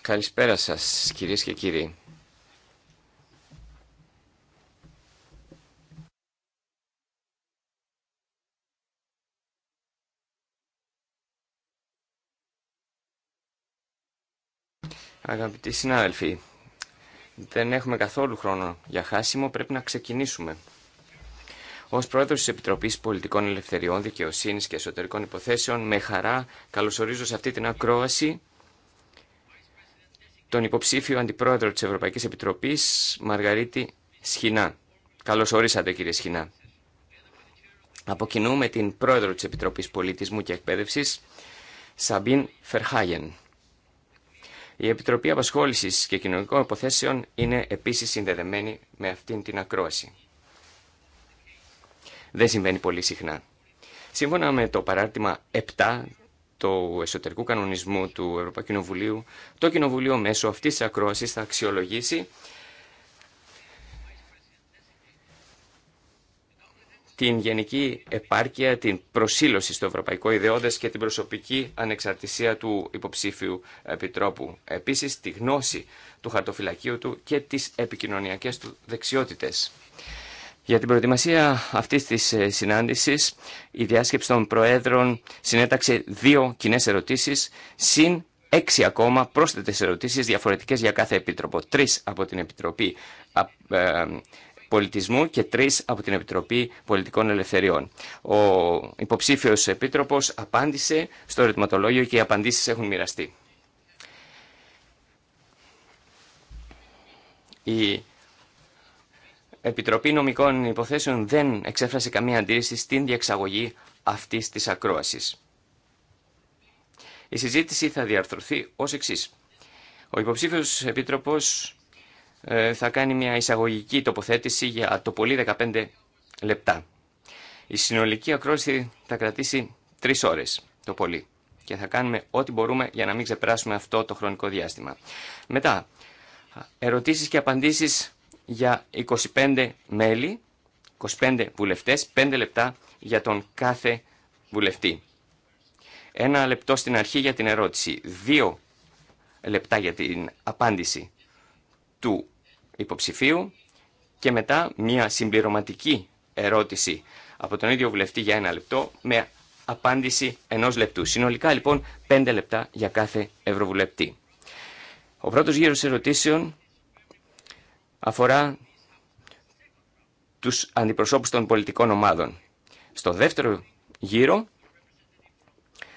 Καλησπέρα σας κυρίες και κύριοι. Αγαπητοί συνάδελφοι, δεν έχουμε καθόλου χρόνο για χάσιμο, πρέπει να ξεκινήσουμε. Ω πρόεδρο τη Επιτροπή Πολιτικών Ελευθεριών, Δικαιοσύνη και Εσωτερικών Υποθέσεων, με χαρά καλωσορίζω σε αυτή την ακρόαση τον υποψήφιο αντιπρόεδρο τη Ευρωπαϊκή Επιτροπή, Μαργαρίτη Σχοινά. Καλώ ορίσατε, κύριε Σχοινά. Από κοινού με την πρόεδρο τη Επιτροπή Πολιτισμού και Εκπαίδευση, Σαμπίν Φερχάγεν. Η Επιτροπή Απασχόληση και Κοινωνικών Υποθέσεων είναι επίση συνδεδεμένη με αυτήν την ακρόαση δεν συμβαίνει πολύ συχνά. Σύμφωνα με το παράρτημα 7 του εσωτερικού κανονισμού του Ευρωπαϊκού Κοινοβουλίου, το Κοινοβουλίο μέσω αυτής της ακρόασης θα αξιολογήσει την γενική επάρκεια, την προσήλωση στο ευρωπαϊκό ιδεώδες και την προσωπική ανεξαρτησία του υποψήφιου επιτρόπου. Επίσης, τη γνώση του χαρτοφυλακίου του και τις επικοινωνιακές του δεξιότητες. Για την προετοιμασία αυτή της ε, συνάντηση, η διάσκεψη των Προέδρων συνέταξε δύο κοινέ ερωτήσεις, συν έξι ακόμα πρόσθετες ερωτήσεις διαφορετικές για κάθε Επίτροπο. Τρεις από την Επιτροπή ε, Πολιτισμού και τρεις από την Επιτροπή Πολιτικών Ελευθεριών. Ο υποψήφιος Επίτροπος απάντησε στο ερωτηματολόγιο και οι απαντήσει έχουν μοιραστεί. Επιτροπή Νομικών Υποθέσεων δεν εξέφρασε καμία αντίρρηση στην διεξαγωγή αυτής της ακρόασης. Η συζήτηση θα διαρθρωθεί ως εξής. Ο υποψήφιος Επίτροπος ε, θα κάνει μια εισαγωγική τοποθέτηση για το πολύ 15 λεπτά. Η συνολική ακρόαση θα κρατήσει 3 ώρες το πολύ και θα κάνουμε ό,τι μπορούμε για να μην ξεπεράσουμε αυτό το χρονικό διάστημα. Μετά, ερωτήσεις και απαντήσεις για 25 μέλη, 25 βουλευτές, 5 λεπτά για τον κάθε βουλευτή. Ένα λεπτό στην αρχή για την ερώτηση, δύο λεπτά για την απάντηση του υποψηφίου και μετά μια συμπληρωματική ερώτηση από τον ίδιο βουλευτή για ένα λεπτό με απάντηση ενός λεπτού. Συνολικά λοιπόν 5 λεπτά για κάθε ευρωβουλευτή. Ο πρώτος γύρος ερωτήσεων αφορά τους αντιπροσώπους των πολιτικών ομάδων. Στο δεύτερο γύρο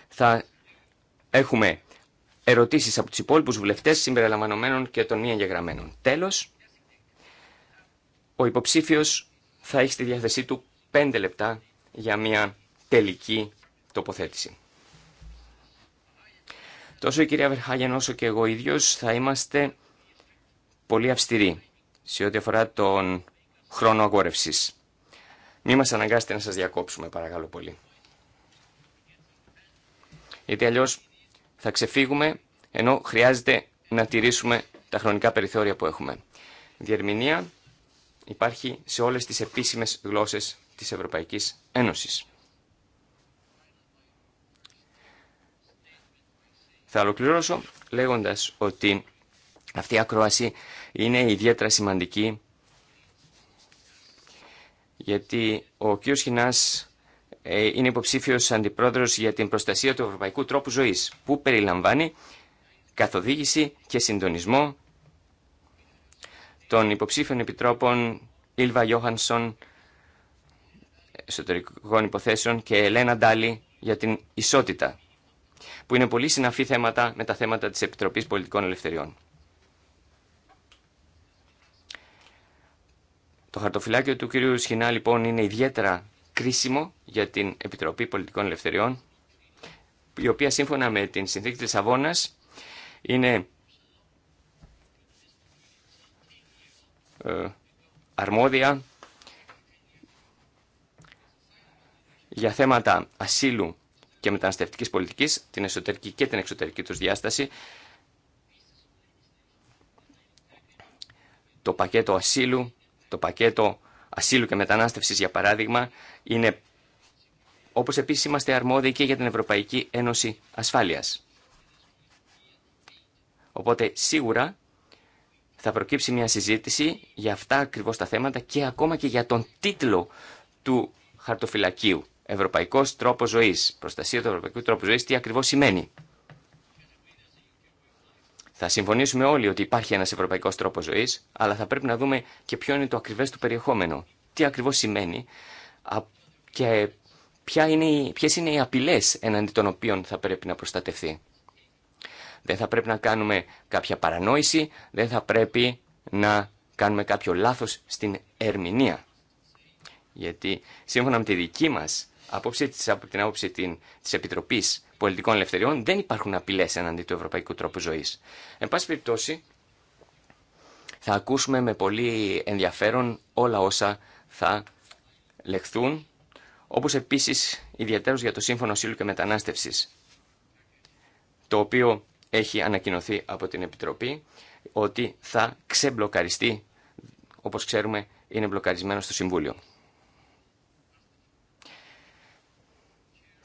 θα έχουμε ερωτήσεις από τους υπόλοιπους βουλευτές συμπεριλαμβανομένων και των μη εγγεγραμμένων. Τέλος, ο υποψήφιος θα έχει στη διάθεσή του πέντε λεπτά για μια τελική τοποθέτηση. Τόσο η κυρία Βερχάγεν όσο και εγώ ίδιος θα είμαστε πολύ αυστηροί σε ό,τι αφορά τον χρόνο αγόρευση. Μη μας αναγκάσετε να σας διακόψουμε παρακαλώ πολύ. Γιατί αλλιώς θα ξεφύγουμε ενώ χρειάζεται να τηρήσουμε τα χρονικά περιθώρια που έχουμε. Διερμηνία υπάρχει σε όλες τις επίσημες γλώσσες της Ευρωπαϊκής Ένωσης. Θα ολοκληρώσω λέγοντας ότι αυτή η ακρόαση είναι ιδιαίτερα σημαντική γιατί ο κ. Χινάς ε, είναι υποψήφιος αντιπρόεδρος για την προστασία του ευρωπαϊκού τρόπου ζωής που περιλαμβάνει καθοδήγηση και συντονισμό των υποψήφιων επιτρόπων Ήλβα Γιώχανσον εσωτερικών υποθέσεων και Ελένα Ντάλι για την ισότητα που είναι πολύ συναφή θέματα με τα θέματα της Επιτροπής Πολιτικών Ελευθεριών. Το χαρτοφυλάκιο του κυρίου Σχοινά λοιπόν είναι ιδιαίτερα κρίσιμο για την Επιτροπή Πολιτικών Ελευθεριών, η οποία σύμφωνα με την Συνθήκη της Αβώνας είναι ε, αρμόδια για θέματα ασύλου και μεταναστευτικής πολιτικής, την εσωτερική και την εξωτερική τους διάσταση, το πακέτο ασύλου το πακέτο ασύλου και μετανάστευσης, για παράδειγμα, είναι όπως επίση είμαστε αρμόδιοι και για την Ευρωπαϊκή Ένωση ασφάλεια. Οπότε σίγουρα θα προκύψει μια συζήτηση για αυτά ακριβώς τα θέματα και ακόμα και για τον τίτλο του χαρτοφυλακίου. Ευρωπαϊκός τρόπος ζωής. Προστασία του ευρωπαϊκού τρόπου ζωής τι ακριβώ σημαίνει. Θα συμφωνήσουμε όλοι ότι υπάρχει ένας ευρωπαϊκός τρόπος ζωής, αλλά θα πρέπει να δούμε και ποιο είναι το ακριβέ του περιεχόμενο. Τι ακριβώς σημαίνει και ποια είναι, ποιες είναι οι απειλές εναντί των οποίων θα πρέπει να προστατευτεί. Δεν θα πρέπει να κάνουμε κάποια παρανόηση, δεν θα πρέπει να κάνουμε κάποιο λάθος στην ερμηνεία. Γιατί σύμφωνα με τη δική μας άποψη, από την άποψη της Επιτροπής πολιτικών ελευθεριών δεν υπάρχουν απειλέ εναντί του ευρωπαϊκού τρόπου ζωή. Εν πάση περιπτώσει, θα ακούσουμε με πολύ ενδιαφέρον όλα όσα θα λεχθούν, όπως επίσης ιδιαίτερος για το Σύμφωνο Σύλλου και Μετανάστευσης, το οποίο έχει ανακοινωθεί από την Επιτροπή ότι θα ξεμπλοκαριστεί, όπως ξέρουμε είναι μπλοκαρισμένο στο Συμβούλιο.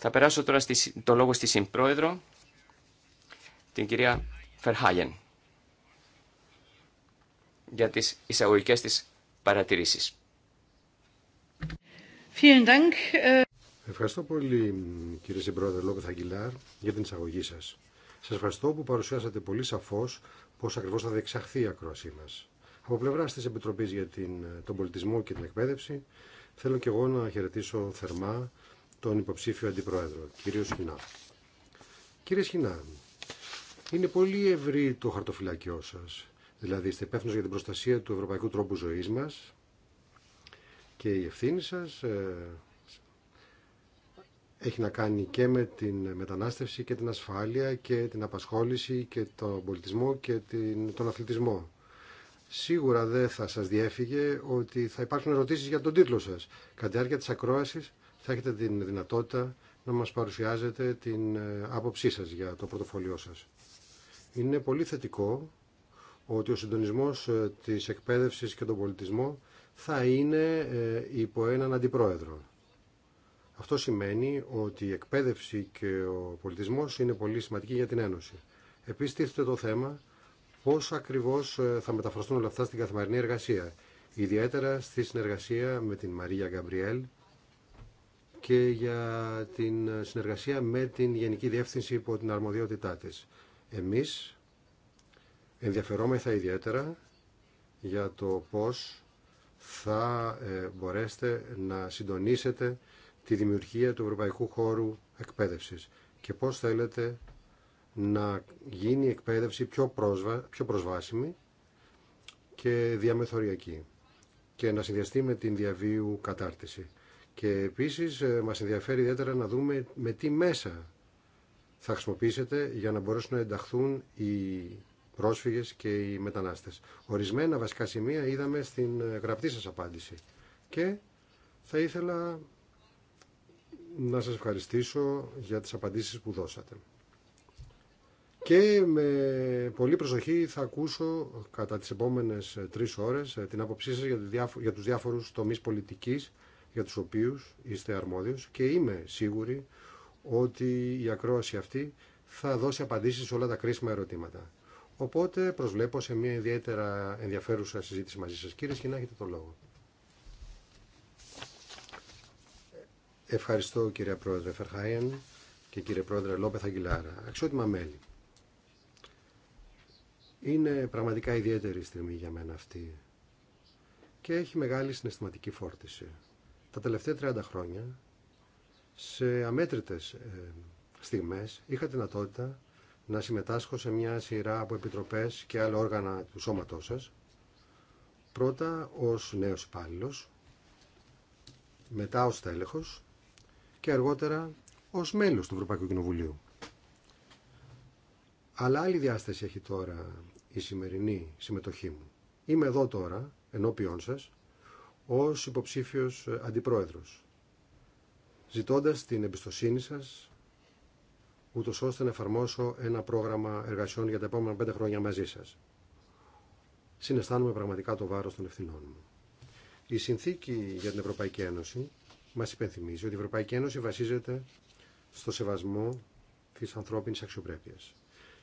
Θα περάσω τώρα στη, το λόγο στη συμπρόεδρο, την κυρία Φερχάγεν, για τις εισαγωγικές της παρατηρήσεις. Ε. Ευχαριστώ πολύ κύριε Συμπρόεδρε Λόπεθ Αγγιλάρ για την εισαγωγή σας. Σας ευχαριστώ που παρουσιάσατε πολύ σαφώς πώς ακριβώς θα διεξαχθεί η ακρόασή μας. Από πλευρά τη Επιτροπή για την, τον Πολιτισμό και την Εκπαίδευση, θέλω και εγώ να χαιρετήσω θερμά τον υποψήφιο αντιπρόεδρο, κύριο Σχοινά. Κύριε Σχοινά, είναι πολύ ευρύ το χαρτοφυλακιό σας. Δηλαδή είστε υπεύθυνο για την προστασία του ευρωπαϊκού τρόπου ζωής μας και η ευθύνη σας ε, έχει να κάνει και με την μετανάστευση και την ασφάλεια και την απασχόληση και τον πολιτισμό και την, τον αθλητισμό. Σίγουρα δεν θα σας διέφυγε ότι θα υπάρχουν ερωτήσεις για τον τίτλο σας. Κατά τη διάρκεια της ακρόασης θα έχετε την δυνατότητα να μας παρουσιάζετε την ε, άποψή σας για το πρωτοφόλιό σας. Είναι πολύ θετικό ότι ο συντονισμός ε, της εκπαίδευσης και τον πολιτισμό θα είναι ε, υπό έναν αντιπρόεδρο. Αυτό σημαίνει ότι η εκπαίδευση και ο πολιτισμός είναι πολύ σημαντική για την Ένωση. Επίσης τίθεται το θέμα πώς ακριβώς θα μεταφραστούν όλα αυτά στην καθημερινή εργασία, ιδιαίτερα στη συνεργασία με την Μαρία Γκαμπριέλ, και για την συνεργασία με την Γενική Διεύθυνση υπό την αρμοδιότητά της. Εμείς ενδιαφερόμεθα ιδιαίτερα για το πώς θα ε, μπορέσετε να συντονίσετε τη δημιουργία του Ευρωπαϊκού Χώρου Εκπαίδευσης και πώς θέλετε να γίνει η εκπαίδευση πιο, πρόσβα, πιο προσβάσιμη και διαμεθοριακή και να συνδυαστεί με την διαβίου κατάρτιση. Και επίσης ε, μας ενδιαφέρει ιδιαίτερα να δούμε με τι μέσα θα χρησιμοποιήσετε για να μπορέσουν να ενταχθούν οι πρόσφυγες και οι μετανάστες. Ορισμένα βασικά σημεία είδαμε στην ε, γραπτή σας απάντηση. Και θα ήθελα να σας ευχαριστήσω για τις απαντήσεις που δώσατε. Και με πολύ προσοχή θα ακούσω κατά τις επόμενες τρεις ώρες ε, την άποψή σας για τους διάφορους τομείς πολιτικής για τους οποίους είστε αρμόδιος και είμαι σίγουρη ότι η ακρόαση αυτή θα δώσει απαντήσεις σε όλα τα κρίσιμα ερωτήματα. Οπότε προσβλέπω σε μια ιδιαίτερα ενδιαφέρουσα συζήτηση μαζί σας κύριε και να έχετε το λόγο. Ευχαριστώ κύριε Πρόεδρε Φερχάιεν και κύριε Πρόεδρε λόπεθα Αγγιλάρα. Αξιότιμα μέλη. Είναι πραγματικά ιδιαίτερη στιγμή για μένα αυτή και έχει μεγάλη συναισθηματική φόρτιση τα τελευταία 30 χρόνια σε αμέτρητες ε, στιγμές είχα δυνατότητα να συμμετάσχω σε μια σειρά από επιτροπές και άλλα όργανα του σώματός σας. Πρώτα ως νέος υπάλληλο, μετά ως τέλεχος και αργότερα ως μέλος του Ευρωπαϊκού Κοινοβουλίου. Αλλά άλλη διάσταση έχει τώρα η σημερινή συμμετοχή μου. Είμαι εδώ τώρα, ενώπιόν σας, ως υποψήφιος αντιπρόεδρος, ζητώντας την εμπιστοσύνη σας, ούτως ώστε να εφαρμόσω ένα πρόγραμμα εργασιών για τα επόμενα πέντε χρόνια μαζί σας. Συναισθάνομαι πραγματικά το βάρος των ευθυνών μου. Η συνθήκη για την Ευρωπαϊκή Ένωση μας υπενθυμίζει ότι η Ευρωπαϊκή Ένωση βασίζεται στο σεβασμό της ανθρώπινης αξιοπρέπειας.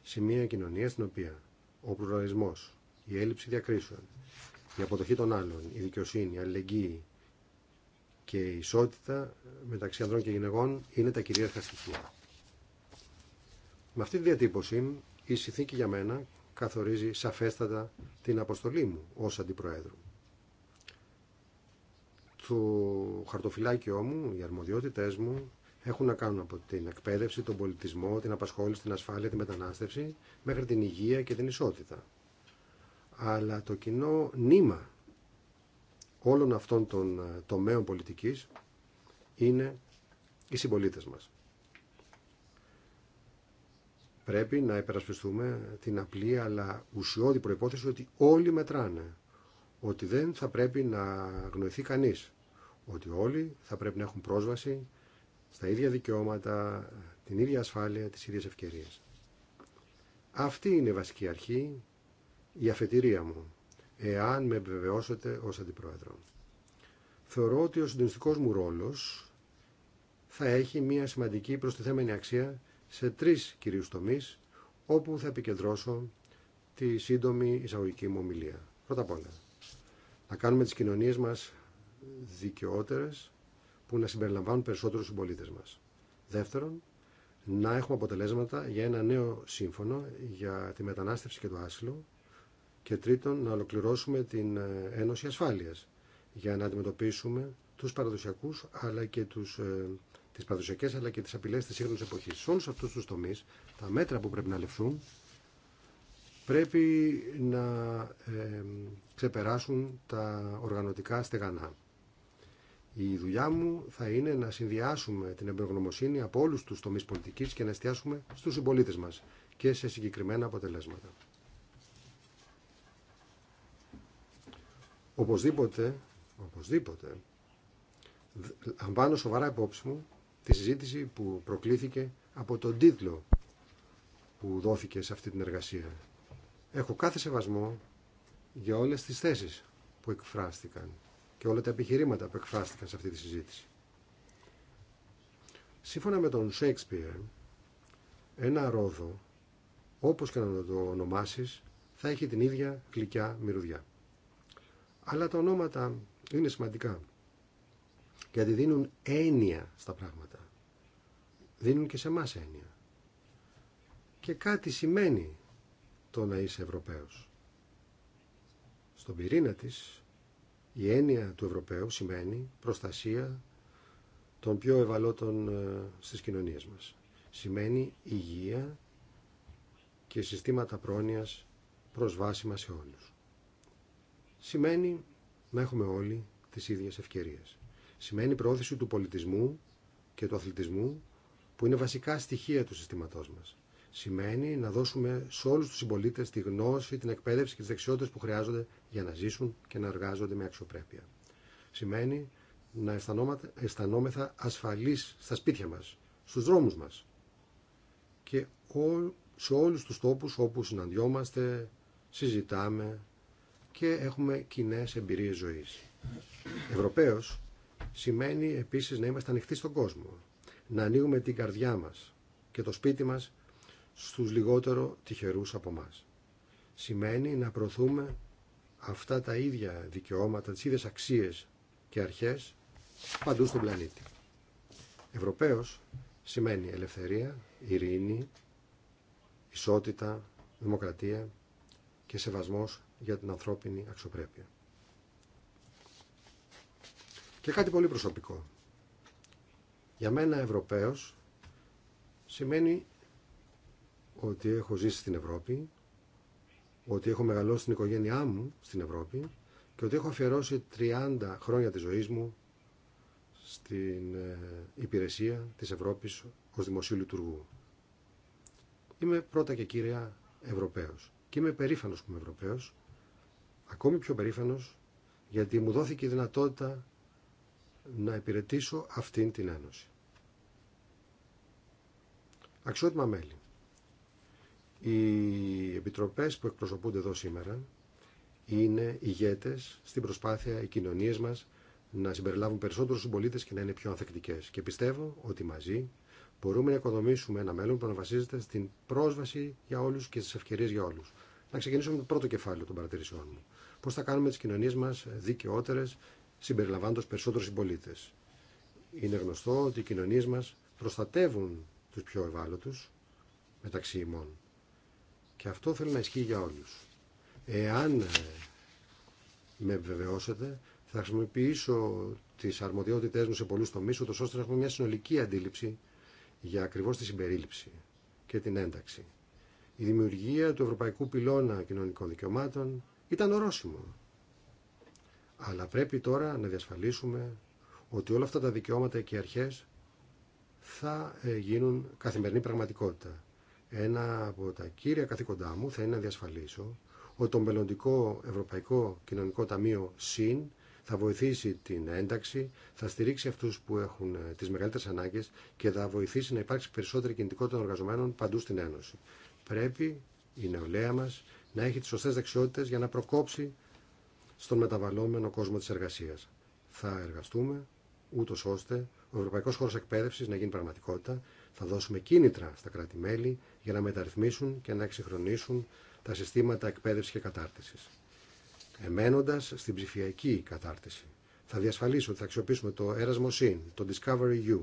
Σε μια κοινωνία στην οποία ο πλουραλισμός, η έλλειψη διακρίσεων, η αποδοχή των άλλων, η δικαιοσύνη, η αλληλεγγύη και η ισότητα μεταξύ ανδρών και γυναικών είναι τα κυρίαρχα στοιχεία. Με αυτή τη διατύπωση η συνθήκη για μένα καθορίζει σαφέστατα την αποστολή μου ως Αντιπροέδρου. Το χαρτοφυλάκιό μου, οι αρμοδιότητές μου έχουν να κάνουν από την εκπαίδευση, τον πολιτισμό, την απασχόληση, την ασφάλεια, την μετανάστευση, μέχρι την υγεία και την ισότητα αλλά το κοινό νήμα όλων αυτών των ε, τομέων πολιτικής είναι οι συμπολίτες μας. Πρέπει να υπερασπιστούμε την απλή αλλά ουσιώδη προϋπόθεση ότι όλοι μετράνε, ότι δεν θα πρέπει να γνωριθεί κανείς, ότι όλοι θα πρέπει να έχουν πρόσβαση στα ίδια δικαιώματα, την ίδια ασφάλεια, τις ίδιες ευκαιρίες. Αυτή είναι η βασική αρχή η αφετηρία μου, εάν με επιβεβαιώσετε ως Αντιπρόεδρο. Θεωρώ ότι ο συντονιστικό μου ρόλος θα έχει μια σημαντική προστιθέμενη αξία σε τρεις κυρίους τομείς, όπου θα επικεντρώσω τη σύντομη εισαγωγική μου ομιλία. Πρώτα απ' όλα, να κάνουμε τις κοινωνίες μας δικαιότερες, που να συμπεριλαμβάνουν περισσότερους συμπολίτε μας. Δεύτερον, να έχουμε αποτελέσματα για ένα νέο σύμφωνο για τη μετανάστευση και το άσυλο, και τρίτον να ολοκληρώσουμε την ε, Ένωση Ασφάλειας για να αντιμετωπίσουμε τους παραδοσιακούς αλλά και τους, ε, τις παραδοσιακές αλλά και τις απειλές της σύγχρονης εποχής. Σε όλους αυτούς τους τομείς τα μέτρα που πρέπει να λεφθούν πρέπει να ε, ξεπεράσουν τα οργανωτικά στεγανά. Η δουλειά μου θα είναι να συνδυάσουμε την εμπειρογνωμοσύνη από όλους τους τομείς πολιτικής και να εστιάσουμε στους συμπολίτε μας και σε συγκεκριμένα αποτελέσματα. Οπωσδήποτε, οπωσδήποτε, λαμβάνω σοβαρά υπόψη μου τη συζήτηση που προκλήθηκε από τον τίτλο που δόθηκε σε αυτή την εργασία. Έχω κάθε σεβασμό για όλες τις θέσεις που εκφράστηκαν και όλα τα επιχειρήματα που εκφράστηκαν σε αυτή τη συζήτηση. Σύμφωνα με τον Σέξπιερ, ένα ρόδο, όπως και να το ονομάσεις, θα έχει την ίδια γλυκιά μυρουδιά. Αλλά τα ονόματα είναι σημαντικά. Γιατί δίνουν έννοια στα πράγματα. Δίνουν και σε εμά έννοια. Και κάτι σημαίνει το να είσαι Ευρωπαίος. Στον πυρήνα της, η έννοια του Ευρωπαίου σημαίνει προστασία των πιο ευαλώτων ε, στις κοινωνίες μας. Σημαίνει υγεία και συστήματα πρόνοιας προσβάσιμα σε όλους σημαίνει να έχουμε όλοι τις ίδιες ευκαιρίες. Σημαίνει προώθηση του πολιτισμού και του αθλητισμού που είναι βασικά στοιχεία του συστήματός μας. Σημαίνει να δώσουμε σε όλους τους συμπολίτε τη γνώση, την εκπαίδευση και τις δεξιότητες που χρειάζονται για να ζήσουν και να εργάζονται με αξιοπρέπεια. Σημαίνει να αισθανόμεθα ασφαλείς στα σπίτια μας, στους δρόμους μας και σε όλους τους τόπους όπου συναντιόμαστε, συζητάμε, και έχουμε κοινέ εμπειρίε ζωή. Ευρωπαίο σημαίνει επίση να είμαστε ανοιχτοί στον κόσμο. Να ανοίγουμε την καρδιά μα και το σπίτι μα στου λιγότερο τυχερού από εμά. Σημαίνει να προωθούμε αυτά τα ίδια δικαιώματα, τι ίδιε αξίε και αρχέ παντού στον πλανήτη. Ευρωπαίο σημαίνει ελευθερία, ειρήνη, ισότητα, δημοκρατία και σεβασμός για την ανθρώπινη αξιοπρέπεια. Και κάτι πολύ προσωπικό. Για μένα Ευρωπαίος σημαίνει ότι έχω ζήσει στην Ευρώπη, ότι έχω μεγαλώσει την οικογένειά μου στην Ευρώπη και ότι έχω αφιερώσει 30 χρόνια της ζωής μου στην ε, υπηρεσία της Ευρώπης ως δημοσίου λειτουργού. Είμαι πρώτα και κύρια Ευρωπαίος και είμαι περήφανος που είμαι Ευρωπαίος ακόμη πιο περήφανος γιατί μου δόθηκε η δυνατότητα να υπηρετήσω αυτήν την Ένωση. Αξιότιμα μέλη. Οι επιτροπές που εκπροσωπούνται εδώ σήμερα είναι ηγέτες στην προσπάθεια οι κοινωνίες μας να συμπεριλάβουν περισσότερους συμπολίτε και να είναι πιο ανθεκτικές. Και πιστεύω ότι μαζί μπορούμε να οικοδομήσουμε ένα μέλλον που να βασίζεται στην πρόσβαση για όλους και στις ευκαιρίες για όλους. Να ξεκινήσω με το πρώτο κεφάλαιο των παρατηρήσεών μου. Πώς θα κάνουμε τις κοινωνίες μας δικαιότερες, συμπεριλαμβάνοντας περισσότερους συμπολίτε. Είναι γνωστό ότι οι κοινωνίες μας προστατεύουν τους πιο ευάλωτους μεταξύ ημών. Και αυτό θέλω να ισχύει για όλους. Εάν ε, με βεβαιώσετε, θα χρησιμοποιήσω τις αρμοδιότητές μου σε πολλούς τομείς, ούτως ώστε να έχουμε μια συνολική αντίληψη για ακριβώς τη συμπερίληψη και την ένταξη. Η δημιουργία του Ευρωπαϊκού Πυλώνα Κοινωνικών Δικαιωμάτων, ήταν ορόσημο. Αλλά πρέπει τώρα να διασφαλίσουμε ότι όλα αυτά τα δικαιώματα και οι αρχές θα ε, γίνουν καθημερινή πραγματικότητα. Ένα από τα κύρια καθήκοντά μου θα είναι να διασφαλίσω ότι το μελλοντικό Ευρωπαϊκό Κοινωνικό Ταμείο ΣΥΝ θα βοηθήσει την ένταξη, θα στηρίξει αυτού που έχουν ε, τι μεγαλύτερε ανάγκε και θα βοηθήσει να υπάρξει περισσότερη κινητικότητα των εργαζομένων παντού στην Ένωση. Πρέπει η νεολαία μα να έχει τις σωστές δεξιότητες για να προκόψει στον μεταβαλλόμενο κόσμο της εργασίας. Θα εργαστούμε ούτω ώστε ο Ευρωπαϊκό Χώρο Εκπαίδευση να γίνει πραγματικότητα. Θα δώσουμε κίνητρα στα κράτη-μέλη για να μεταρρυθμίσουν και να εξυγχρονίσουν τα συστήματα εκπαίδευση και κατάρτιση. Εμένοντα στην ψηφιακή κατάρτιση, θα διασφαλίσω ότι θα αξιοποιήσουμε το Erasmus In, το Discovery U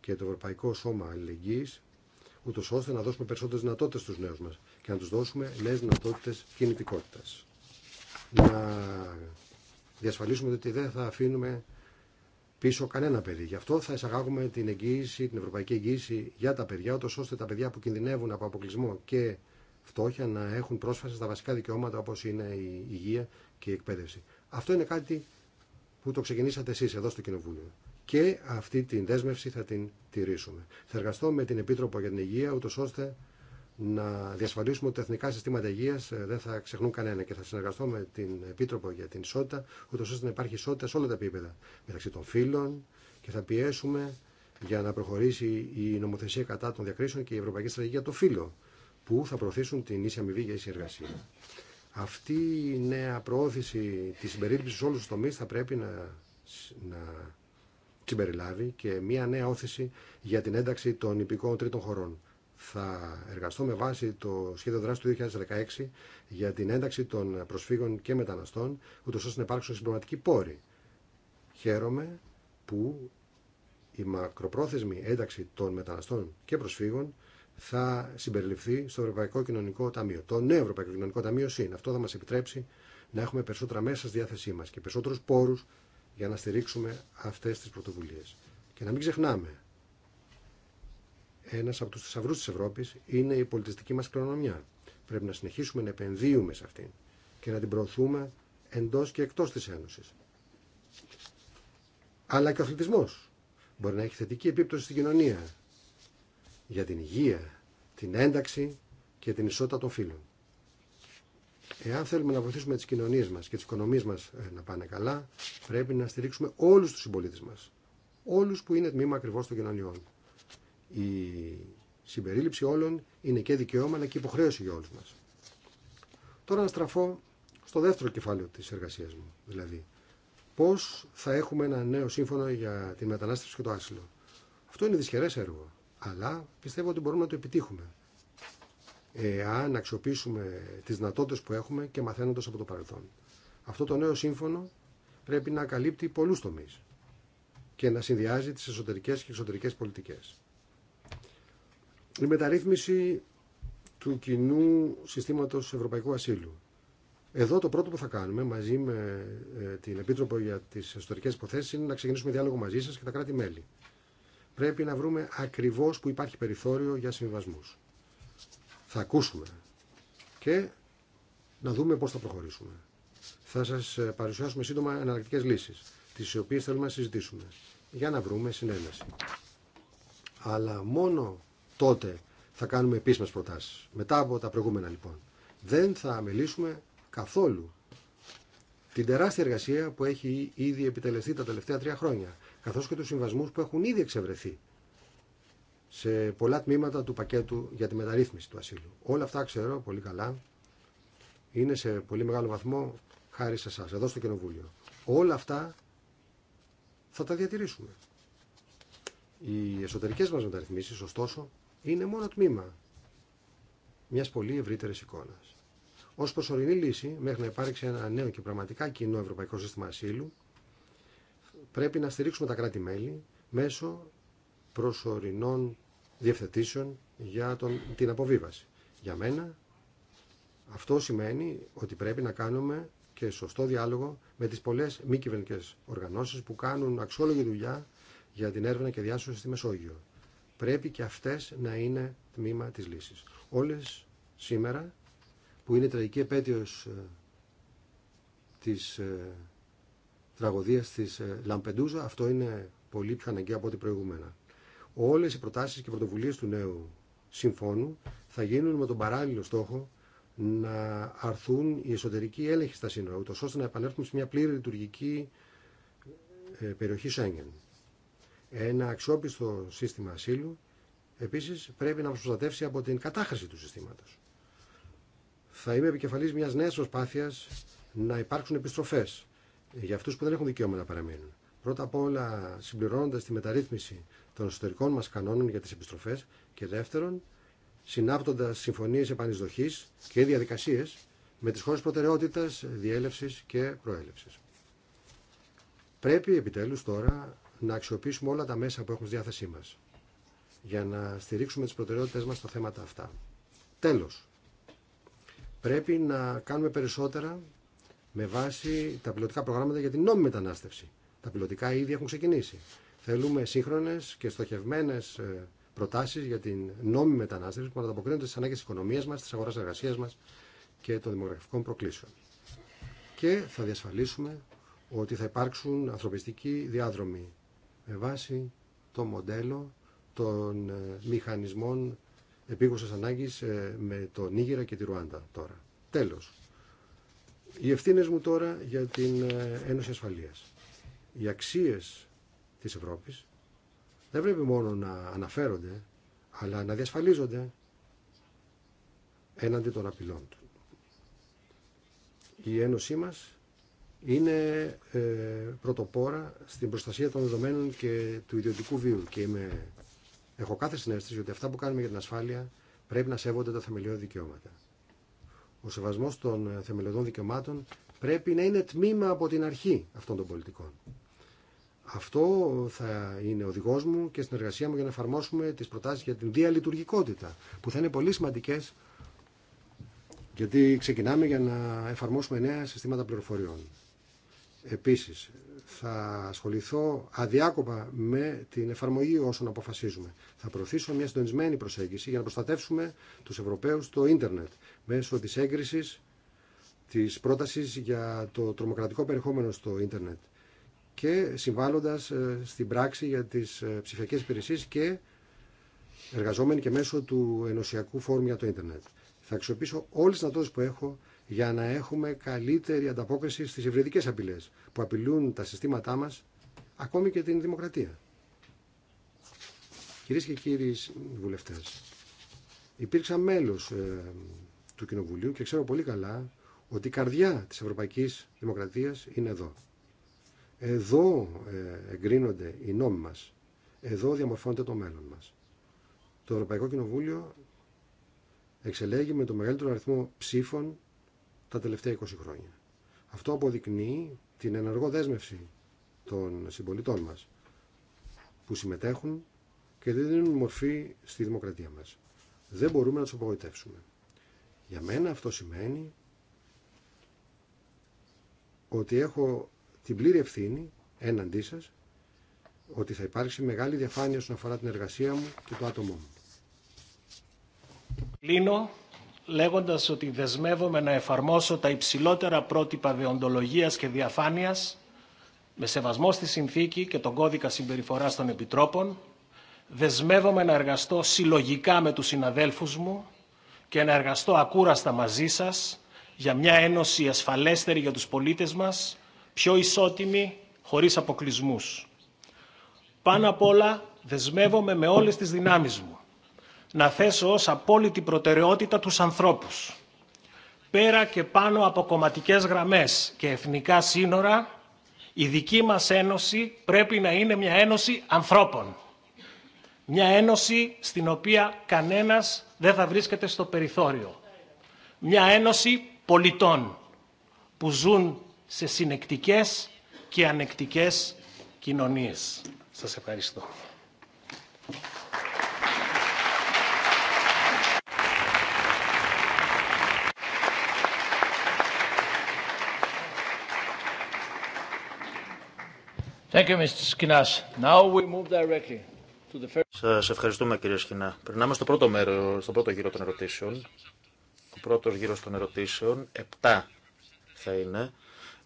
και το Ευρωπαϊκό Σώμα Αλληλεγγύη, ούτω ώστε να δώσουμε περισσότερε δυνατότητε στου νέου μα και να τους δώσουμε νέες δυνατότητες κινητικότητας. Να διασφαλίσουμε ότι δεν θα αφήνουμε πίσω κανένα παιδί. Γι' αυτό θα εισαγάγουμε την εγγύηση, την ευρωπαϊκή εγγύηση για τα παιδιά, ώστε τα παιδιά που κινδυνεύουν από αποκλεισμό και φτώχεια να έχουν πρόσφαση στα βασικά δικαιώματα όπως είναι η υγεία και η εκπαίδευση. Αυτό είναι κάτι που το ξεκινήσατε εσείς εδώ στο Κοινοβούλιο. Και αυτή την δέσμευση θα την τηρήσουμε. Θα εργαστώ με την Επίτροπο για την Υγεία, ούτως ώστε να διασφαλίσουμε ότι τα εθνικά συστήματα υγεία ε, δεν θα ξεχνούν κανένα και θα συνεργαστώ με την Επίτροπο για την Ισότητα, ούτω ώστε να υπάρχει ισότητα σε όλα τα επίπεδα μεταξύ των φύλων και θα πιέσουμε για να προχωρήσει η νομοθεσία κατά των διακρίσεων και η Ευρωπαϊκή Στρατηγία το φύλλο, που θα προωθήσουν την ίση αμοιβή για ίση εργασία. Αυτή η νέα προώθηση τη συμπερίληψη σε όλου του τομεί θα πρέπει να, να συμπεριλάβει και μια νέα όθηση για την ένταξη των υπηκών τρίτων χωρών θα εργαστώ με βάση το σχέδιο δράση του 2016 για την ένταξη των προσφύγων και μεταναστών, ούτω ώστε να υπάρξουν συμπληρωματικοί πόροι. Χαίρομαι που η μακροπρόθεσμη ένταξη των μεταναστών και προσφύγων θα συμπεριληφθεί στο Ευρωπαϊκό Κοινωνικό Ταμείο. Το νέο Ευρωπαϊκό Κοινωνικό Ταμείο ΣΥΝ. Αυτό θα μα επιτρέψει να έχουμε περισσότερα μέσα στη διάθεσή μα και περισσότερου πόρου για να στηρίξουμε αυτέ τι πρωτοβουλίε. Και να μην ξεχνάμε ένα από του θησαυρού τη Ευρώπη είναι η πολιτιστική μα κληρονομιά. Πρέπει να συνεχίσουμε να επενδύουμε σε αυτήν και να την προωθούμε εντό και εκτό τη ένωση. Αλλά και ο αθλητισμός μπορεί να έχει θετική επίπτωση στην κοινωνία για την υγεία, την ένταξη και την ισότητα των φίλων. Εάν θέλουμε να βοηθήσουμε τι κοινωνίε μα και τι οικονομίε μα ε, να πάνε καλά, πρέπει να στηρίξουμε όλου του συμπολίτε μα, όλου που είναι τμήμα ακριβώ των κοινωνιών. Η συμπερίληψη όλων είναι και δικαιώμα αλλά και υποχρέωση για όλους μας. Τώρα να στραφώ στο δεύτερο κεφάλαιο της εργασίας μου, δηλαδή πώς θα έχουμε ένα νέο σύμφωνο για τη μετανάστευση και το άσυλο. Αυτό είναι δυσχερές έργο, αλλά πιστεύω ότι μπορούμε να το επιτύχουμε εάν αξιοποιήσουμε τις δυνατότητες που έχουμε και μαθαίνοντας από το παρελθόν. Αυτό το νέο σύμφωνο πρέπει να καλύπτει πολλούς τομείς και να συνδυάζει τις εσωτερικές και εξωτερικές πολιτικές η μεταρρύθμιση του κοινού συστήματος ευρωπαϊκού ασύλου. Εδώ το πρώτο που θα κάνουμε μαζί με ε, την Επίτροπο για τις Ιστορικές Υποθέσεις είναι να ξεκινήσουμε διάλογο μαζί σας και τα κράτη-μέλη. Πρέπει να βρούμε ακριβώς που υπάρχει περιθώριο για συμβασμούς. Θα ακούσουμε και να δούμε πώς θα προχωρήσουμε. Θα σας ε, παρουσιάσουμε σύντομα εναλλακτικέ λύσεις, τις οποίες θέλουμε να συζητήσουμε, για να βρούμε συνένεση. Αλλά μόνο τότε θα κάνουμε επίσημες προτάσεις. Μετά από τα προηγούμενα λοιπόν. Δεν θα αμελήσουμε καθόλου την τεράστια εργασία που έχει ήδη επιτελεστεί τα τελευταία τρία χρόνια, καθώς και τους συμβασμού που έχουν ήδη εξευρεθεί σε πολλά τμήματα του πακέτου για τη μεταρρύθμιση του ασύλου. Όλα αυτά ξέρω πολύ καλά. Είναι σε πολύ μεγάλο βαθμό χάρη σε εσά, εδώ στο Κοινοβούλιο. Όλα αυτά θα τα διατηρήσουμε. Οι εσωτερικές μας μεταρρυθμίσει, ωστόσο, είναι μόνο τμήμα μιας πολύ ευρύτερης εικόνας. Ως προσωρινή λύση, μέχρι να υπάρξει ένα νέο και πραγματικά κοινό ευρωπαϊκό σύστημα ασύλου, πρέπει να στηρίξουμε τα κράτη-μέλη μέσω προσωρινών διευθετήσεων για τον, την αποβίβαση. Για μένα αυτό σημαίνει ότι πρέπει να κάνουμε και σωστό διάλογο με τις πολλές μη κυβερνικέ οργανώσεις που κάνουν αξιόλογη δουλειά για την έρευνα και διάσωση στη Μεσόγειο πρέπει και αυτές να είναι τμήμα της λύσης. Όλες σήμερα που είναι τραγική επέτειος ε, της ε, τραγωδίας της ε, Λαμπεντούζα, αυτό είναι πολύ πιο αναγκαίο από ό,τι προηγούμενα. Όλες οι προτάσεις και πρωτοβουλίες του νέου συμφώνου θα γίνουν με τον παράλληλο στόχο να αρθούν οι εσωτερικοί έλεγχοι στα σύνορα, ούτως ώστε να επανέλθουμε σε μια πλήρη λειτουργική περιοχή Σέγγεν ένα αξιόπιστο σύστημα ασύλου επίσης πρέπει να προστατεύσει από την κατάχρηση του συστήματος. Θα είμαι επικεφαλής μιας νέας προσπάθεια να υπάρξουν επιστροφές για αυτούς που δεν έχουν δικαίωμα να παραμείνουν. Πρώτα απ' όλα συμπληρώνοντα τη μεταρρύθμιση των εσωτερικών μας κανόνων για τις επιστροφές και δεύτερον συνάπτοντας συμφωνίες επανεισδοχής και διαδικασίες με τις χώρες προτεραιότητας, διέλευση και προέλευση. Πρέπει επιτέλους τώρα να αξιοποιήσουμε όλα τα μέσα που έχουμε στη διάθεσή μα για να στηρίξουμε τι προτεραιότητες μα στα θέματα αυτά. Τέλο, πρέπει να κάνουμε περισσότερα με βάση τα πιλωτικά προγράμματα για την νόμιμη μετανάστευση. Τα πιλωτικά ήδη έχουν ξεκινήσει. Θέλουμε σύγχρονε και στοχευμένε ε, προτάσει για την νόμιμη μετανάστευση που να ανταποκρίνονται στι ανάγκε τη οικονομία μα, τη αγορά εργασία μα και των δημογραφικών προκλήσεων. Και θα διασφαλίσουμε ότι θα υπάρξουν ανθρωπιστικοί διάδρομοι με βάση το μοντέλο των ε, μηχανισμών επίγουσας ανάγκης ε, με το Νίγηρα και τη Ρουάντα τώρα. Τέλος. Οι ευθύνες μου τώρα για την ε, Ένωση Ασφαλείας. Οι αξίες της Ευρώπης δεν πρέπει μόνο να αναφέρονται, αλλά να διασφαλίζονται έναντι των απειλών του. Η Ένωσή μας είναι ε, πρωτοπόρα στην προστασία των δεδομένων και του ιδιωτικού βίου και είμαι, έχω κάθε συνέστηση ότι αυτά που κάνουμε για την ασφάλεια πρέπει να σέβονται τα θεμελιώδη δικαιώματα. Ο σεβασμό των ε, θεμελιωδών δικαιωμάτων πρέπει να είναι τμήμα από την αρχή αυτών των πολιτικών. Αυτό θα είναι οδηγό μου και στην εργασία μου για να εφαρμόσουμε τι προτάσει για την διαλειτουργικότητα που θα είναι πολύ σημαντικέ γιατί ξεκινάμε για να εφαρμόσουμε νέα συστήματα πληροφοριών. Επίσης, θα ασχοληθώ αδιάκοπα με την εφαρμογή όσων αποφασίζουμε. Θα προωθήσω μια συντονισμένη προσέγγιση για να προστατεύσουμε τους Ευρωπαίους στο ίντερνετ μέσω της έγκρισης της πρότασης για το τρομοκρατικό περιεχόμενο στο ίντερνετ και συμβάλλοντας ε, στην πράξη για τις ε, ψηφιακές υπηρεσίες και εργαζόμενοι και μέσω του ενωσιακού φόρουμ για το ίντερνετ. Θα αξιοποιήσω όλες τις δυνατότητες που έχω για να έχουμε καλύτερη ανταπόκριση στις υβριδικές απειλές που απειλούν τα συστήματά μας, ακόμη και την δημοκρατία. Κυρίες και κύριοι βουλευτές, υπήρξα μέλος ε, του Κοινοβουλίου και ξέρω πολύ καλά ότι η καρδιά της Ευρωπαϊκής Δημοκρατίας είναι εδώ. Εδώ ε, εγκρίνονται οι νόμοι μας. Εδώ διαμορφώνεται το μέλλον μας. Το Ευρωπαϊκό Κοινοβούλιο εξελέγει με το μεγαλύτερο αριθμό ψήφων τα τελευταία 20 χρόνια. Αυτό αποδεικνύει την ενεργό δέσμευση των συμπολιτών μας που συμμετέχουν και δεν δίνουν μορφή στη δημοκρατία μας. Δεν μπορούμε να τους απογοητεύσουμε. Για μένα αυτό σημαίνει ότι έχω την πλήρη ευθύνη έναντί σας ότι θα υπάρξει μεγάλη διαφάνεια όσον αφορά την εργασία μου και το άτομό μου. Κλείνω λέγοντας ότι δεσμεύομαι να εφαρμόσω τα υψηλότερα πρότυπα δεοντολογίας και διαφάνειας με σεβασμό στη συνθήκη και τον κώδικα συμπεριφοράς των επιτρόπων, δεσμεύομαι να εργαστώ συλλογικά με τους συναδέλφους μου και να εργαστώ ακούραστα μαζί σας για μια ένωση ασφαλέστερη για τους πολίτες μας, πιο ισότιμη, χωρίς αποκλεισμούς. Πάνω απ' όλα δεσμεύομαι με όλες τις δυνάμεις μου να θέσω ως απόλυτη προτεραιότητα τους ανθρώπους. Πέρα και πάνω από κομματικές γραμμές και εθνικά σύνορα, η δική μας Ένωση πρέπει να είναι μια Ένωση ανθρώπων. Μια Ένωση στην οποία κανένας δεν θα βρίσκεται στο περιθώριο. Μια Ένωση πολιτών που ζουν σε συνεκτικές και ανεκτικές κοινωνίες. Σας ευχαριστώ. Σα ευχαριστούμε κύριε Σκινά. Περνάμε στο πρώτο μέρο, στο πρώτο γύρο των ερωτήσεων. Ο πρώτο γύρο των ερωτήσεων, 7 θα είναι,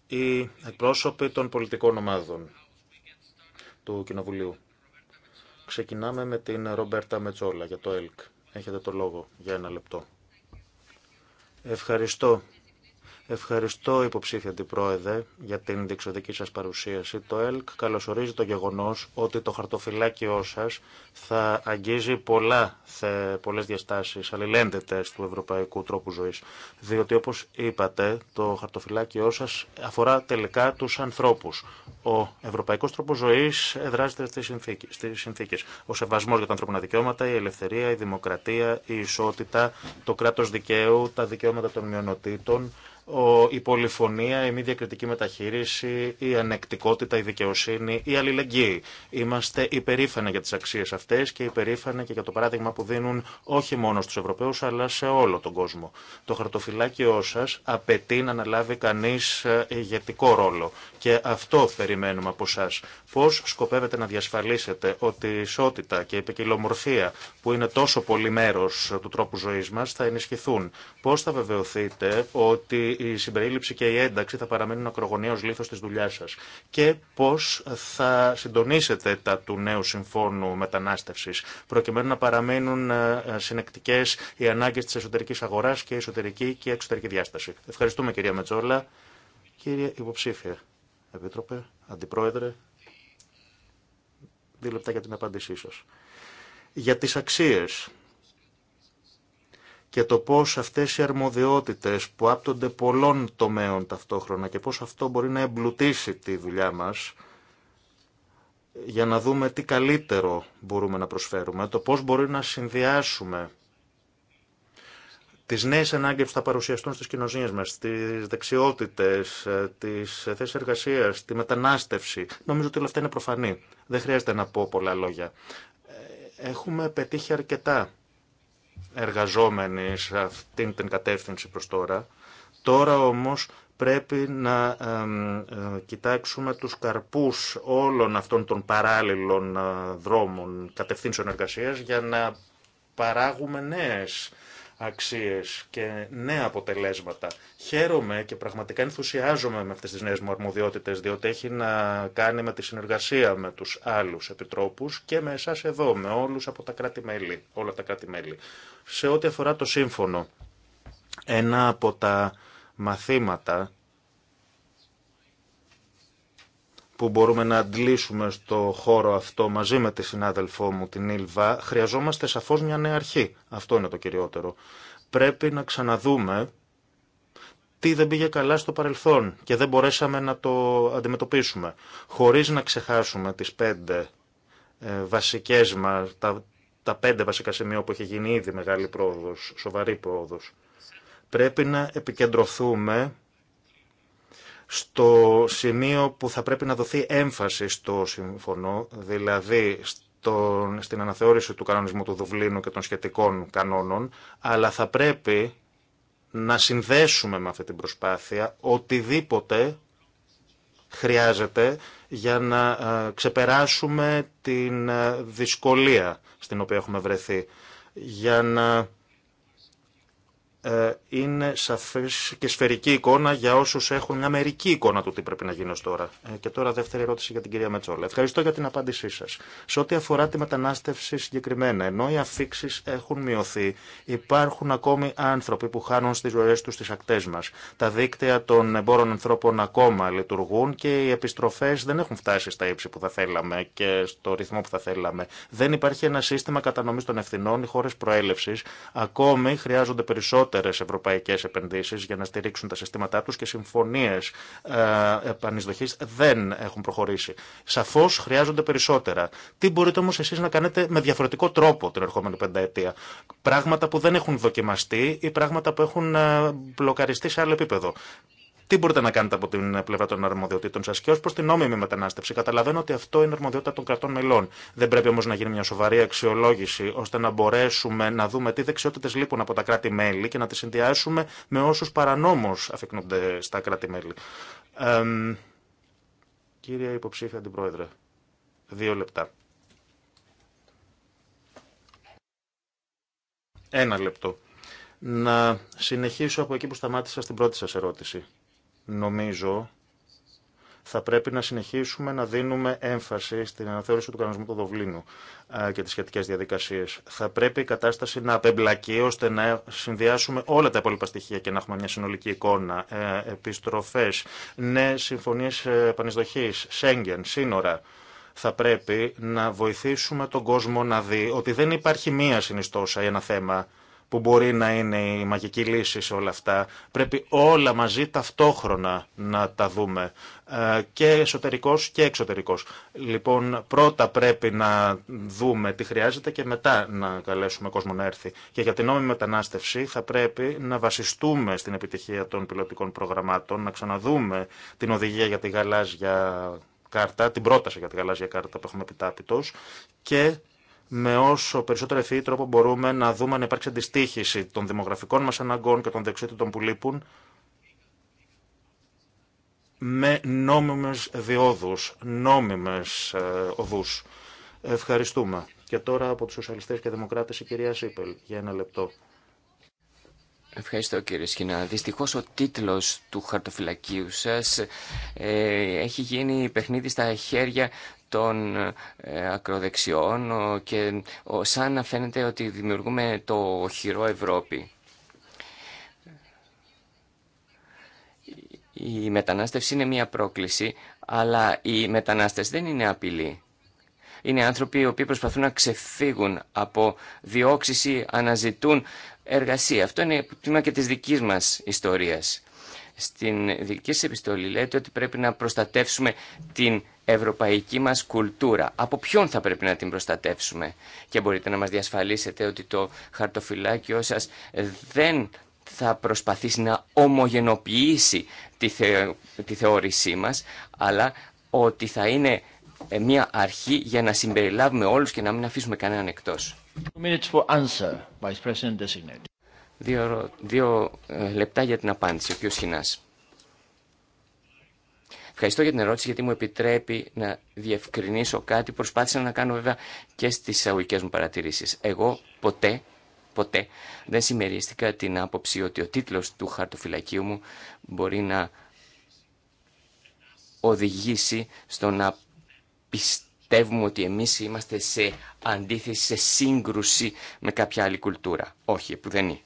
οι εκπρόσωποι των πολιτικών ομάδων του Κοινοβουλίου. Ξεκινάμε με την Ρομπέρτα Μετσόλα για το ΕΛΚ. Έχετε το λόγο για ένα λεπτό. Ευχαριστώ Ευχαριστώ υποψήφια την Πρόεδρε για την διεξοδική σας παρουσίαση. Το ΕΛΚ καλωσορίζει το γεγονός ότι το χαρτοφυλάκιό σας θα αγγίζει πολλά, θε, πολλές διαστάσεις αλληλένδετες του ευρωπαϊκού τρόπου ζωής. Διότι όπως είπατε το χαρτοφυλάκιό σας αφορά τελικά τους ανθρώπους. Ο ευρωπαϊκός τρόπος ζωής εδράζεται στις συνθήκες. Στις συνθήκες. Ο σεβασμός για τα ανθρώπινα δικαιώματα, η ελευθερία, η δημοκρατία, η ισότητα, το κράτος δικαίου, τα δικαιώματα των μειονοτήτων, η πολυφωνία, η μη διακριτική μεταχείριση, η ανεκτικότητα, η δικαιοσύνη, η αλληλεγγύη. Είμαστε υπερήφανοι για τι αξίε αυτέ, και υπερήφανοι και για το παράδειγμα που δίνουν όχι μόνο στους Ευρωπαίου, αλλά σε όλο τον κόσμο. Το χαρτοφυλάκιό σα απαιτεί να αναλάβει κανεί ε, ηγετικό ρόλο και αυτό περιμένουμε από εσά. Πώ σκοπεύετε να διασφαλίσετε ότι η ισότητα και η ποικιλομορφία που είναι τόσο πολύ μέρο του τρόπου ζωή μα, θα ενισχυθούν. Πώ θα βεβαιωθείτε ότι η συμπερίληψη και η ένταξη θα παραμένουν ακρογωνίως λίθος της δουλειάς σας και πώς θα συντονίσετε τα του νέου συμφώνου μετανάστευσης προκειμένου να παραμένουν ε, συνεκτικές οι ανάγκες της εσωτερικής αγοράς και η εσωτερική και εξωτερική διάσταση. Ευχαριστούμε κυρία Μετζόλα. Κύριε υποψήφια, Επίτροπε, Αντιπρόεδρε, δύο λεπτά για την απάντησή σας. Για τις αξίες και το πώς αυτές οι αρμοδιότητες που άπτονται πολλών τομέων ταυτόχρονα και πώς αυτό μπορεί να εμπλουτίσει τη δουλειά μας για να δούμε τι καλύτερο μπορούμε να προσφέρουμε, το πώς μπορεί να συνδυάσουμε τις νέες ανάγκες που θα παρουσιαστούν στις κοινωνίες μας, τις δεξιότητες, τις θέσεις εργασίας, τη μετανάστευση. Νομίζω ότι όλα αυτά είναι προφανή. Δεν χρειάζεται να πω πολλά λόγια. Ε, έχουμε πετύχει αρκετά εργαζόμενοι σε αυτήν την κατεύθυνση προς τώρα. Τώρα όμως πρέπει να ε, κοιτάξουμε τους καρπούς όλων αυτών των παράλληλων ε, δρόμων κατευθύνσεων εργασίας για να παράγουμε νέες αξίες και νέα αποτελέσματα. Χαίρομαι και πραγματικά ενθουσιάζομαι με αυτές τις νέες μου αρμοδιότητες, διότι έχει να κάνει με τη συνεργασία με τους άλλους επιτρόπους και με εσάς εδώ, με όλους από τα κράτη-μέλη, όλα τα κράτη-μέλη. Σε ό,τι αφορά το σύμφωνο, ένα από τα μαθήματα που μπορούμε να αντλήσουμε στο χώρο αυτό μαζί με τη συνάδελφό μου την Ήλβα, χρειαζόμαστε σαφώς μια νέα αρχή. Αυτό είναι το κυριότερο. Πρέπει να ξαναδούμε τι δεν πήγε καλά στο παρελθόν και δεν μπορέσαμε να το αντιμετωπίσουμε. Χωρίς να ξεχάσουμε τις πέντε ε, βασικές μας, τα, τα πέντε βασικά σημεία που έχει γίνει ήδη μεγάλη πρόοδος, σοβαρή πρόοδος. Πρέπει να επικεντρωθούμε στο σημείο που θα πρέπει να δοθεί έμφαση στο συμφωνό, δηλαδή στον, στην αναθεώρηση του κανονισμού του Δουβλίνου και των σχετικών κανόνων, αλλά θα πρέπει να συνδέσουμε με αυτή την προσπάθεια οτιδήποτε χρειάζεται για να ε, ξεπεράσουμε την ε, δυσκολία στην οποία έχουμε βρεθεί, για να ε, είναι σαφής και σφαιρική εικόνα για όσους έχουν μια μερική εικόνα του τι πρέπει να γίνει ως τώρα. Ε, και τώρα δεύτερη ερώτηση για την κυρία Μετσόλα. Ευχαριστώ για την απάντησή σας. Σε ό,τι αφορά τη μετανάστευση συγκεκριμένα, ενώ οι αφήξει έχουν μειωθεί, υπάρχουν ακόμη άνθρωποι που χάνουν στις ζωές τους τις ακτές μας. Τα δίκτυα των εμπόρων ανθρώπων ακόμα λειτουργούν και οι επιστροφές δεν έχουν φτάσει στα ύψη που θα θέλαμε και στο ρυθμό που θα θέλαμε. Δεν υπάρχει ένα σύστημα κατανομής των ευθυνών, οι χώρες προέλευσης ακόμη χρειάζονται περισσότερο περισσότερε ευρωπαϊκέ επενδύσει για να στηρίξουν τα συστήματά του και συμφωνίε επανεισδοχή δεν έχουν προχωρήσει. Σαφώ χρειάζονται περισσότερα. Τι μπορείτε όμω εσεί να κάνετε με διαφορετικό τρόπο την ερχόμενη πενταετία. Πράγματα που δεν έχουν δοκιμαστεί ή πράγματα που έχουν ε, μπλοκαριστεί σε άλλο επίπεδο. Τι μπορείτε να κάνετε από την πλευρά των αρμοδιοτήτων σα και ω προ την νόμιμη μετανάστευση. Καταλαβαίνω ότι αυτό είναι αρμοδιότητα των κρατών μελών. Δεν πρέπει όμω να γίνει μια σοβαρή αξιολόγηση ώστε να μπορέσουμε να δούμε τι δεξιότητε λείπουν από τα κράτη-μέλη και να τι συνδυάσουμε με όσου παρανόμω αφικνούνται στα κράτη-μέλη. Ε, κύριε υποψήφια αντιπρόεδρε, δύο λεπτά. Ένα λεπτό. Να συνεχίσω από εκεί που σταμάτησα στην πρώτη σας ερώτηση. Νομίζω θα πρέπει να συνεχίσουμε να δίνουμε έμφαση στην αναθεώρηση του κανονισμού του Δοβλίνου ε, και τι σχετικέ διαδικασίες. Θα πρέπει η κατάσταση να απεμπλακεί ώστε να συνδυάσουμε όλα τα υπόλοιπα στοιχεία και να έχουμε μια συνολική εικόνα. Ε, επιστροφές, νέε ναι, συμφωνίε επανεισδοχή, Σέγγεν, σύνορα. Θα πρέπει να βοηθήσουμε τον κόσμο να δει ότι δεν υπάρχει μία συνιστόσα ή ένα θέμα που μπορεί να είναι η μαγική λύση σε όλα αυτά. Πρέπει όλα μαζί ταυτόχρονα να τα δούμε ε, και εσωτερικός και εξωτερικός. Λοιπόν, πρώτα πρέπει να δούμε τι χρειάζεται και μετά να καλέσουμε κόσμο να έρθει. Και για την νόμιμη μετανάστευση θα πρέπει να βασιστούμε στην επιτυχία των πιλωτικών προγραμμάτων, να ξαναδούμε την οδηγία για τη γαλάζια κάρτα, την πρόταση για τη γαλάζια κάρτα που έχουμε επιτάπητος και με όσο περισσότερο ευθύ τρόπο μπορούμε να δούμε αν υπάρξει αντιστοίχηση των δημογραφικών μας αναγκών και των δεξιότητων που λείπουν με νόμιμες διόδους, νόμιμες ε, οδούς. Ευχαριστούμε. Και τώρα από τους Σοσιαλιστές και Δημοκράτες η κυρία Σίπελ για ένα λεπτό. Ευχαριστώ κύριε Σκηνά. Δυστυχώς ο τίτλος του χαρτοφυλακίου σας ε, έχει γίνει παιχνίδι στα χέρια των ε, ακροδεξιών και σαν να φαίνεται ότι δημιουργούμε το χειρό Ευρώπη. Η μετανάστευση είναι μια πρόκληση, αλλά οι μετανάστες δεν είναι απειλή. Είναι άνθρωποι οι οποίοι προσπαθούν να ξεφύγουν από διώξηση, αναζητούν εργασία. Αυτό είναι τμήμα και της δικής μας ιστορίας. Στην δική σας επιστολή λέτε ότι πρέπει να προστατεύσουμε την ευρωπαϊκή μας κουλτούρα. Από ποιον θα πρέπει να την προστατεύσουμε και μπορείτε να μας διασφαλίσετε ότι το χαρτοφυλάκιό σας δεν θα προσπαθήσει να ομογενοποιήσει τη, θε, τη θεώρησή μας, αλλά ότι θα είναι ε, μια αρχή για να συμπεριλάβουμε όλους και να μην αφήσουμε κανέναν εκτός. Minutes for answer, Vice President Δύο, δύο ε, λεπτά για την απάντηση. Ο κ. Σχοινά. Ευχαριστώ για την ερώτηση γιατί μου επιτρέπει να διευκρινίσω κάτι. Προσπάθησα να κάνω βέβαια και στις εισαγωγικέ μου παρατηρήσεις. Εγώ ποτέ, ποτέ δεν συμμερίστηκα την άποψη ότι ο τίτλος του χαρτοφυλακίου μου μπορεί να οδηγήσει στο να πιστεύουμε ότι εμείς είμαστε σε αντίθεση, σε σύγκρουση με κάποια άλλη κουλτούρα. Όχι, που δεν είναι.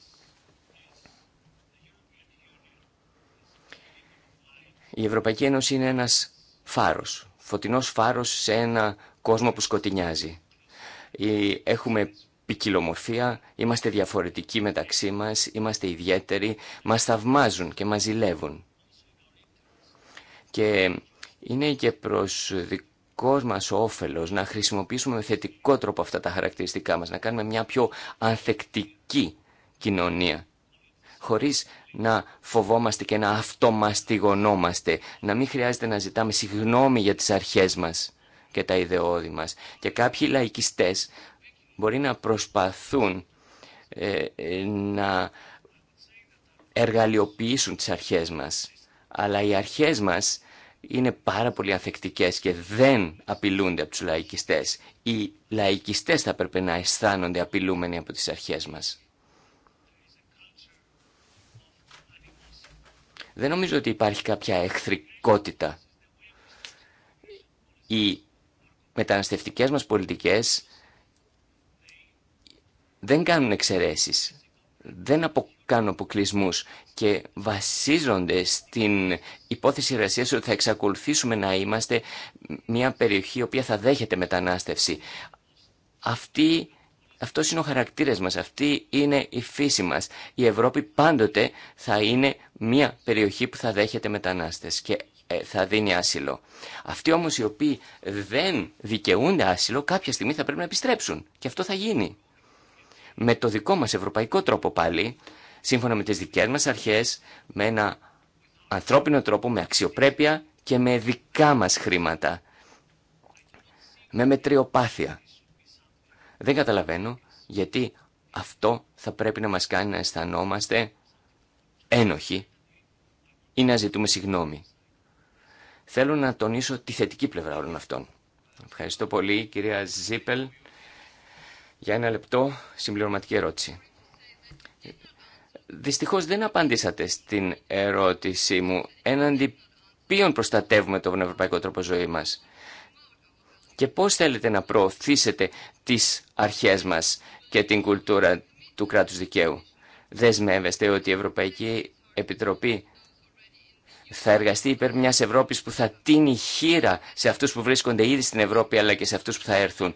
Η Ευρωπαϊκή Ένωση είναι ένας φάρος, φωτεινός φάρος σε ένα κόσμο που σκοτεινιάζει. Έχουμε ποικιλομορφία, είμαστε διαφορετικοί μεταξύ μας, είμαστε ιδιαίτεροι, μας θαυμάζουν και μας ζηλεύουν. Και είναι και προς δικός μας όφελος να χρησιμοποιήσουμε με θετικό τρόπο αυτά τα χαρακτηριστικά μας, να κάνουμε μια πιο ανθεκτική κοινωνία χωρίς να φοβόμαστε και να αυτομαστιγωνόμαστε, να μην χρειάζεται να ζητάμε συγγνώμη για τις αρχές μας και τα ιδεώδη μας. Και κάποιοι λαϊκιστές μπορεί να προσπαθούν ε, ε, να εργαλειοποιήσουν τις αρχές μας, αλλά οι αρχές μας είναι πάρα πολύ ανθεκτικές και δεν απειλούνται από τους λαϊκιστές. Οι λαϊκιστές θα πρέπει να αισθάνονται απειλούμενοι από τις αρχές μας. Δεν νομίζω ότι υπάρχει κάποια εχθρικότητα. Οι μεταναστευτικές μας πολιτικές δεν κάνουν εξαιρέσεις, δεν κάνουν αποκλεισμού και βασίζονται στην υπόθεση εργασία ότι θα εξακολουθήσουμε να είμαστε μια περιοχή η οποία θα δέχεται μετανάστευση. Αυτή αυτό είναι ο χαρακτήρας μας, αυτή είναι η φύση μας. Η Ευρώπη πάντοτε θα είναι μια περιοχή που θα δέχεται μετανάστες και ε, θα δίνει άσυλο. Αυτοί όμω οι οποίοι δεν δικαιούνται άσυλο κάποια στιγμή θα πρέπει να επιστρέψουν και αυτό θα γίνει. Με το δικό μας ευρωπαϊκό τρόπο πάλι, σύμφωνα με τις δικές μας αρχέ, με ένα ανθρώπινο τρόπο, με αξιοπρέπεια και με δικά μας χρήματα. Με μετριοπάθεια. Δεν καταλαβαίνω γιατί αυτό θα πρέπει να μας κάνει να αισθανόμαστε ένοχοι ή να ζητούμε συγνώμη. Θέλω να τονίσω τη θετική πλευρά όλων αυτών. Ευχαριστώ πολύ κυρία Ζίπελ. Για ένα λεπτό συμπληρωματική ερώτηση. Δυστυχώς δεν απαντήσατε στην ερώτησή μου έναντι ποιον προστατεύουμε τον ευρωπαϊκό τρόπο ζωή μας και πώς θέλετε να προωθήσετε τις αρχές μας και την κουλτούρα του κράτους δικαίου. Δεσμεύεστε ότι η Ευρωπαϊκή Επιτροπή θα εργαστεί υπέρ μια Ευρώπη που θα τίνει χείρα σε αυτού που βρίσκονται ήδη στην Ευρώπη αλλά και σε αυτού που θα έρθουν.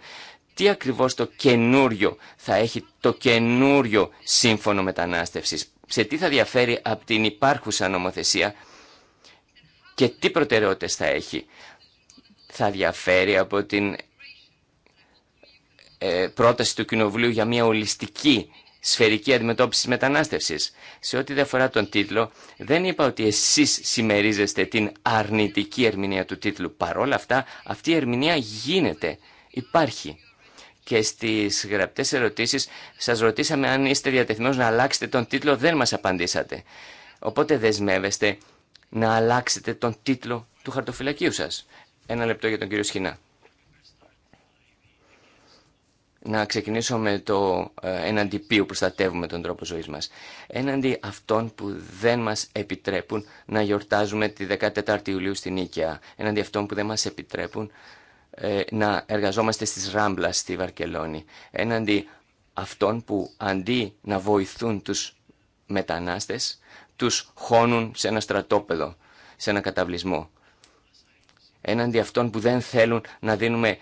Τι ακριβώ το καινούριο θα έχει το καινούριο σύμφωνο μετανάστευση, σε τι θα διαφέρει από την υπάρχουσα νομοθεσία και τι προτεραιότητε θα έχει θα διαφέρει από την ε, πρόταση του Κοινοβουλίου για μια ολιστική σφαιρική αντιμετώπιση τη μετανάστευσης. Σε ό,τι δεν αφορά τον τίτλο, δεν είπα ότι εσείς συμμερίζεστε την αρνητική ερμηνεία του τίτλου. Παρόλα αυτά, αυτή η ερμηνεία γίνεται, υπάρχει. Και στις γραπτές ερωτήσεις σας ρωτήσαμε αν είστε διατεθειμένο να αλλάξετε τον τίτλο, δεν μα απαντήσατε. Οπότε δεσμεύεστε να αλλάξετε τον τίτλο του χαρτοφυλακίου σας. Ένα λεπτό για τον κύριο Σχοινά. Να ξεκινήσω με το ε, έναντι ποιου προστατεύουμε τον τρόπο ζωής μας. Έναντι αυτών που δεν μας επιτρέπουν να γιορτάζουμε τη 14η Ιουλίου στην Ίκαια. Έναντι αυτών που δεν μας επιτρέπουν ε, να εργαζόμαστε στις Ράμπλα στη Βαρκελόνη. Έναντι αυτών που αντί να βοηθούν τους μετανάστες, τους χώνουν σε ένα στρατόπεδο, σε ένα καταβλισμό έναντι αυτών που δεν θέλουν να δίνουμε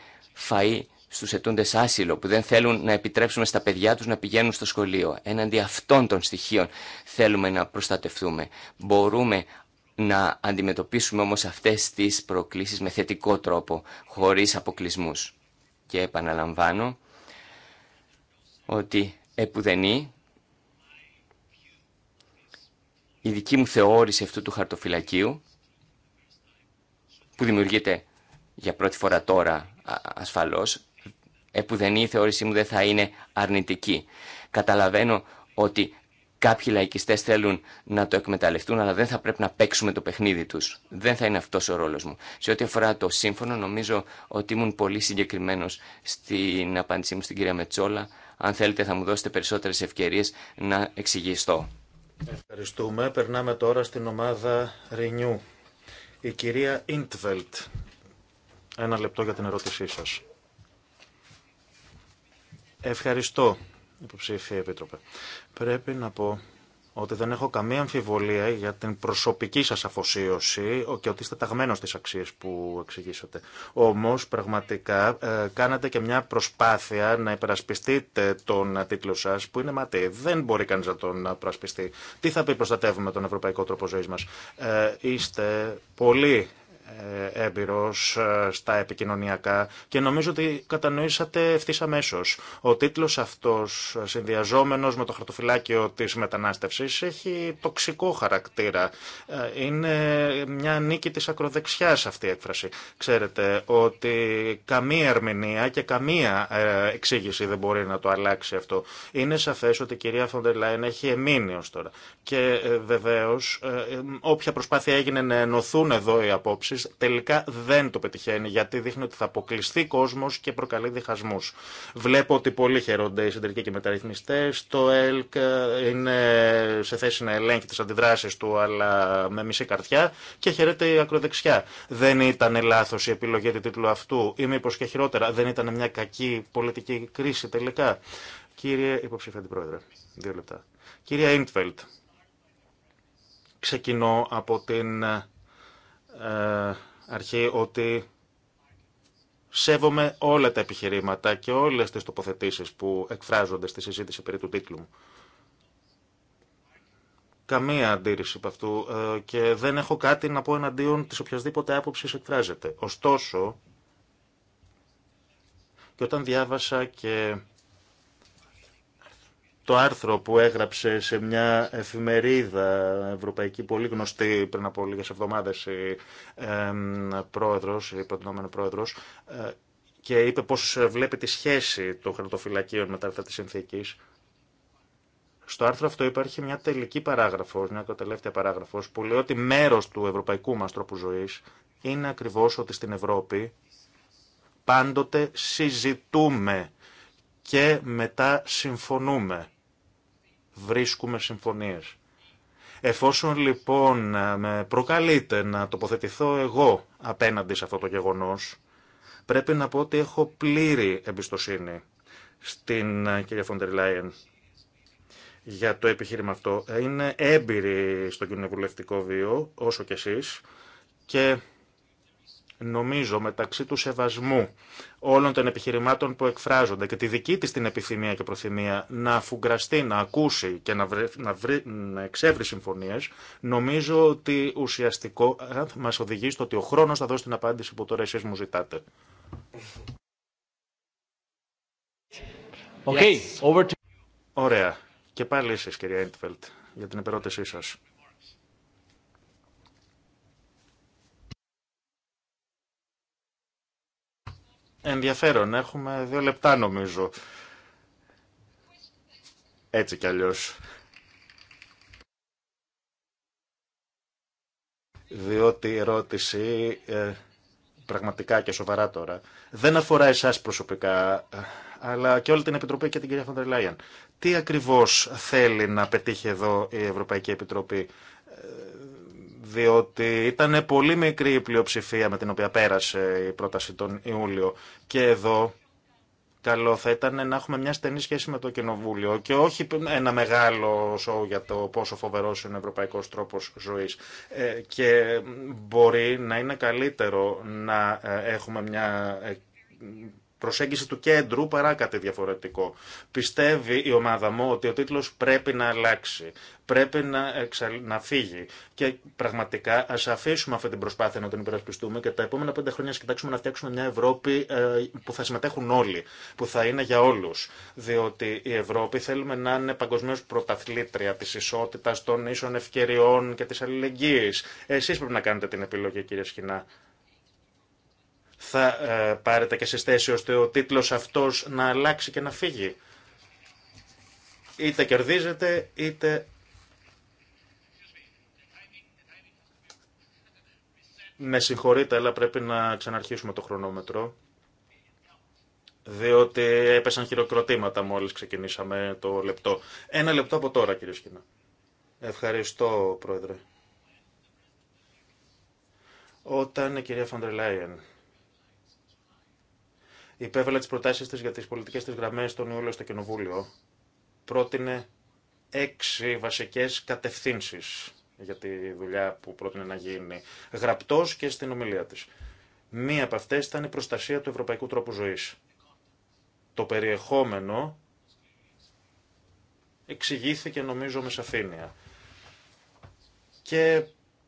φαΐ στους ετούντες άσυλο, που δεν θέλουν να επιτρέψουμε στα παιδιά τους να πηγαίνουν στο σχολείο. Έναντι αυτών των στοιχείων θέλουμε να προστατευτούμε. Μπορούμε να αντιμετωπίσουμε όμως αυτές τις προκλήσεις με θετικό τρόπο, χωρίς αποκλεισμού. Και επαναλαμβάνω ότι επουδενή η δική μου θεώρηση αυτού του χαρτοφυλακίου που δημιουργείται για πρώτη φορά τώρα ασφαλώς, επουδενή η θεώρησή μου δεν θα είναι αρνητική. Καταλαβαίνω ότι κάποιοι λαϊκιστές θέλουν να το εκμεταλλευτούν, αλλά δεν θα πρέπει να παίξουμε το παιχνίδι τους. Δεν θα είναι αυτός ο ρόλος μου. Σε ό,τι αφορά το σύμφωνο, νομίζω ότι ήμουν πολύ συγκεκριμένος στην απάντησή μου στην κυρία Μετσόλα. Αν θέλετε θα μου δώσετε περισσότερες ευκαιρίες να εξηγηστώ. Ευχαριστούμε. Περνάμε τώρα στην ομάδα Renew. Η κυρία Ιντβελτ, ένα λεπτό για την ερώτησή σας. Ευχαριστώ, υποψήφια Επίτροπε. Πρέπει να πω ότι δεν έχω καμία αμφιβολία για την προσωπική σας αφοσίωση και ότι είστε ταγμένος στις αξίες που εξηγήσατε. Όμως, πραγματικά, ε, κάνατε και μια προσπάθεια να υπερασπιστείτε τον τίτλο σας που είναι ματή. Δεν μπορεί κανείς να τον προασπιστεί. Τι θα πει προστατεύουμε τον ευρωπαϊκό τρόπο ζωής μας. Ε, είστε πολύ ε, έμπειρος ε, στα επικοινωνιακά και νομίζω ότι κατανοήσατε ευθύ αμέσω. Ο τίτλος αυτός συνδυαζόμενος με το χαρτοφυλάκιο της μετανάστευσης έχει τοξικό χαρακτήρα. Ε, είναι μια νίκη της ακροδεξιάς αυτή η έκφραση. Ξέρετε ότι καμία ερμηνεία και καμία εξήγηση δεν μπορεί να το αλλάξει αυτό. Είναι σαφές ότι η κυρία Φοντελάιν έχει εμείνει ως τώρα. Και βεβαίως όποια προσπάθεια έγινε να ενωθούν εδώ οι απόψει τελικά δεν το πετυχαίνει γιατί δείχνει ότι θα αποκλειστεί κόσμο και προκαλεί διχασμού. Βλέπω ότι πολλοί χαιρόνται οι συντηρητικοί και μεταρρυθμιστέ. Το ΕΛΚ ε, είναι σε θέση να ελέγχει τι αντιδράσει του, αλλά με μισή καρδιά και χαιρέται η ακροδεξιά. Δεν ήταν λάθο η επιλογή του τίτλου αυτού, ή μήπω και χειρότερα, δεν ήταν μια κακή πολιτική κρίση τελικά. Κύριε υποψήφια αντιπρόεδρε, δύο λεπτά. Κυρία Ιντφελτ, ξεκινώ από την ε, αρχή ότι σέβομαι όλα τα επιχειρήματα και όλες τις τοποθετήσεις που εκφράζονται στη συζήτηση περί του τίτλου μου. Καμία αντίρρηση από αυτού ε, και δεν έχω κάτι να πω εναντίον της οποιασδήποτε άποψη εκφράζεται. Ωστόσο, και όταν διάβασα και το άρθρο που έγραψε σε μια εφημερίδα ευρωπαϊκή πολύ γνωστή πριν από λίγες εβδομάδες η ε, πρόεδρος, η πρόεδρος ε, και είπε πώς βλέπει τη σχέση των χαρτοφυλακίων με τα άρθρα της Στο άρθρο αυτό υπάρχει μια τελική παράγραφος, μια τελευταία παράγραφος που λέει ότι μέρος του ευρωπαϊκού μας τρόπου ζωής είναι ακριβώς ότι στην Ευρώπη πάντοτε συζητούμε και μετά συμφωνούμε βρίσκουμε συμφωνίες. Εφόσον λοιπόν ε, με προκαλείτε να τοποθετηθώ εγώ απέναντι σε αυτό το γεγονός, πρέπει να πω ότι έχω πλήρη εμπιστοσύνη στην ε, κυρία Φοντερ για το επιχείρημα αυτό. Ε, είναι έμπειρη στο κοινοβουλευτικό βίο, όσο και εσείς, και Νομίζω μεταξύ του σεβασμού όλων των επιχειρημάτων που εκφράζονται και τη δική της την επιθυμία και προθυμία να αφουγκραστεί, να ακούσει και να, βρε, να, να εξεύρει συμφωνίες, νομίζω ότι ουσιαστικό μας οδηγεί στο ότι ο χρόνος θα δώσει την απάντηση που τώρα εσείς μου ζητάτε. Okay, over to... Ωραία. Και πάλι εσείς κυρία Ιντφελτ για την επερώτησή σας. ενδιαφέρον. Έχουμε δύο λεπτά νομίζω. Έτσι κι αλλιώς. Διότι η ερώτηση, ε, πραγματικά και σοβαρά τώρα, δεν αφορά εσάς προσωπικά, ε, αλλά και όλη την Επιτροπή και την κυρία Φαντερ Τι ακριβώς θέλει να πετύχει εδώ η Ευρωπαϊκή Επιτροπή. Ε, διότι ήταν πολύ μικρή η πλειοψηφία με την οποία πέρασε η πρόταση τον Ιούλιο. Και εδώ καλό θα ήταν να έχουμε μια στενή σχέση με το Κοινοβούλιο και όχι ένα μεγάλο σοου για το πόσο φοβερός είναι ο ευρωπαϊκός τρόπος ζωής. Ε, και μπορεί να είναι καλύτερο να ε, έχουμε μια ε, προσέγγιση του κέντρου παρά κάτι διαφορετικό. Πιστεύει η ομάδα μου ότι ο τίτλος πρέπει να αλλάξει, πρέπει να, να φύγει και πραγματικά ας αφήσουμε αυτή την προσπάθεια να τον υπερασπιστούμε και τα επόμενα πέντε χρόνια κοιτάξουμε να φτιάξουμε μια Ευρώπη ε, που θα συμμετέχουν όλοι, που θα είναι για όλους. Διότι η Ευρώπη θέλουμε να είναι παγκοσμίω πρωταθλήτρια της ισότητας των ίσων ευκαιριών και της αλληλεγγύης. Εσείς πρέπει να κάνετε την επιλογή κύριε Σχοινά θα ε, πάρετε και σε θέση ώστε ο τίτλος αυτός να αλλάξει και να φύγει. Είτε κερδίζετε, είτε... Με συγχωρείτε, αλλά πρέπει να ξαναρχίσουμε το χρονόμετρο. Διότι έπεσαν χειροκροτήματα μόλις ξεκινήσαμε το λεπτό. Ένα λεπτό από τώρα, κύριε Σκηνά. Ευχαριστώ, Πρόεδρε. Όταν η κυρία Φαντρελάιεν υπέβαλε τι προτάσει τη για τι πολιτικέ τη γραμμέ τον Ιούλιο στο Κοινοβούλιο. Πρότεινε έξι βασικέ κατευθύνσει για τη δουλειά που πρότεινε να γίνει γραπτό και στην ομιλία τη. Μία από αυτέ ήταν η προστασία του ευρωπαϊκού τρόπου ζωή. Το περιεχόμενο εξηγήθηκε νομίζω με σαφήνεια. Και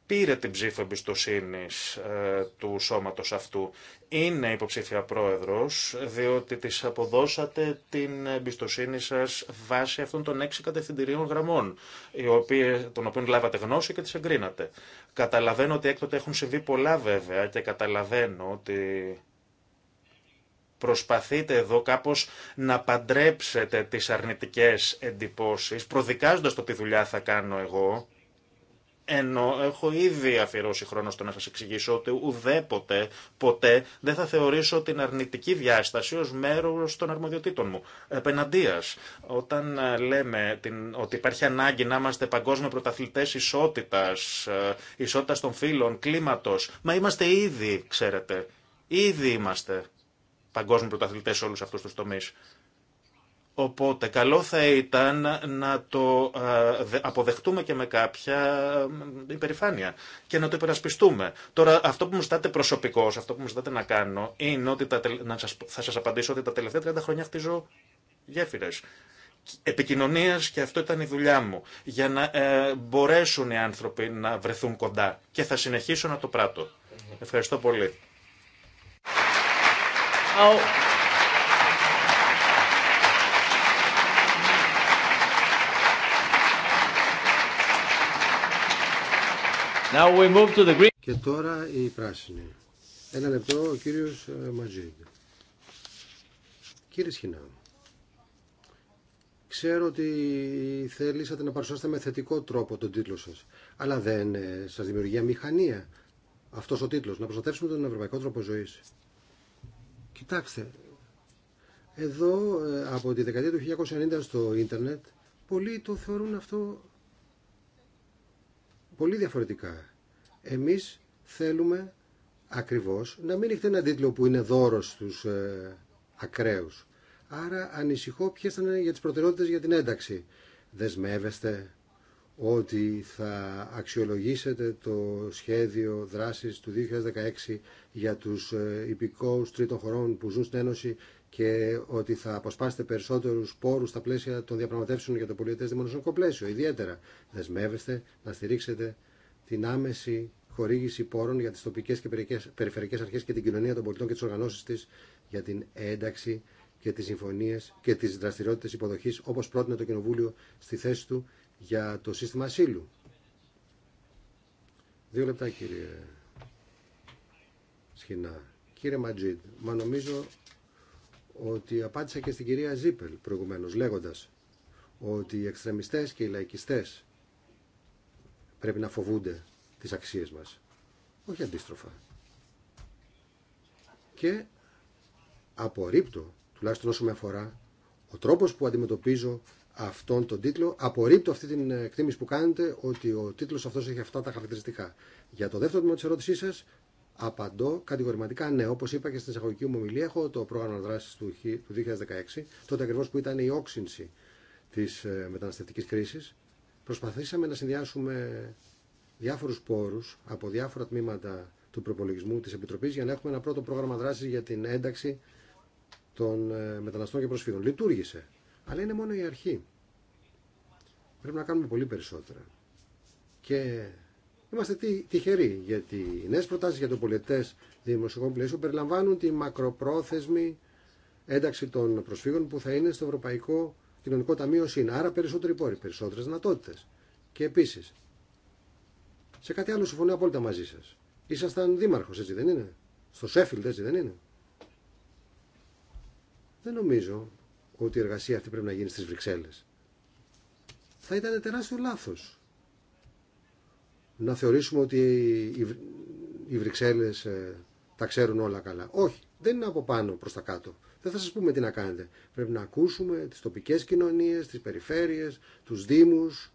πήρε την ψήφο εμπιστοσύνη ε, του σώματος αυτού. Είναι υποψήφια πρόεδρος, διότι της αποδώσατε την εμπιστοσύνη σας βάσει αυτών των έξι κατευθυντηρίων γραμμών, οι οποίες, των οποίων λάβατε γνώση και τις εγκρίνατε. Καταλαβαίνω ότι έκτοτε έχουν συμβεί πολλά βέβαια και καταλαβαίνω ότι προσπαθείτε εδώ κάπως να παντρέψετε τις αρνητικές εντυπώσεις, προδικάζοντας το τι δουλειά θα κάνω εγώ, ενώ έχω ήδη αφιερώσει χρόνο στο να σας εξηγήσω ότι ουδέποτε, ποτέ δεν θα θεωρήσω την αρνητική διάσταση ως μέρος των αρμοδιοτήτων μου. Επεναντίας, όταν ε, λέμε την, ότι υπάρχει ανάγκη να είμαστε παγκόσμιο πρωταθλητές ισότητας, ε, ισότητας των φύλων, κλίματος, μα είμαστε ήδη, ξέρετε, ήδη είμαστε παγκόσμιο πρωταθλητές σε όλους αυτούς τους τομείς. Οπότε καλό θα ήταν να το αποδεχτούμε και με κάποια υπερηφάνεια και να το υπερασπιστούμε. Τώρα αυτό που μου ζητάτε προσωπικώς, αυτό που μου ζητάτε να κάνω είναι ότι τα, να σας, θα σας απαντήσω ότι τα τελευταία 30 χρόνια χτίζω γέφυρες επικοινωνίας και αυτό ήταν η δουλειά μου για να ε, μπορέσουν οι άνθρωποι να βρεθούν κοντά και θα συνεχίσω να το πράττω. Ευχαριστώ πολύ. Και τώρα η πράσινη. Ένα λεπτό ο κύριος ε, Ματζίγκ. Κύριε Σχοινά, ξέρω ότι θέλησατε να παρουσιάσετε με θετικό τρόπο τον τίτλο σας, αλλά δεν ε, σας δημιουργεί αμηχανία αυτός ο τίτλος, να προστατεύσουμε τον ευρωπαϊκό τρόπο ζωής. Κοιτάξτε, εδώ ε, από τη δεκαετία του 1990 στο ίντερνετ, πολλοί το θεωρούν αυτό πολύ διαφορετικά. Εμείς θέλουμε ακριβώς να μην έχετε έναν τίτλο που είναι δώρο στους ε, Άρα ανησυχώ ποιε θα είναι για τις προτεραιότητες για την ένταξη. Δεσμεύεστε ότι θα αξιολογήσετε το σχέδιο δράσης του 2016 για τους ε, υπηκόους τρίτων χωρών που ζουν στην Ένωση και ότι θα αποσπάσετε περισσότερου πόρου στα πλαίσια των διαπραγματεύσεων για το πολιτέ δημοσιονομικό πλαίσιο. Ιδιαίτερα δεσμεύεστε να στηρίξετε την άμεση χορήγηση πόρων για τι τοπικέ και περιφερειακέ αρχέ και την κοινωνία των πολιτών και τι οργανώσει τη για την ένταξη και τι συμφωνίε και τι δραστηριότητε υποδοχή όπω πρότεινε το Κοινοβούλιο στη θέση του για το σύστημα ασύλου. Δύο λεπτά κύριε Σχοινά. Κύριε Ματζίτ, μα νομίζω ότι απάντησα και στην κυρία Ζίπελ προηγουμένως λέγοντας ότι οι εξτρεμιστές και οι λαϊκιστές πρέπει να φοβούνται τις αξίες μας. Όχι αντίστροφα. Και απορρίπτω, τουλάχιστον όσο με αφορά, ο τρόπος που αντιμετωπίζω αυτόν τον τίτλο, απορρίπτω αυτή την εκτίμηση που κάνετε ότι ο τίτλος αυτός έχει αυτά τα χαρακτηριστικά. Για το δεύτερο τμήμα της ερώτησής σας, Απαντώ κατηγορηματικά ναι. Όπω είπα και στην εισαγωγική μου ομιλία, έχω το πρόγραμμα δράση του 2016, τότε ακριβώ που ήταν η όξυνση τη ε, μεταναστευτική κρίση. Προσπαθήσαμε να συνδυάσουμε διάφορου πόρου από διάφορα τμήματα του προπολογισμού τη Επιτροπή για να έχουμε ένα πρώτο πρόγραμμα δράση για την ένταξη των ε, μεταναστών και προσφύγων. Λειτουργήσε. Αλλά είναι μόνο η αρχή. Πρέπει να κάνουμε πολύ περισσότερα. Και Είμαστε τυχεροί γιατί οι νέε προτάσει για το πολιτέ δημοσιογών πλαίσιο περιλαμβάνουν τη μακροπρόθεσμη ένταξη των προσφύγων που θα είναι στο Ευρωπαϊκό Κοινωνικό Ταμείο ΣΥΝ. Άρα περισσότεροι πόροι, περισσότερε δυνατότητε. Και επίση, σε κάτι άλλο συμφωνώ απόλυτα μαζί σα. Ήσασταν δήμαρχο, έτσι δεν είναι. Στο Σέφιλντ, έτσι δεν είναι. Δεν νομίζω ότι η εργασία αυτή πρέπει να γίνει στι Βρυξέλλε. Θα ήταν τεράστιο λάθος να θεωρήσουμε ότι οι Βρυξέλλες ε, τα ξέρουν όλα καλά. Όχι, δεν είναι από πάνω προς τα κάτω. Δεν θα σας πούμε τι να κάνετε. Πρέπει να ακούσουμε τις τοπικές κοινωνίες, τις περιφέρειες, τους δήμους,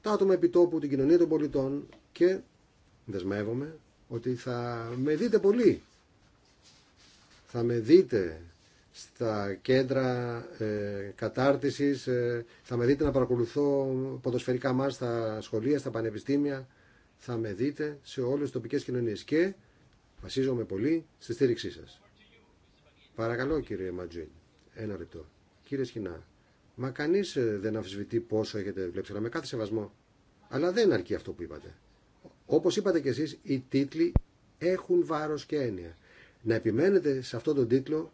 τα άτομα επιτόπου, την κοινωνία των πολιτών και δεσμεύομαι ότι θα με δείτε πολύ. Θα με δείτε στα κέντρα ε, κατάρτισης. Ε, θα με δείτε να παρακολουθώ ποδοσφαιρικά μας στα σχολεία, στα πανεπιστήμια. Θα με δείτε σε όλες τις τοπικές κοινωνίες και βασίζομαι πολύ στη στήριξή σας. Παρακαλώ κύριε Ματζίν, ένα λεπτό. Κύριε Σχοινά, μα κανείς ε, δεν αμφισβητεί πόσο έχετε βλέψει. αλλά με κάθε σεβασμό. Αλλά δεν αρκεί αυτό που είπατε. Όπως είπατε κι εσείς, οι τίτλοι έχουν βάρος και έννοια. Να επιμένετε σε αυτόν τον τίτλο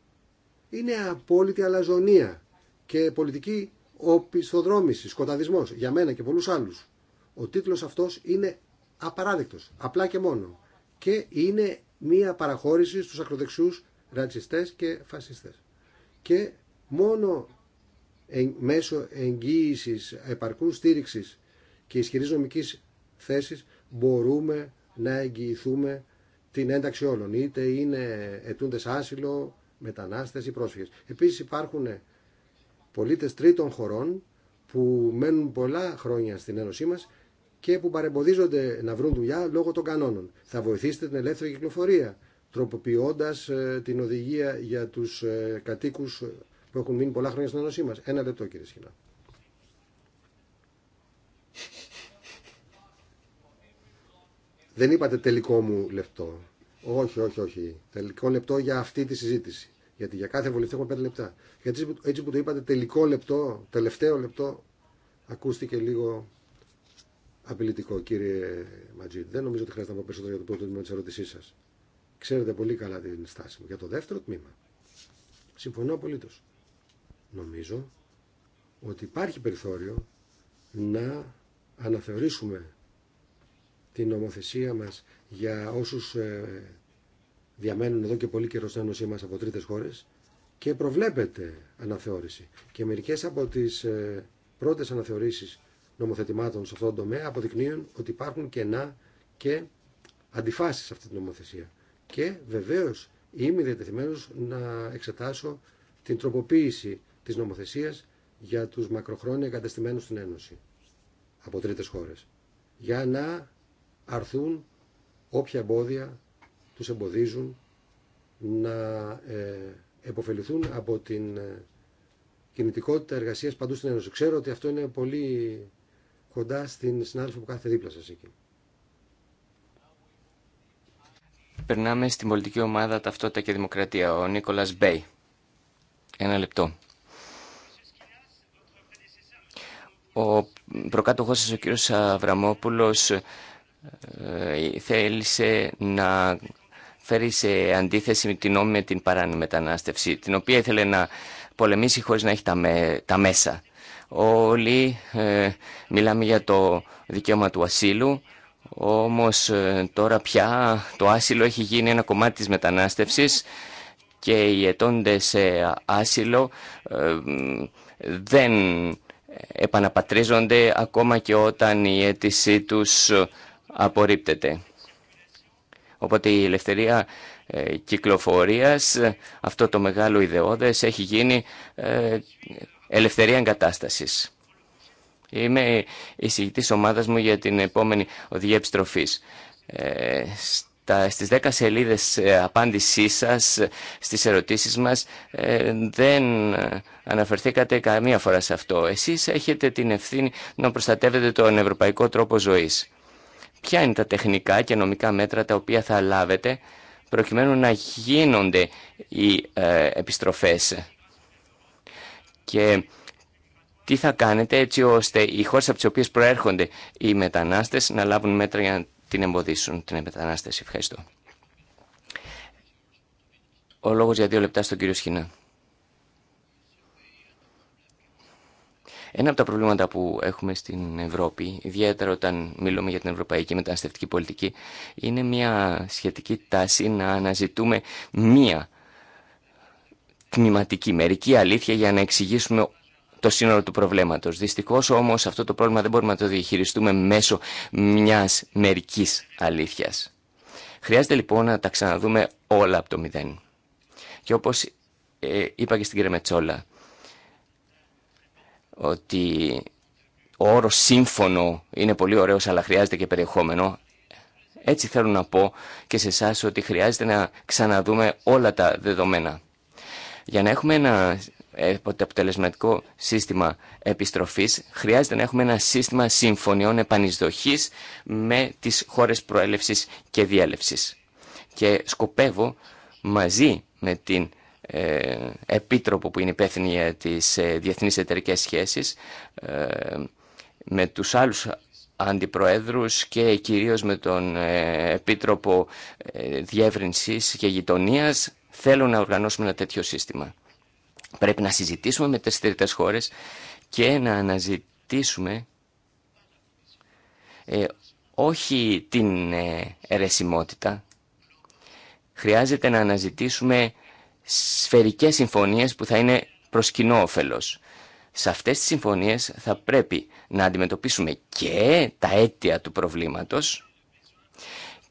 είναι απόλυτη αλαζονία και πολιτική οπισθοδρόμηση, σκοταδισμός για μένα και πολλούς άλλους. Ο τίτλος αυτός είναι απαράδεκτος, απλά και μόνο. Και είναι μία παραχώρηση στους ακροδεξιούς ρατσιστέ και φασιστές. Και μόνο μέσω εγγύηση επαρκού στήριξη και ισχυρή νομική θέση μπορούμε να εγγυηθούμε την ένταξη όλων. Είτε είναι ετούντε άσυλο, μετανάστες ή πρόσφυγες. Επίσης υπάρχουν πολίτες τρίτων χωρών που μένουν πολλά χρόνια στην Ένωσή μας και που παρεμποδίζονται να βρουν δουλειά λόγω των κανόνων. Θα βοηθήσετε την ελεύθερη κυκλοφορία, τροποποιώντας ε, την οδηγία για τους ε, κατοίκους που έχουν μείνει πολλά χρόνια στην Ένωσή μας. Ένα λεπτό κύριε Σχοινά. Δεν είπατε τελικό μου λεπτό. Όχι, όχι, όχι. Τελικό λεπτό για αυτή τη συζήτηση. Γιατί για κάθε βουλευτή έχουμε πέντε λεπτά. Γιατί έτσι που το είπατε, τελικό λεπτό, τελευταίο λεπτό, ακούστηκε λίγο απειλητικό, κύριε Ματζή. Δεν νομίζω ότι χρειάζεται να πω περισσότερο για το πρώτο τμήμα τη ερώτησή σα. Ξέρετε πολύ καλά την στάση μου. Για το δεύτερο τμήμα. Συμφωνώ απολύτω. Νομίζω ότι υπάρχει περιθώριο να αναθεωρήσουμε την νομοθεσία μας για όσους ε, διαμένουν εδώ και πολύ καιρό στην Ένωσή μας από τρίτες χώρες και προβλέπεται αναθεώρηση. Και μερικές από τις ε, πρώτες αναθεωρήσεις νομοθετημάτων σε αυτόν τον τομέα αποδεικνύουν ότι υπάρχουν κενά και αντιφάσεις σε αυτή την νομοθεσία. Και βεβαίως είμαι διατεθειμένος να εξετάσω την τροποποίηση της νομοθεσίας για τους μακροχρόνια εγκατεστημένους στην Ένωση από τρίτες χώρες για να αρθούν όποια εμπόδια τους εμποδίζουν να ε, επωφεληθούν από την ε, κινητικότητα εργασίας παντού στην Ένωση. Ξέρω ότι αυτό είναι πολύ κοντά στην συνάδελφο που κάθεται δίπλα σας εκεί. Περνάμε στην πολιτική ομάδα Ταυτότητα και Δημοκρατία. Ο Νίκολας Μπέι. Ένα λεπτό. Ο προκάτοχός σας, ο κύριος Αβραμόπουλος, θέλησε να φέρει σε αντίθεση με την νόμη με την παράνομη μετανάστευση, την οποία ήθελε να πολεμήσει χωρίς να έχει τα, μέσα. Όλοι ε, μιλάμε για το δικαίωμα του ασύλου, όμως ε, τώρα πια το άσυλο έχει γίνει ένα κομμάτι της μετανάστευσης και οι ετώντες σε άσυλο ε, δεν επαναπατρίζονται ακόμα και όταν η αίτησή τους απορρίπτεται. Οπότε η ελευθερία ε, κυκλοφορίας, αυτό το μεγάλο ιδεώδες, έχει γίνει ε, ελευθερία εγκατάστασης. Είμαι εισηγητής ομάδας μου για την επόμενη οδηγία επιστροφής. Ε, στα, στις 10 σελίδες ε, απάντησή σας ε, στις ερωτήσεις μας δεν αναφερθήκατε καμία φορά σε αυτό. Εσείς έχετε την ευθύνη να προστατεύετε τον ευρωπαϊκό τρόπο ζωής ποια είναι τα τεχνικά και νομικά μέτρα τα οποία θα λάβετε προκειμένου να γίνονται οι ε, επιστροφές και τι θα κάνετε έτσι ώστε οι χώρες από τις οποίες προέρχονται οι μετανάστες να λάβουν μέτρα για να την εμποδίσουν την μετανάστευση. Ευχαριστώ. Ο λόγος για δύο λεπτά στον κύριο Σχοινά. Ένα από τα προβλήματα που έχουμε στην Ευρώπη, ιδιαίτερα όταν μιλούμε για την ευρωπαϊκή μεταναστευτική πολιτική, είναι μια σχετική τάση να αναζητούμε μία τμηματική, μερική αλήθεια για να εξηγήσουμε το σύνολο του προβλήματος. Δυστυχώς όμως αυτό το πρόβλημα δεν μπορούμε να το διαχειριστούμε μέσω μιας μερική αλήθεια. Χρειάζεται λοιπόν να τα ξαναδούμε όλα από το μηδέν. Και όπω ε, είπα και στην κυρία Μετσόλα, ότι ο όρος σύμφωνο είναι πολύ ωραίος αλλά χρειάζεται και περιεχόμενο. Έτσι θέλω να πω και σε εσά ότι χρειάζεται να ξαναδούμε όλα τα δεδομένα. Για να έχουμε ένα αποτελεσματικό σύστημα επιστροφής, χρειάζεται να έχουμε ένα σύστημα συμφωνιών επανεισδοχής με τις χώρες προέλευσης και διέλευσης. Και σκοπεύω μαζί με την ε, επίτροπο που είναι υπεύθυνη για τις ε, διεθνείς εταιρικέ σχέσεις ε, με τους άλλους αντιπροέδρους και κυρίως με τον Επίτροπο Διεύρυνσης και Γειτονίας θέλουν να οργανώσουμε ένα τέτοιο σύστημα. Πρέπει να συζητήσουμε με τις τρίτες χώρες και να αναζητήσουμε όχι την ερεσιμότητα Χρειάζεται να αναζητήσουμε σφαιρικές συμφωνίες που θα είναι προς κοινό όφελος. Σε αυτές τις συμφωνίες θα πρέπει να αντιμετωπίσουμε και τα αίτια του προβλήματος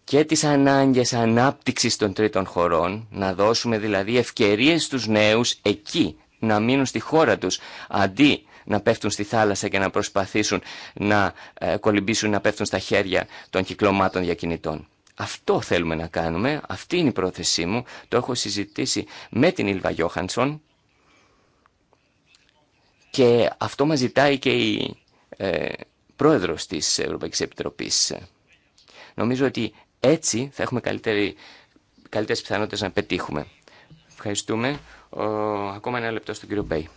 και τις ανάγκες ανάπτυξης των τρίτων χωρών, να δώσουμε δηλαδή ευκαιρίες στους νέους εκεί να μείνουν στη χώρα τους, αντί να πέφτουν στη θάλασσα και να προσπαθήσουν να ε, κολυμπήσουν, να πέφτουν στα χέρια των κυκλωμάτων διακινητών. Αυτό θέλουμε να κάνουμε, αυτή είναι η πρόθεσή μου, το έχω συζητήσει με την Ιλβα Γιώχανσον και αυτό μας ζητάει και η ε, πρόεδρος της Ευρωπαϊκής Επιτροπής. Νομίζω ότι έτσι θα έχουμε καλύτερη, καλύτερες πιθανότητες να πετύχουμε. Ευχαριστούμε. Ο, ακόμα ένα λεπτό στον κύριο Μπέι.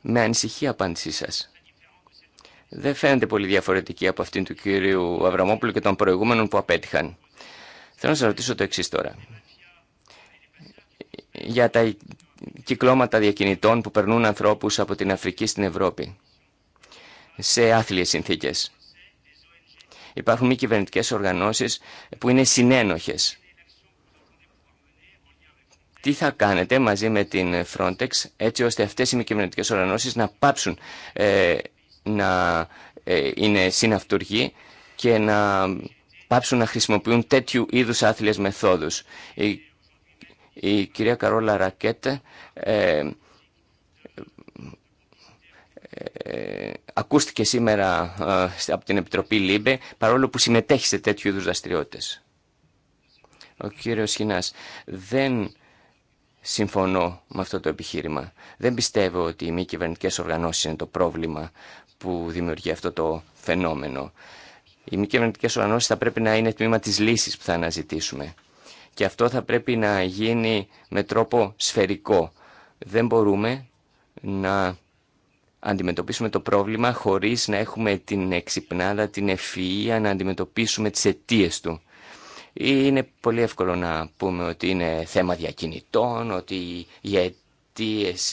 Με ανησυχία απάντησή σας δεν φαίνεται πολύ διαφορετική από αυτήν του κύριου Αβραμόπουλου και των προηγούμενων που απέτυχαν. Θέλω να σας ρωτήσω το εξή τώρα. Για τα κυκλώματα διακινητών που περνούν ανθρώπους από την Αφρική στην Ευρώπη σε άθλιες συνθήκες. Υπάρχουν μη κυβερνητικέ οργανώσεις που είναι συνένοχες. Τι θα κάνετε μαζί με την Frontex έτσι ώστε αυτές οι μη κυβερνητικέ οργανώσεις να πάψουν ε, να ε, είναι συναυτουργοί και να πάψουν να χρησιμοποιούν τέτοιου είδους άθλιες μεθόδους. Η, η κυρία Καρόλα Ρακέτε ε, ακούστηκε σήμερα ε, από την Επιτροπή ΛΥΜΠΕ παρόλο που συμμετέχει σε τέτοιου είδους δραστηριότητες. Ο κύριος Χινάς, δεν συμφωνώ με αυτό το επιχείρημα. Δεν πιστεύω ότι οι μη κυβερνητικέ οργανώσεις είναι το πρόβλημα που δημιουργεί αυτό το φαινόμενο. Οι μη κυβερνητικέ οργανώσει θα πρέπει να είναι τμήμα τη λύση που θα αναζητήσουμε. Και αυτό θα πρέπει να γίνει με τρόπο σφαιρικό. Δεν μπορούμε να αντιμετωπίσουμε το πρόβλημα χωρίς να έχουμε την εξυπνάδα, την ευφυΐα να αντιμετωπίσουμε τις αιτίε του. Είναι πολύ εύκολο να πούμε ότι είναι θέμα διακινητών, ότι η αιτία,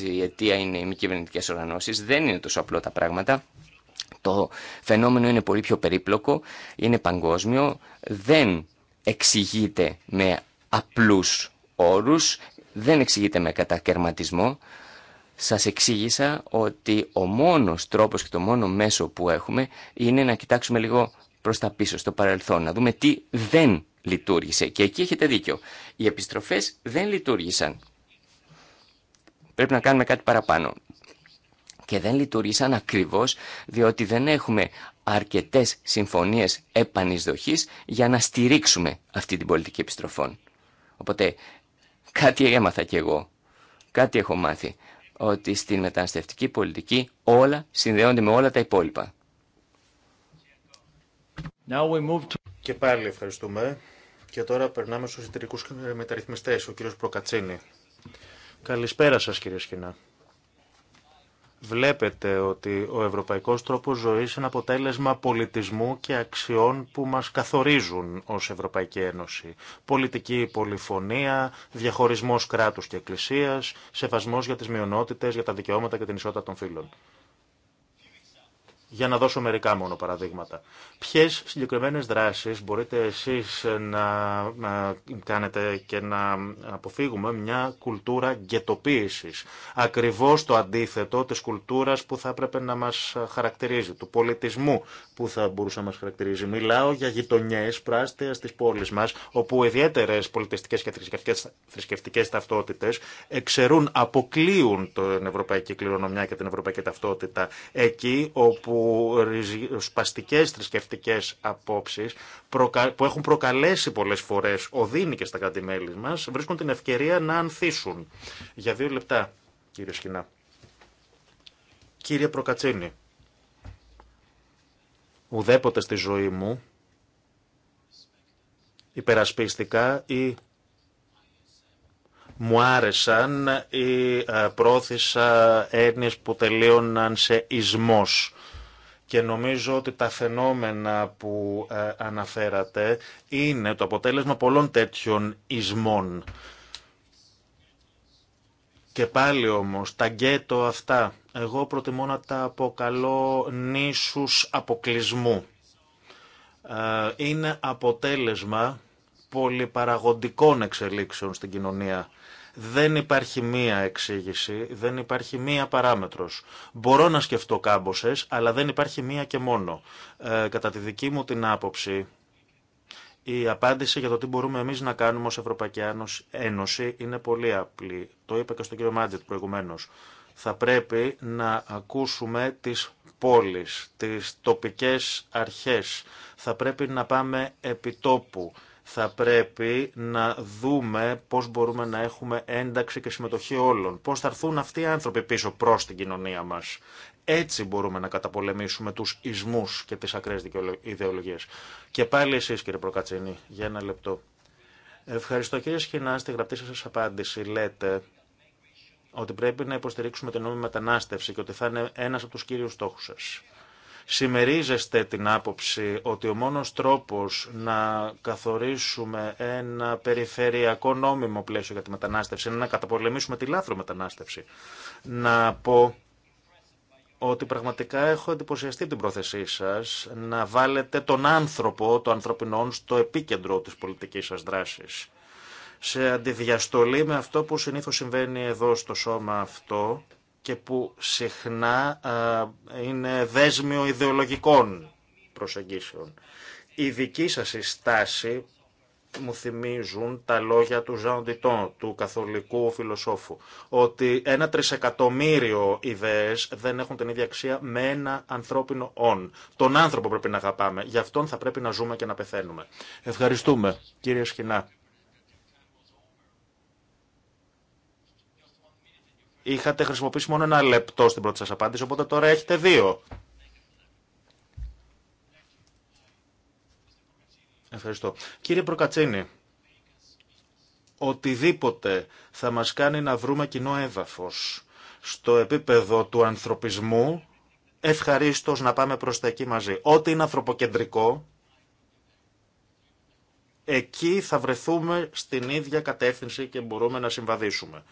η αιτία είναι οι μη κυβερνητικέ οργανώσει. Δεν είναι τόσο απλό τα πράγματα. Το φαινόμενο είναι πολύ πιο περίπλοκο, είναι παγκόσμιο, δεν εξηγείται με απλούς όρους, δεν εξηγείται με κατακαιρματισμό. Σας εξήγησα ότι ο μόνος τρόπος και το μόνο μέσο που έχουμε είναι να κοιτάξουμε λίγο προς τα πίσω, στο παρελθόν, να δούμε τι δεν λειτουργήσε. Και εκεί έχετε δίκιο. Οι επιστροφές δεν λειτουργήσαν. Πρέπει να κάνουμε κάτι παραπάνω και δεν λειτουργήσαν ακριβώς διότι δεν έχουμε αρκετές συμφωνίες επανεισδοχής για να στηρίξουμε αυτή την πολιτική επιστροφών. Οπότε κάτι έμαθα κι εγώ, κάτι έχω μάθει, ότι στην μεταναστευτική πολιτική όλα συνδέονται με όλα τα υπόλοιπα. Now Και πάλι ευχαριστούμε. Και τώρα περνάμε στους εταιρικούς μεταρρυθμιστές, ο κύριος Προκατσίνη. Καλησπέρα σας κύριε Σκηνά. Βλέπετε ότι ο ευρωπαϊκός τρόπος ζωής είναι αποτέλεσμα πολιτισμού και αξιών που μας καθορίζουν ως Ευρωπαϊκή Ένωση. Πολιτική πολυφωνία, διαχωρισμός κράτους και εκκλησίας, σεβασμός για τις μειονότητες, για τα δικαιώματα και την ισότητα των φύλων. Για να δώσω μερικά μόνο παραδείγματα. Ποιε συγκεκριμένε δράσει μπορείτε εσεί να, κάνετε και να αποφύγουμε μια κουλτούρα γκαιτοποίηση. Ακριβώ το αντίθετο τη κουλτούρα που θα έπρεπε να μα χαρακτηρίζει, του πολιτισμού που θα μπορούσε να μα χαρακτηρίζει. Μιλάω για γειτονιέ πράστια τη πόλη μα, όπου ιδιαίτερε πολιτιστικέ και θρησκευτικέ ταυτότητε εξαιρούν, αποκλείουν την ευρωπαϊκή κληρονομιά και την ευρωπαϊκή ταυτότητα. Εκεί όπου που ριζοσπαστικές θρησκευτικέ απόψεις που έχουν προκαλέσει πολλές φορές οδύνη και στα κάτι μελη βρίσκουν την ευκαιρία να ανθίσουν. Για δύο λεπτά, κύριε Σχοινά. Κύριε Προκατσίνη, ουδέποτε στη ζωή μου υπερασπίστηκα ή μου άρεσαν ή ε, πρόθεσα έννοιες που τελείωναν σε «ισμός» και νομίζω ότι τα φαινόμενα που ε, αναφέρατε είναι το αποτέλεσμα πολλών τέτοιων ισμών. Και πάλι όμως, τα γκέτο αυτά, εγώ προτιμώ να τα αποκαλώ νήσους αποκλεισμού. Ε, είναι αποτέλεσμα πολυπαραγοντικών εξελίξεων στην κοινωνία. Δεν υπάρχει μία εξήγηση, δεν υπάρχει μία παράμετρος. Μπορώ να σκεφτώ κάμποσες, αλλά δεν υπάρχει μία και μόνο. Ε, κατά τη δική μου την άποψη, η απάντηση για το τι μπορούμε εμείς να κάνουμε ως Ευρωπαϊκή Ένωση είναι πολύ απλή. Το είπε και στον κύριο Μάντζετ προηγουμένως. Θα πρέπει να ακούσουμε τις πόλεις, τις τοπικές αρχές. Θα πρέπει να πάμε επιτόπου θα πρέπει να δούμε πώς μπορούμε να έχουμε ένταξη και συμμετοχή όλων. Πώς θα έρθουν αυτοί οι άνθρωποι πίσω προς την κοινωνία μας. Έτσι μπορούμε να καταπολεμήσουμε τους ισμούς και τις ακραίες ιδεολογίες. Και πάλι εσείς κύριε Προκατσίνη, για ένα λεπτό. Ευχαριστώ κύριε Σχοινά, στη γραπτή σας απάντηση λέτε ότι πρέπει να υποστηρίξουμε την νόμιμη μετανάστευση και ότι θα είναι ένας από τους κύριους στόχους σας. Συμμερίζεστε την άποψη ότι ο μόνος τρόπος να καθορίσουμε ένα περιφερειακό νόμιμο πλαίσιο για τη μετανάστευση είναι να καταπολεμήσουμε τη λάθρο μετανάστευση. Να πω ότι πραγματικά έχω εντυπωσιαστεί την πρόθεσή σας να βάλετε τον άνθρωπο, το ανθρωπινό, στο επίκεντρο της πολιτικής σας δράσης. Σε αντιδιαστολή με αυτό που συνήθως συμβαίνει εδώ στο σώμα αυτό, και που συχνά είναι δέσμιο ιδεολογικών προσεγγίσεων. Η δική σας στάση μου θυμίζουν τα λόγια του Ζαν του καθολικού φιλοσόφου, ότι ένα τρισεκατομμύριο ιδέες δεν έχουν την ίδια αξία με ένα ανθρώπινο «ον». Τον άνθρωπο πρέπει να αγαπάμε, γι' αυτόν θα πρέπει να ζούμε και να πεθαίνουμε. Ευχαριστούμε, κύριε Σχοινά. Είχατε χρησιμοποιήσει μόνο ένα λεπτό στην πρώτη σας απάντηση, οπότε τώρα έχετε δύο. Ευχαριστώ. Κύριε Προκατσίνη, οτιδήποτε θα μας κάνει να βρούμε κοινό έδαφος στο επίπεδο του ανθρωπισμού, ευχαρίστως να πάμε προς τα εκεί μαζί. Ό,τι είναι ανθρωποκεντρικό, εκεί θα βρεθούμε στην ίδια κατεύθυνση και μπορούμε να συμβαδίσουμε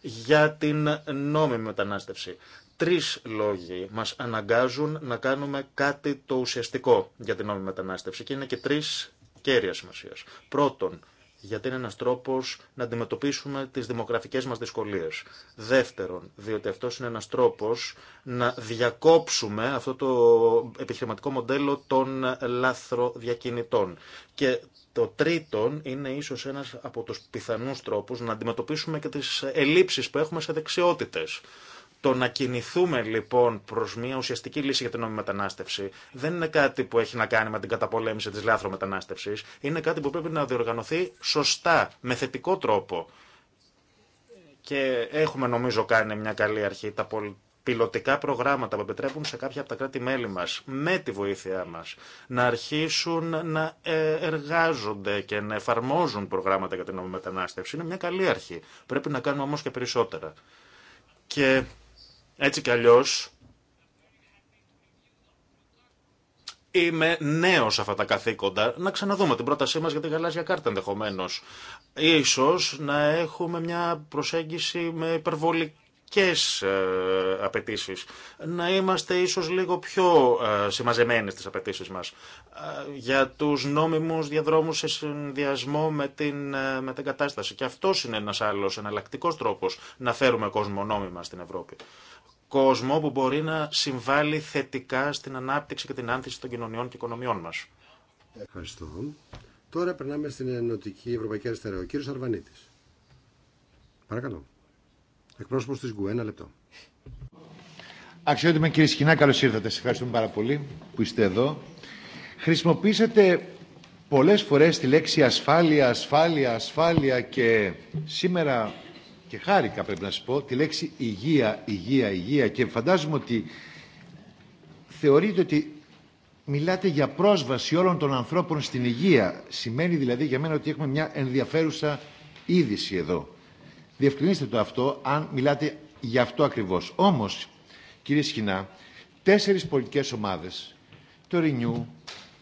για την νόμιμη μετανάστευση. Τρεις λόγοι μας αναγκάζουν να κάνουμε κάτι το ουσιαστικό για την νόμιμη μετανάστευση και είναι και τρεις κέρια σημασία. Πρώτον, γιατί είναι ένας τρόπος να αντιμετωπίσουμε τις δημογραφικές μας δυσκολίες. Δεύτερον, διότι αυτός είναι ένας τρόπος να διακόψουμε αυτό το επιχειρηματικό μοντέλο των λάθροδιακινητών. Και το τρίτον είναι ίσως ένας από τους πιθανούς τρόπους να αντιμετωπίσουμε και τις ελλείψεις που έχουμε σε δεξιότητες. Το να κινηθούμε λοιπόν προ μια ουσιαστική λύση για την νόμιμη μετανάστευση δεν είναι κάτι που έχει να κάνει με την καταπολέμηση τη λάθρο μετανάστευση. Είναι κάτι που πρέπει να διοργανωθεί σωστά, με θετικό τρόπο. Και έχουμε νομίζω κάνει μια καλή αρχή. Τα πιλωτικά προγράμματα που επιτρέπουν σε κάποια από τα κράτη-μέλη μα, με τη βοήθειά μα, να αρχίσουν να ε, εργάζονται και να εφαρμόζουν προγράμματα για την νόμιμη μετανάστευση. Είναι μια καλή αρχή. Πρέπει να κάνουμε όμω και περισσότερα. Και έτσι κι αλλιώς είμαι νέος αυτά τα καθήκοντα, να ξαναδούμε την πρότασή μα για τη γαλάζια κάρτα ενδεχομένω. Ίσως να έχουμε μια προσέγγιση με υπερβολική και ε, απαιτήσει. Να είμαστε ίσως λίγο πιο ε, συμμαζεμένοι στις απαιτήσει μας. Ε, για τους νόμιμους διαδρόμους σε συνδυασμό με την, με την κατάσταση. Και αυτό είναι ένας άλλος εναλλακτικός τρόπος να φέρουμε κόσμο νόμιμα στην Ευρώπη κόσμο που μπορεί να συμβάλλει θετικά στην ανάπτυξη και την άνθηση των κοινωνιών και οικονομιών μας. Ευχαριστώ. Τώρα περνάμε στην Ενωτική Ευρωπαϊκή Αριστερά. Ο κύριος Αρβανίτης. Παρακαλώ. Εκπρόσωπος της ΓΚΟΕ, ένα λεπτό. Αξιότιμε κύριε Σκινά, καλώς ήρθατε. σα ευχαριστούμε πάρα πολύ που είστε εδώ. Χρησιμοποίησατε πολλές φορές τη λέξη ασφάλεια, ασφάλεια, ασφάλεια και σήμερα και χάρηκα πρέπει να σα πω τη λέξη υγεία, υγεία, υγεία και φαντάζομαι ότι θεωρείτε ότι μιλάτε για πρόσβαση όλων των ανθρώπων στην υγεία. Σημαίνει δηλαδή για μένα ότι έχουμε μια ενδιαφέρουσα είδηση εδώ. Διευκρινίστε το αυτό, αν μιλάτε γι' αυτό ακριβώς. Όμως, κύριε Σχοινά, τέσσερις πολιτικές ομάδες, το Renew,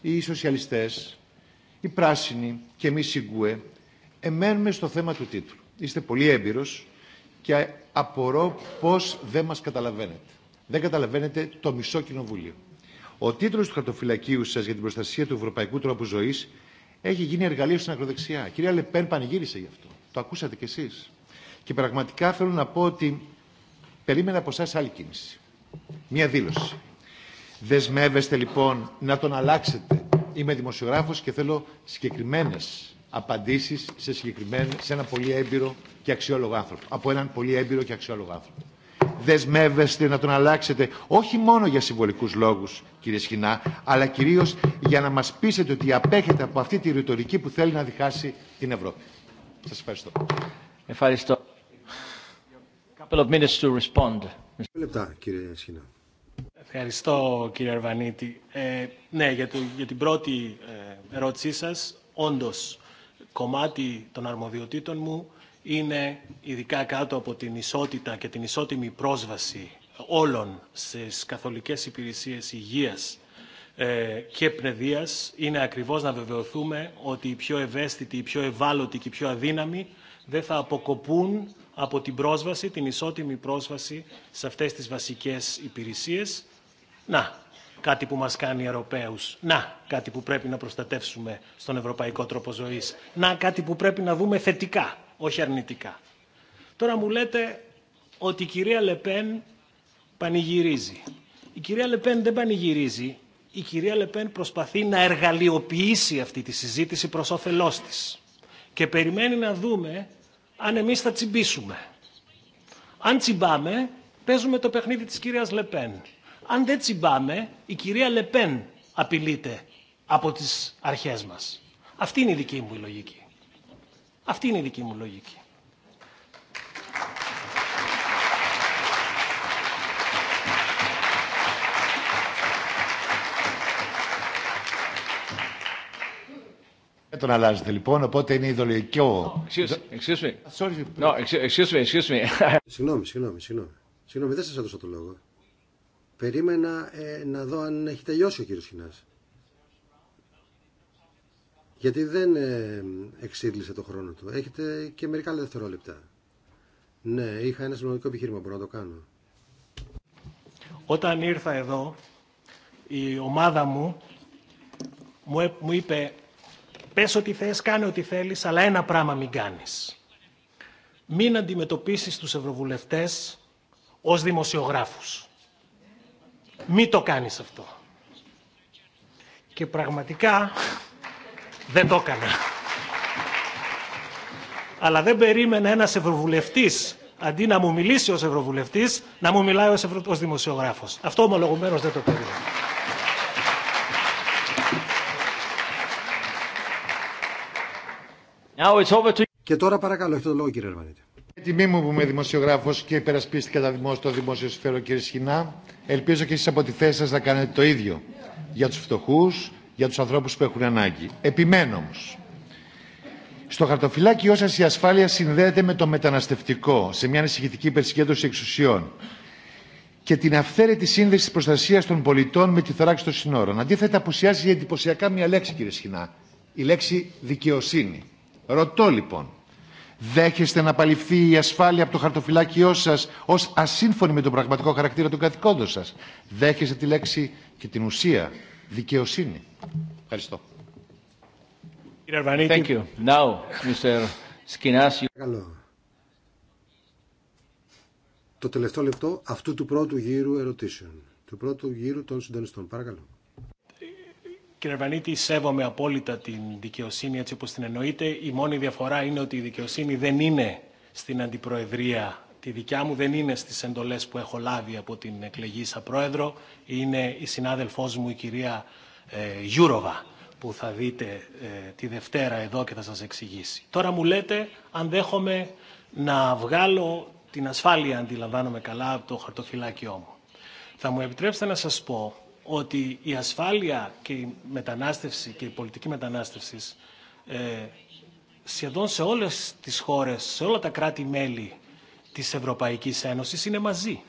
οι Σοσιαλιστές, οι Πράσινοι και εμείς οι Γκουε, εμένουμε στο θέμα του τίτλου. Είστε πολύ έμπειρος και απορώ πώς δεν μας καταλαβαίνετε. Δεν καταλαβαίνετε το μισό κοινοβουλίο. Ο τίτλο του χαρτοφυλακίου σα για την προστασία του ευρωπαϊκού τρόπου ζωή έχει γίνει εργαλείο στην ακροδεξιά. Κυρία Λεπέν πανηγύρισε γι' αυτό. Το ακούσατε κι εσεί. Και πραγματικά θέλω να πω ότι περίμενα από εσά άλλη κίνηση. Μία δήλωση. Δεσμεύεστε λοιπόν να τον αλλάξετε. Είμαι δημοσιογράφος και θέλω συγκεκριμένες απαντήσεις σε, σε ένα πολύ έμπειρο και αξιόλογο άνθρωπο. Από έναν πολύ έμπειρο και αξιόλογο άνθρωπο. Δεσμεύεστε να τον αλλάξετε όχι μόνο για συμβολικούς λόγους, κύριε Σχοινά, αλλά κυρίως για να μας πείσετε ότι απέχετε από αυτή τη ρητορική που θέλει να διχάσει την Ευρώπη. Σας ευχαριστώ. Ευχαριστώ κύριε Ευχαριστώ, κύριε Αρβανίτη. Ε, ναι, για, το, για την πρώτη ε, ερώτησή σας, όντως, κομμάτι των αρμοδιοτήτων μου είναι ειδικά κάτω από την ισότητα και την ισότιμη πρόσβαση όλων στις καθολικές υπηρεσίες υγείας ε, και πνευδίας είναι ακριβώς να βεβαιωθούμε ότι οι πιο ευαίσθητοι, οι πιο ευάλωτοι και οι πιο αδύναμοι δεν θα αποκοπούν από την πρόσβαση, την ισότιμη πρόσβαση σε αυτές τις βασικές υπηρεσίες. Να, κάτι που μας κάνει Ευρωπαίους. Να, κάτι που πρέπει να προστατεύσουμε στον ευρωπαϊκό τρόπο ζωής. Να, κάτι που πρέπει να δούμε θετικά, όχι αρνητικά. Τώρα μου λέτε ότι η κυρία Λεπέν πανηγυρίζει. Η κυρία Λεπέν δεν πανηγυρίζει. Η κυρία Λεπέν προσπαθεί να εργαλειοποιήσει αυτή τη συζήτηση προς όφελός της. Και περιμένει να δούμε αν εμείς θα τσιμπήσουμε. Αν τσιμπάμε, παίζουμε το παιχνίδι της κυρίας Λεπέν. Αν δεν τσιμπάμε, η κυρία Λεπέν απειλείται από τις αρχές μας. Αυτή είναι η δική μου λογική. Αυτή είναι η δική μου λογική. Δεν τον αλλάζετε λοιπόν, οπότε είναι ιδεολογικό. Oh, συγγνώμη, συγγνώμη, συγγνώμη. Συγγνώμη, δεν σα έδωσα το λόγο. Περίμενα ε, να δω αν έχει τελειώσει ο κύριο Χινά. Γιατί δεν ε, εξήγησε το χρόνο του. Έχετε και μερικά δευτερόλεπτα. Ναι, είχα ένα συνολικό επιχείρημα, μπορώ να το κάνω. Όταν ήρθα εδώ, η ομάδα μου μου ε, είπε Πες ό,τι θες, κάνε ό,τι θέλεις, αλλά ένα πράγμα μην κάνεις. Μην αντιμετωπίσεις τους ευρωβουλευτές ως δημοσιογράφους. Μην το κάνεις αυτό. Και πραγματικά δεν το έκανα. Αλλά δεν περίμενα ένας ευρωβουλευτής, αντί να μου μιλήσει ως ευρωβουλευτής, να μου μιλάει ως, δημοσιογράφος. Αυτό ομολογουμένως δεν το περίμενα. Και τώρα παρακαλώ, αυτό το λόγο κύριε Η Τιμή μου που είμαι δημοσιογράφο και υπερασπίστηκα τα δημόσια στο δημόσιο σφαίρο, κύριε Σχοινά. Ελπίζω και εσεί από τη θέση σα να κάνετε το ίδιο για του φτωχού, για του ανθρώπου που έχουν ανάγκη. Επιμένω όμω. Στο χαρτοφυλάκιό όσα η ασφάλεια συνδέεται με το μεταναστευτικό σε μια ανησυχητική υπερσυγκέντρωση εξουσιών και την αυθαίρετη σύνδεση τη προστασία των πολιτών με τη θωράξη των συνόρων. Αντίθετα, απουσιάζει εντυπωσιακά μια λέξη, κύριε Σχοινά. Η λέξη δικαιοσύνη. Ρωτώ λοιπόν, δέχεστε να παληφθεί η ασφάλεια από το χαρτοφυλάκιό σα ω ασύμφωνη με τον πραγματικό χαρακτήρα του καθηκόντων σα. Δέχεστε τη λέξη και την ουσία δικαιοσύνη. Ευχαριστώ. Thank you. Now, Mr. Skinas, you... Το τελευταίο λεπτό αυτού του πρώτου γύρου ερωτήσεων, του πρώτου γύρου των συντονιστών. Παρακαλώ. Κύριε Βανίτη, σέβομαι απόλυτα την δικαιοσύνη έτσι όπως την εννοείται. Η μόνη διαφορά είναι ότι η δικαιοσύνη δεν είναι στην Αντιπροεδρία τη δικιά μου, δεν είναι στις εντολές που έχω λάβει από την εκλεγήσα πρόεδρο. Είναι η συνάδελφός μου η κυρία ε, Γιούροβα που θα δείτε ε, τη Δευτέρα εδώ και θα σας εξηγήσει. Τώρα μου λέτε αν δέχομαι να βγάλω την ασφάλεια, αντιλαμβάνομαι καλά, από το χαρτοφυλάκιό μου. Θα μου επιτρέψετε να σας πω ότι η ασφάλεια και η μετανάστευση και η πολιτική μετανάστευση ε, σχεδόν σε όλες τις χώρες, σε όλα τα κράτη-μέλη της Ευρωπαϊκής Ένωσης είναι μαζί.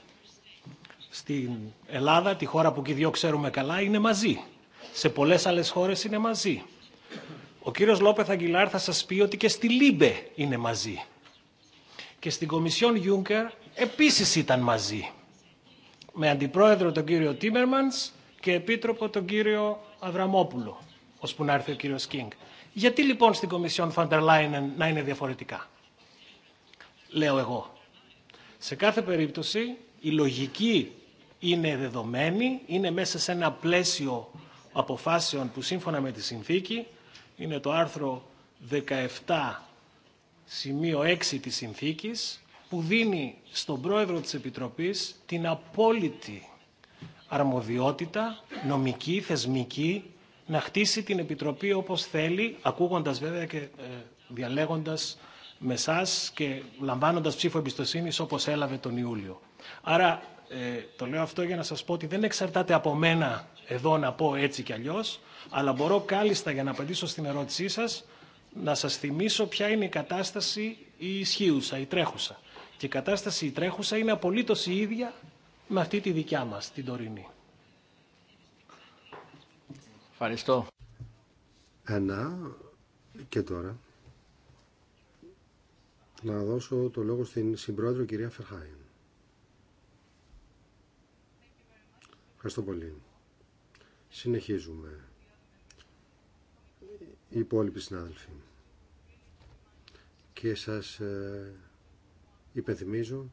Στην Ελλάδα, τη χώρα που και οι δυο ξέρουμε καλά, είναι μαζί. Σε πολλές άλλες χώρες είναι μαζί. Ο κύριος Λόπεθ Αγγιλάρ θα σας πει ότι και στη Λίμπε είναι μαζί. Και στην Κομισιόν Γιούγκερ επίσης ήταν μαζί. Με αντιπρόεδρο τον κύριο Τίμερμανς και επίτροπο τον κύριο Αβραμόπουλο, ώσπου να έρθει ο κύριος Κίνγκ. Γιατί λοιπόν στην Κομισιόν Φαντερ Λάινεν να είναι διαφορετικά, λέω εγώ. Σε κάθε περίπτωση η λογική είναι δεδομένη, είναι μέσα σε ένα πλαίσιο αποφάσεων που σύμφωνα με τη συνθήκη είναι το άρθρο 17 σημείο 6 της συνθήκης που δίνει στον πρόεδρο της Επιτροπής την απόλυτη αρμοδιότητα νομική, θεσμική, να χτίσει την Επιτροπή όπως θέλει, ακούγοντας βέβαια και ε, διαλέγοντας με εσά και λαμβάνοντας ψήφο εμπιστοσύνη όπως έλαβε τον Ιούλιο. Άρα ε, το λέω αυτό για να σας πω ότι δεν εξαρτάται από μένα εδώ να πω έτσι κι αλλιώ, αλλά μπορώ κάλλιστα για να απαντήσω στην ερώτησή σας να σας θυμίσω ποια είναι η κατάσταση η ισχύουσα, η τρέχουσα. Και η κατάσταση η τρέχουσα είναι απολύτως η ίδια με αυτή τη δικιά μας, την τωρινή. Ευχαριστώ. Ανά και τώρα να δώσω το λόγο στην συμπρόεδρο κυρία Φερχάιν. Ευχαριστώ πολύ. Συνεχίζουμε. Οι υπόλοιποι συνάδελφοι. Και σας ε, υπενθυμίζω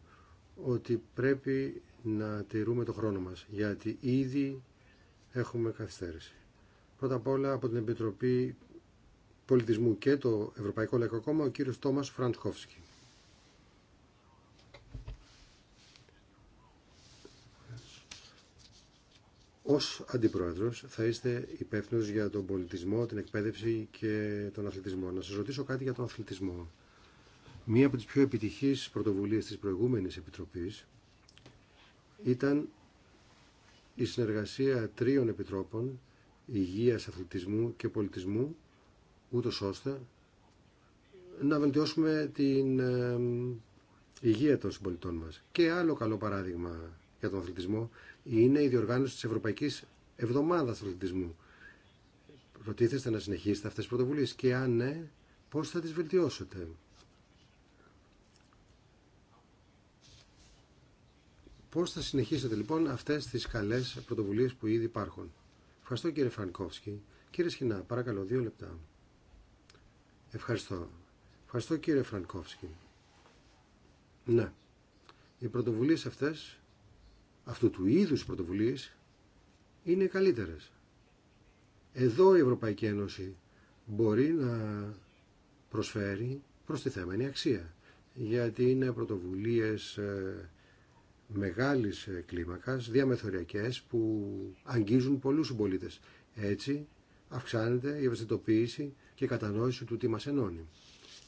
ότι πρέπει να τηρούμε το χρόνο μας, γιατί ήδη έχουμε καθυστέρηση. Πρώτα απ' όλα από την Επιτροπή Πολιτισμού και το Ευρωπαϊκό Λαϊκό Κόμμα, ο κύριος Τόμας Φραντχόφσκι. Ως αντιπρόεδρος θα είστε υπεύθυνο για τον πολιτισμό, την εκπαίδευση και τον αθλητισμό. Να σας ρωτήσω κάτι για τον αθλητισμό. Μία από τις πιο επιτυχείς πρωτοβουλίες της προηγούμενης Επιτροπής ήταν η συνεργασία τρίων επιτρόπων υγείας, αθλητισμού και πολιτισμού ούτω ώστε να βελτιώσουμε την υγεία των συμπολιτών μας. Και άλλο καλό παράδειγμα για τον αθλητισμό είναι η διοργάνωση της Ευρωπαϊκής Εβδομάδας Αθλητισμού. Προτίθεστε να συνεχίσετε αυτές τις πρωτοβουλίες και αν ναι, πώς θα τις βελτιώσετε. Πώς θα συνεχίσετε λοιπόν αυτές τις καλές πρωτοβουλίες που ήδη υπάρχουν. Ευχαριστώ κύριε Φρανκόφσκι. Κύριε Σχοινά, παρακαλώ δύο λεπτά. Ευχαριστώ. Ευχαριστώ κύριε Φρανκόφσκι. Ναι. Οι πρωτοβουλίες αυτές, αυτού του είδους πρωτοβουλίες, είναι καλύτερες. Εδώ η Ευρωπαϊκή Ένωση μπορεί να προσφέρει προστιθέμενη αξία. Γιατί είναι πρωτοβουλίες ε, μεγάλης ε, κλίμακας, διαμεθοριακές, που αγγίζουν πολλούς συμπολίτε. Έτσι αυξάνεται η ευαισθητοποίηση και η κατανόηση του τι μας ενώνει.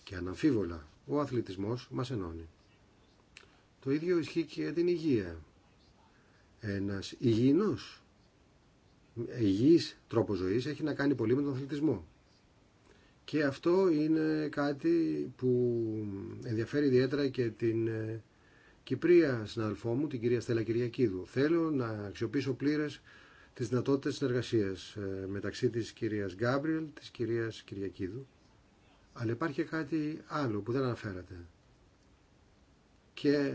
Και αναμφίβολα, ο αθλητισμός μας ενώνει. Το ίδιο ισχύει και για την υγεία. Ένας υγιεινός, υγιής τρόπος ζωής έχει να κάνει πολύ με τον αθλητισμό. Και αυτό είναι κάτι που ενδιαφέρει ιδιαίτερα και την ε, Κυπρία συναδελφό μου, την κυρία Στέλλα Κυριακίδου. Θέλω να αξιοποιήσω πλήρε τι δυνατότητε συνεργασία ε, μεταξύ τη κυρία Γκάμπριελ, τη κυρία Κυριακίδου. Αλλά υπάρχει κάτι άλλο που δεν αναφέρατε. Και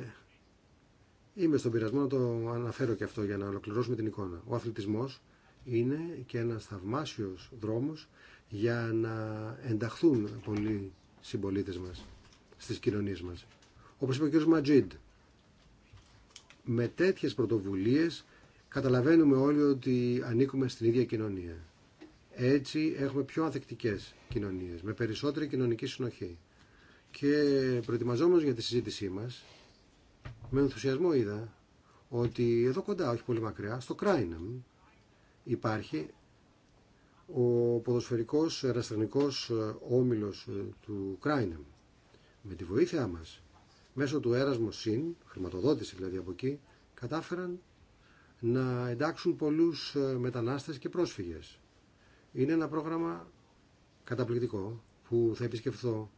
είμαι στον πειρασμό να το αναφέρω και αυτό για να ολοκληρώσουμε την εικόνα. Ο αθλητισμό είναι και ένα θαυμάσιο δρόμο για να ενταχθούν πολλοί συμπολίτε μα στι κοινωνίες μα, όπω είπε ο κ. Ματζίντ, με τέτοιες πρωτοβουλίες καταλαβαίνουμε όλοι ότι ανήκουμε στην ίδια κοινωνία. Έτσι έχουμε πιο ανθεκτικές κοινωνίες, με περισσότερη κοινωνική συνοχή. Και προετοιμαζόμενος για τη συζήτησή μας, με ενθουσιασμό είδα ότι εδώ κοντά, όχι πολύ μακριά, στο Κράινεμ υπάρχει ο ποδοσφαιρικός εραστρανικός ε, όμιλος ε, του Κράινεμ. Με τη βοήθειά μας μέσω του έρασμου ΣΥΝ, χρηματοδότηση δηλαδή από εκεί, κατάφεραν να εντάξουν πολλούς ε, μετανάστες και πρόσφυγες. Είναι ένα πρόγραμμα καταπληκτικό που θα επισκεφθώ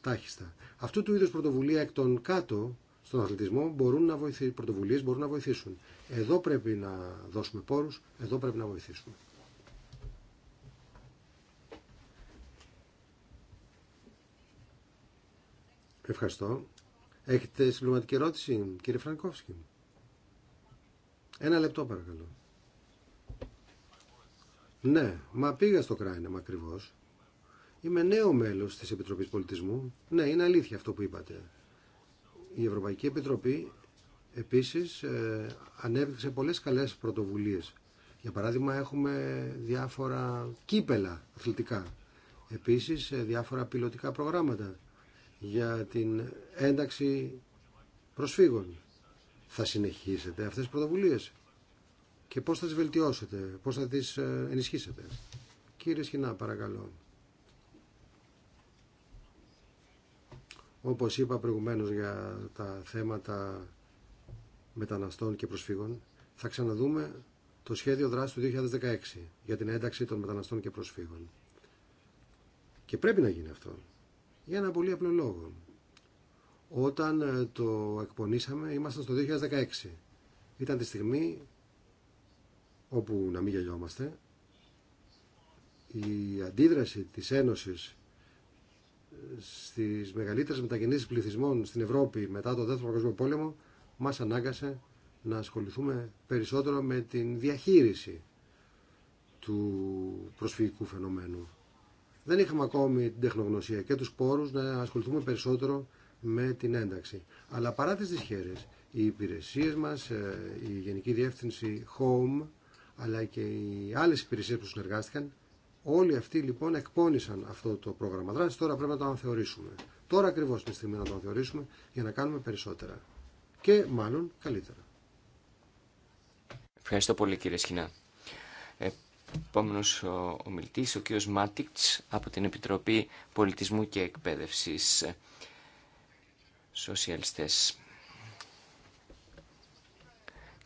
τάχιστα. Αυτού του είδους πρωτοβουλία εκ των κάτω στον αθλητισμό μπορούν να βοηθήσουν, πρωτοβουλίες μπορούν να βοηθήσουν. Εδώ πρέπει να δώσουμε πόρους, εδώ πρέπει να βοηθήσουμε. Ευχαριστώ. Έχετε συμπληρωματική ερώτηση, κύριε Φρανκόφσκι. Ένα λεπτό παρακαλώ. Ναι, μα πήγα στο Κράινεμ ακριβώ. Είμαι νέο μέλο τη Επιτροπή Πολιτισμού. Ναι, είναι αλήθεια αυτό που είπατε. Η Ευρωπαϊκή Επιτροπή επίση ε, ανέβηξε πολλέ καλέ πρωτοβουλίε. Για παράδειγμα, έχουμε διάφορα κύπελα αθλητικά. Επίση, ε, διάφορα πιλωτικά προγράμματα για την ένταξη προσφύγων. Θα συνεχίσετε αυτές τις πρωτοβουλίες και πώς θα τις βελτιώσετε, πώς θα τις ε, ενισχύσετε. Κύριε Σχοινά, παρακαλώ. Όπως είπα προηγουμένως για τα θέματα μεταναστών και προσφύγων, θα ξαναδούμε το σχέδιο δράση του 2016 για την ένταξη των μεταναστών και προσφύγων. Και πρέπει να γίνει αυτό. Για ένα πολύ απλό λόγο. Όταν ε, το εκπονήσαμε ήμασταν στο 2016. Ήταν τη στιγμή όπου να μην γελιόμαστε. Η αντίδραση της Ένωσης ε, στις μεγαλύτερες μετακινήσεις πληθυσμών στην Ευρώπη μετά το Δεύτερο Παγκόσμιο Πόλεμο μας ανάγκασε να ασχοληθούμε περισσότερο με την διαχείριση του προσφυγικού φαινομένου δεν είχαμε ακόμη την τεχνογνωσία και τους πόρους να ασχοληθούμε περισσότερο με την ένταξη. Αλλά παρά τις δυσχέρειες, οι υπηρεσίες μας, ε, η Γενική Διεύθυνση Home, αλλά και οι άλλες υπηρεσίες που συνεργάστηκαν, όλοι αυτοί λοιπόν εκπώνησαν αυτό το πρόγραμμα δράση. Τώρα πρέπει να το αναθεωρήσουμε. Τώρα ακριβώ είναι στιγμή να το αναθεωρήσουμε για να κάνουμε περισσότερα. Και μάλλον καλύτερα. Ευχαριστώ πολύ κύριε Σχοινά. Ε, Επόμενο ομιλητή, ο κ. Μάτικτ από την Επιτροπή Πολιτισμού και Εκπαίδευση. Σοσιαλιστέ.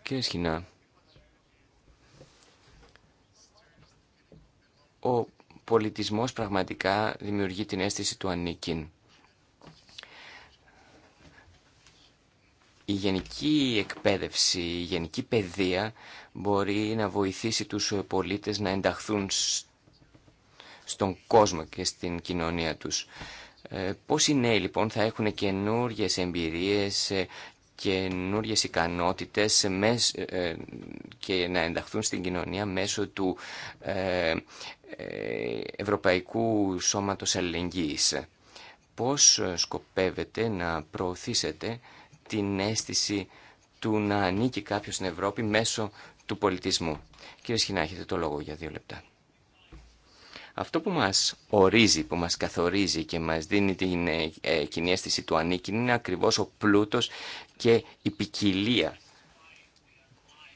Κύριε Σχοινά, ο πολιτισμός πραγματικά δημιουργεί την αίσθηση του ανήκειν. η γενική εκπαίδευση, η γενική παιδεία μπορεί να βοηθήσει τους πολίτες να ενταχθούν στον κόσμο και στην κοινωνία τους. Ε, πώς οι νέοι λοιπόν θα έχουν καινούριε εμπειρίες, ε, καινούριε ικανότητες ε, και να ενταχθούν στην κοινωνία μέσω του Ευρωπαϊκού Σώματος Αλληλεγγύης. Πώς σκοπεύετε να προωθήσετε την αίσθηση του να ανήκει κάποιος στην Ευρώπη μέσω του πολιτισμού. Κύριε Σχοινά, έχετε το λόγο για δύο λεπτά. Αυτό που μας ορίζει, που μας καθορίζει και μας δίνει την ε, ε, κοινή αίσθηση του ανήκει είναι ακριβώς ο πλούτος και η ποικιλία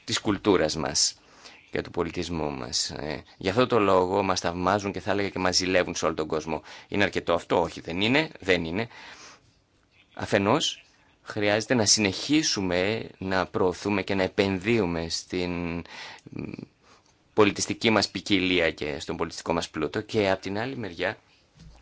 της κουλτούρας μας και του πολιτισμού μας. Ε, γι' αυτό το λόγο μας θαυμάζουν και θα έλεγα και μας ζηλεύουν σε όλο τον κόσμο. Είναι αρκετό αυτό, όχι δεν είναι, δεν είναι. Αφενός χρειάζεται να συνεχίσουμε να προωθούμε και να επενδύουμε στην πολιτιστική μας ποικιλία και στον πολιτιστικό μας πλούτο και από την άλλη μεριά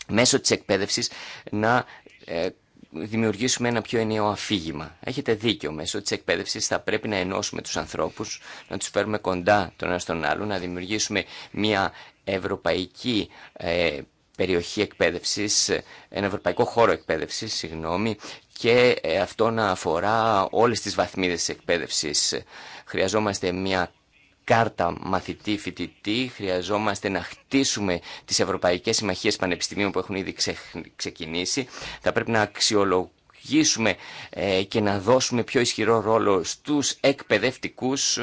μέσω της εκπαίδευσης να ε, δημιουργήσουμε ένα πιο ενιαίο αφήγημα. Έχετε δίκιο, μέσω της εκπαίδευσης θα πρέπει να ενώσουμε τους ανθρώπους, να τους φέρουμε κοντά τον ένα στον άλλο, να δημιουργήσουμε μια ευρωπαϊκή ε, περιοχή εκπαίδευσης, ε, ένα ευρωπαϊκό χώρο εκπαίδευσης, συγγνώμη, και ε, αυτό να αφορά όλες τις βαθμίδες της εκπαίδευσης. Χρειαζόμαστε μια κάρτα μαθητή-φοιτητή, χρειαζόμαστε να χτίσουμε τις Ευρωπαϊκές Συμμαχίες Πανεπιστημίων που έχουν ήδη ξεκινήσει. Θα πρέπει να αξιολογήσουμε ε, και να δώσουμε πιο ισχυρό ρόλο στους εκπαιδευτικούς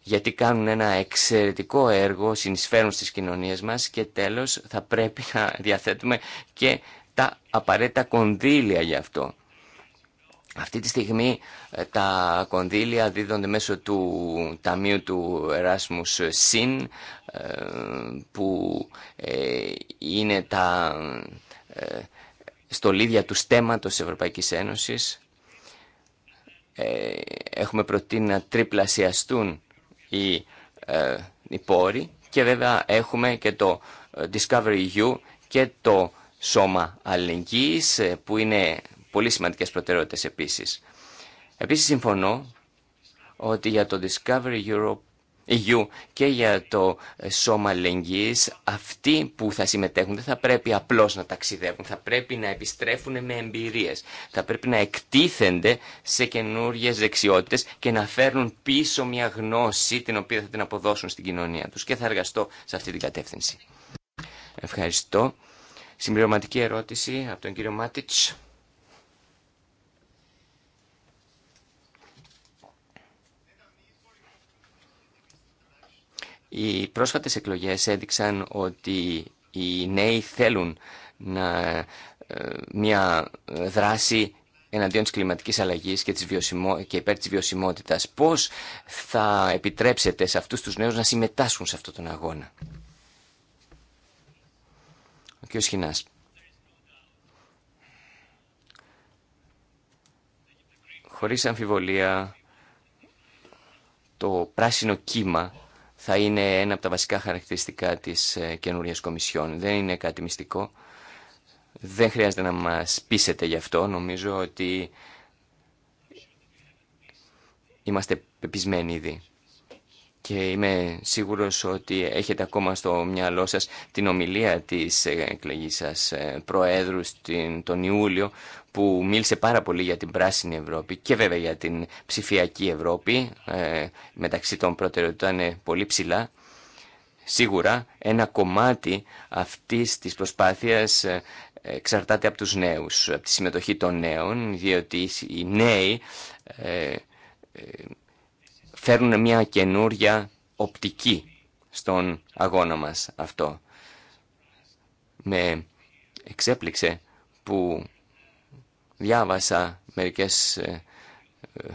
γιατί κάνουν ένα εξαιρετικό έργο, συνεισφέρουν στις κοινωνίες μας και τέλος θα πρέπει να διαθέτουμε και τα απαραίτητα κονδύλια γι' αυτό. Αυτή τη στιγμή ε, τα κονδύλια δίδονται μέσω του Ταμείου του Εράσμους ΣΥΝ ε, που ε, είναι τα στολίδια του στέματος Ευρωπαϊκής Ένωσης. Έχουμε προτείνει να τριπλασιαστούν οι, οι πόροι και βέβαια έχουμε και το Discovery U και το σώμα αλληλεγγύης ε, που είναι πολύ σημαντικές προτεραιότητες επίσης. Επίσης συμφωνώ ότι για το Discovery Europe EU και για το ε, σώμα αλληλεγγύης αυτοί που θα συμμετέχουν δεν θα πρέπει απλώς να ταξιδεύουν, θα πρέπει να επιστρέφουν με εμπειρίες, θα πρέπει να εκτίθενται σε καινούριε δεξιότητες και να φέρνουν πίσω μια γνώση την οποία θα την αποδώσουν στην κοινωνία τους και θα εργαστώ σε αυτή την κατεύθυνση. Ευχαριστώ. Συμπληρωματική ερώτηση από τον κύριο Μάτιτς. Οι πρόσφατες εκλογές έδειξαν ότι οι νέοι θέλουν να, ε, μια δράση εναντίον της κλιματικής αλλαγής και, της και υπέρ της βιωσιμότητας. Πώς θα επιτρέψετε σε αυτούς τους νέους να συμμετάσχουν σε αυτόν τον αγώνα. Ο κ. Σχοινάς. Χωρίς αμφιβολία, το πράσινο κύμα θα είναι ένα από τα βασικά χαρακτηριστικά της ε, καινούριας Κομισιόν. Δεν είναι κάτι μυστικό. Δεν χρειάζεται να μας πείσετε γι' αυτό. Νομίζω ότι είμαστε πεπισμένοι ήδη και είμαι σίγουρος ότι έχετε ακόμα στο μυαλό σας την ομιλία της εκλεγής σας ε, Προέδρου τον Ιούλιο που μίλησε πάρα πολύ για την πράσινη Ευρώπη και βέβαια για την ψηφιακή Ευρώπη ε, μεταξύ των προτεραιοτήτων είναι πολύ ψηλά. Σίγουρα ένα κομμάτι αυτής της προσπάθειας ε, εξαρτάται από τους νέους, από τη συμμετοχή των νέων, διότι οι νέοι Φέρνουν μια καινούρια οπτική στον αγώνα μας αυτό. Με εξέπληξε που διάβασα μερικές, ε, ε,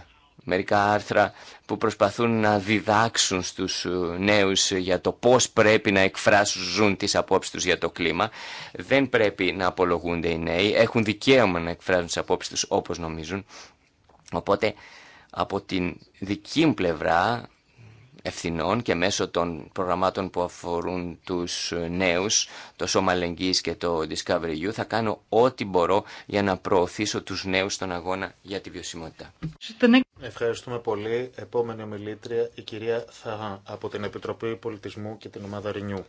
μερικά άρθρα που προσπαθούν να διδάξουν στους ε, νέους για το πώς πρέπει να εκφράσουν τις απόψεις τους για το κλίμα. Δεν πρέπει να απολογούνται οι νέοι, έχουν δικαίωμα να εκφράζουν τις απόψεις τους όπως νομίζουν. Οπότε από την δική μου πλευρά ευθυνών και μέσω των προγραμμάτων που αφορούν τους νέους, το Σώμα Λεγγύης και το Discovery You, θα κάνω ό,τι μπορώ για να προωθήσω τους νέους στον αγώνα για τη βιωσιμότητα. Ευχαριστούμε πολύ. Επόμενη ομιλήτρια, η κυρία Θαγάν από την Επιτροπή Πολιτισμού και την Ομάδα ΡΙΝΙΟΥ.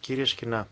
Κύριε Σκηνά,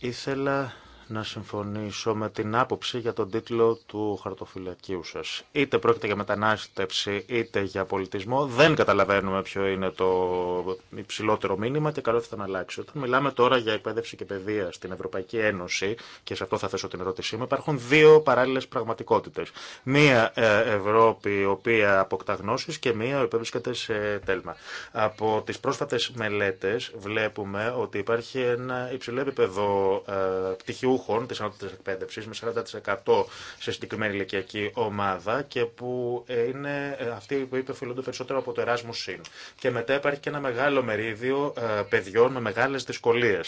ήθελα να συμφωνήσω με την άποψη για τον τίτλο του χαρτοφυλακίου σα. Είτε πρόκειται για μετανάστευση, είτε για πολιτισμό, δεν καταλαβαίνουμε ποιο είναι το υψηλότερο μήνυμα και καλό θα να αλλάξει. Όταν μιλάμε τώρα για εκπαίδευση και παιδεία στην Ευρωπαϊκή Ένωση, και σε αυτό θα θέσω την ερώτησή μου, υπάρχουν δύο παράλληλε πραγματικότητε. Μία ε, Ευρώπη η οποία αποκτά γνώσει και μία που βρίσκεται σε τέλμα. Από τι πρόσφατε μελέτε βλέπουμε ότι υπάρχει ένα υψηλό επίπεδο ε, πτυχιού δικαιούχων τη εκπαίδευση, εκπαίδευση, με 40% σε συγκεκριμένη ηλικιακή ομάδα και που είναι ε, αυτοί που υποφελούνται περισσότερο από το Erasmus Συν. Και μετά υπάρχει και ένα μεγάλο μερίδιο ε, παιδιών με μεγάλε δυσκολίε.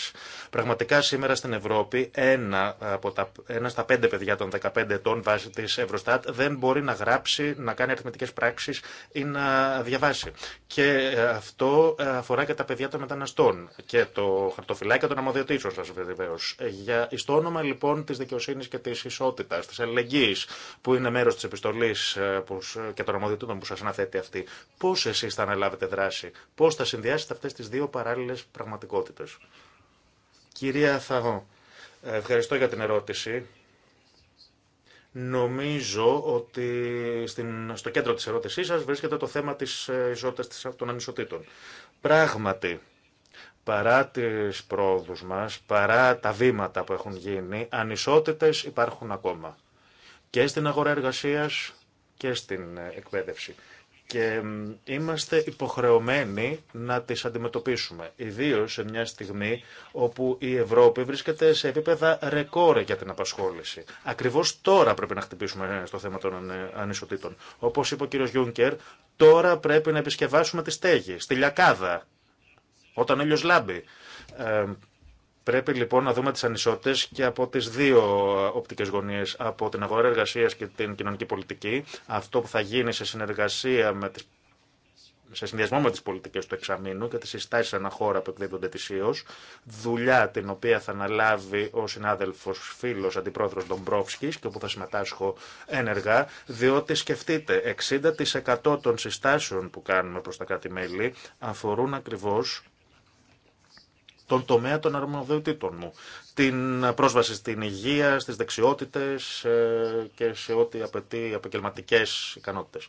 Πραγματικά σήμερα στην Ευρώπη ένα, από τα, ένα στα πέντε παιδιά των 15 ετών βάσει τη Ευρωστάτ δεν μπορεί να γράψει, να κάνει αριθμητικέ πράξει ή να διαβάσει. Και ε, αυτό αφορά και τα παιδιά των μεταναστών και το χαρτοφυλάκιο των αμοδιοτήσεων σα βεβαίω. Για, όνομα λοιπόν τη δικαιοσύνη και τη ισότητα, τη αλληλεγγύη που είναι μέρο τη επιστολή ε, ε, και των αρμοδιοτήτων που σα αναθέτει αυτή, πώ εσεί θα αναλάβετε δράση, πώ θα συνδυάσετε αυτέ τι δύο παράλληλε πραγματικότητε. Κυρία Θαγό, ευχαριστώ για την ερώτηση. Νομίζω ότι στην, στο κέντρο της ερώτησής σας βρίσκεται το θέμα της ε, ισότητας των ανισοτήτων. Πράγματι, Παρά τις πρόοδους μας, παρά τα βήματα που έχουν γίνει, ανισότητες υπάρχουν ακόμα. Και στην αγορά εργασίας και στην ε, εκπαίδευση. Και είμαστε υποχρεωμένοι να τις αντιμετωπίσουμε. Ιδίως σε μια στιγμή όπου η Ευρώπη βρίσκεται σε επίπεδα ρεκόρ για την απασχόληση. Ακριβώς τώρα πρέπει να χτυπήσουμε ε, στο θέμα των ε, ανισοτήτων. Όπως είπε ο κύριος Γιούνκερ, τώρα πρέπει να επισκευάσουμε τη στέγη, στη λιακάδα όταν ο ήλιος λάμπει. Ε, πρέπει λοιπόν να δούμε τις ανισότητες και από τις δύο οπτικές γωνίες, από την αγορά εργασία και την κοινωνική πολιτική, αυτό που θα γίνει σε συνεργασία με τις σε συνδυασμό με τι πολιτικέ του εξαμήνου και τι συστάσει ένα χώρα που εκδίδονται ετησίω, δουλειά την οποία θα αναλάβει ο συνάδελφο φίλο αντιπρόεδρο Ντομπρόφσκη και όπου θα συμμετάσχω ένεργα, διότι σκεφτείτε, 60% των συστάσεων που κάνουμε προ τα κράτη-μέλη αφορούν ακριβώ τον τομέα των αρμοδιοτήτων μου. Την πρόσβαση στην υγεία, στις δεξιότητες ε, και σε ό,τι απαιτεί επαγγελματικέ ικανότητες.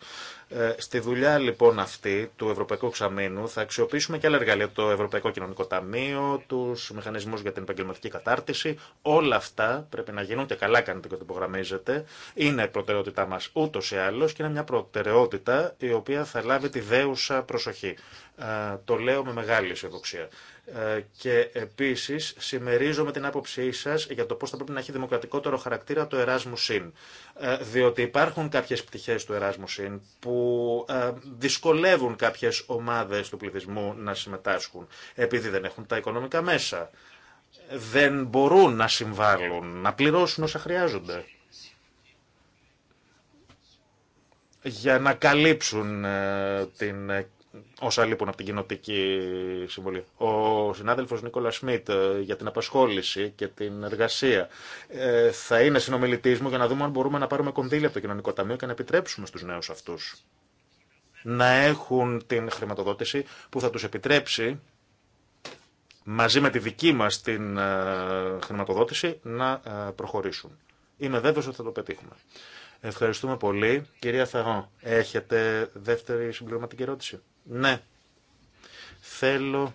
Ε, στη δουλειά λοιπόν αυτή του Ευρωπαϊκού Ξαμήνου θα αξιοποιήσουμε και άλλα εργαλεία, το Ευρωπαϊκό Κοινωνικό Ταμείο, τους μηχανισμούς για την επαγγελματική κατάρτιση. Όλα αυτά πρέπει να γίνουν και καλά κάνετε και το υπογραμμίζετε. Είναι προτεραιότητά μας ούτως ή άλλως και είναι μια προτεραιότητα η οποία θα λάβει τη δέουσα προσοχή. Ε, το λέω με μεγάλη αισιοδοξία. Ε, και επίση συμμερίζομαι την άποψή σα για το πώ θα πρέπει να έχει δημοκρατικότερο χαρακτήρα το Erasmus Συν. Ε, διότι υπάρχουν κάποιε πτυχέ του Erasmus Συν που ε, δυσκολεύουν κάποιε ομάδε του πληθυσμού να συμμετάσχουν επειδή δεν έχουν τα οικονομικά μέσα. Δεν μπορούν να συμβάλλουν, να πληρώσουν όσα χρειάζονται. για να καλύψουν την όσα λείπουν από την κοινοτική συμβολή. Ο συνάδελφος Νίκολα Σμιτ ε, για την απασχόληση και την εργασία ε, θα είναι συνομιλητής μου για να δούμε αν μπορούμε να πάρουμε κονδύλια από το κοινωνικό ταμείο και να επιτρέψουμε στους νέους αυτούς να έχουν την χρηματοδότηση που θα τους επιτρέψει μαζί με τη δική μας την ε, χρηματοδότηση να προχωρήσουν. Είμαι βέβαιος ότι θα το πετύχουμε. Ευχαριστούμε πολύ. Κυρία Θαγό, έχετε δεύτερη συμπληρωματική ερώτηση. Ναι, θέλω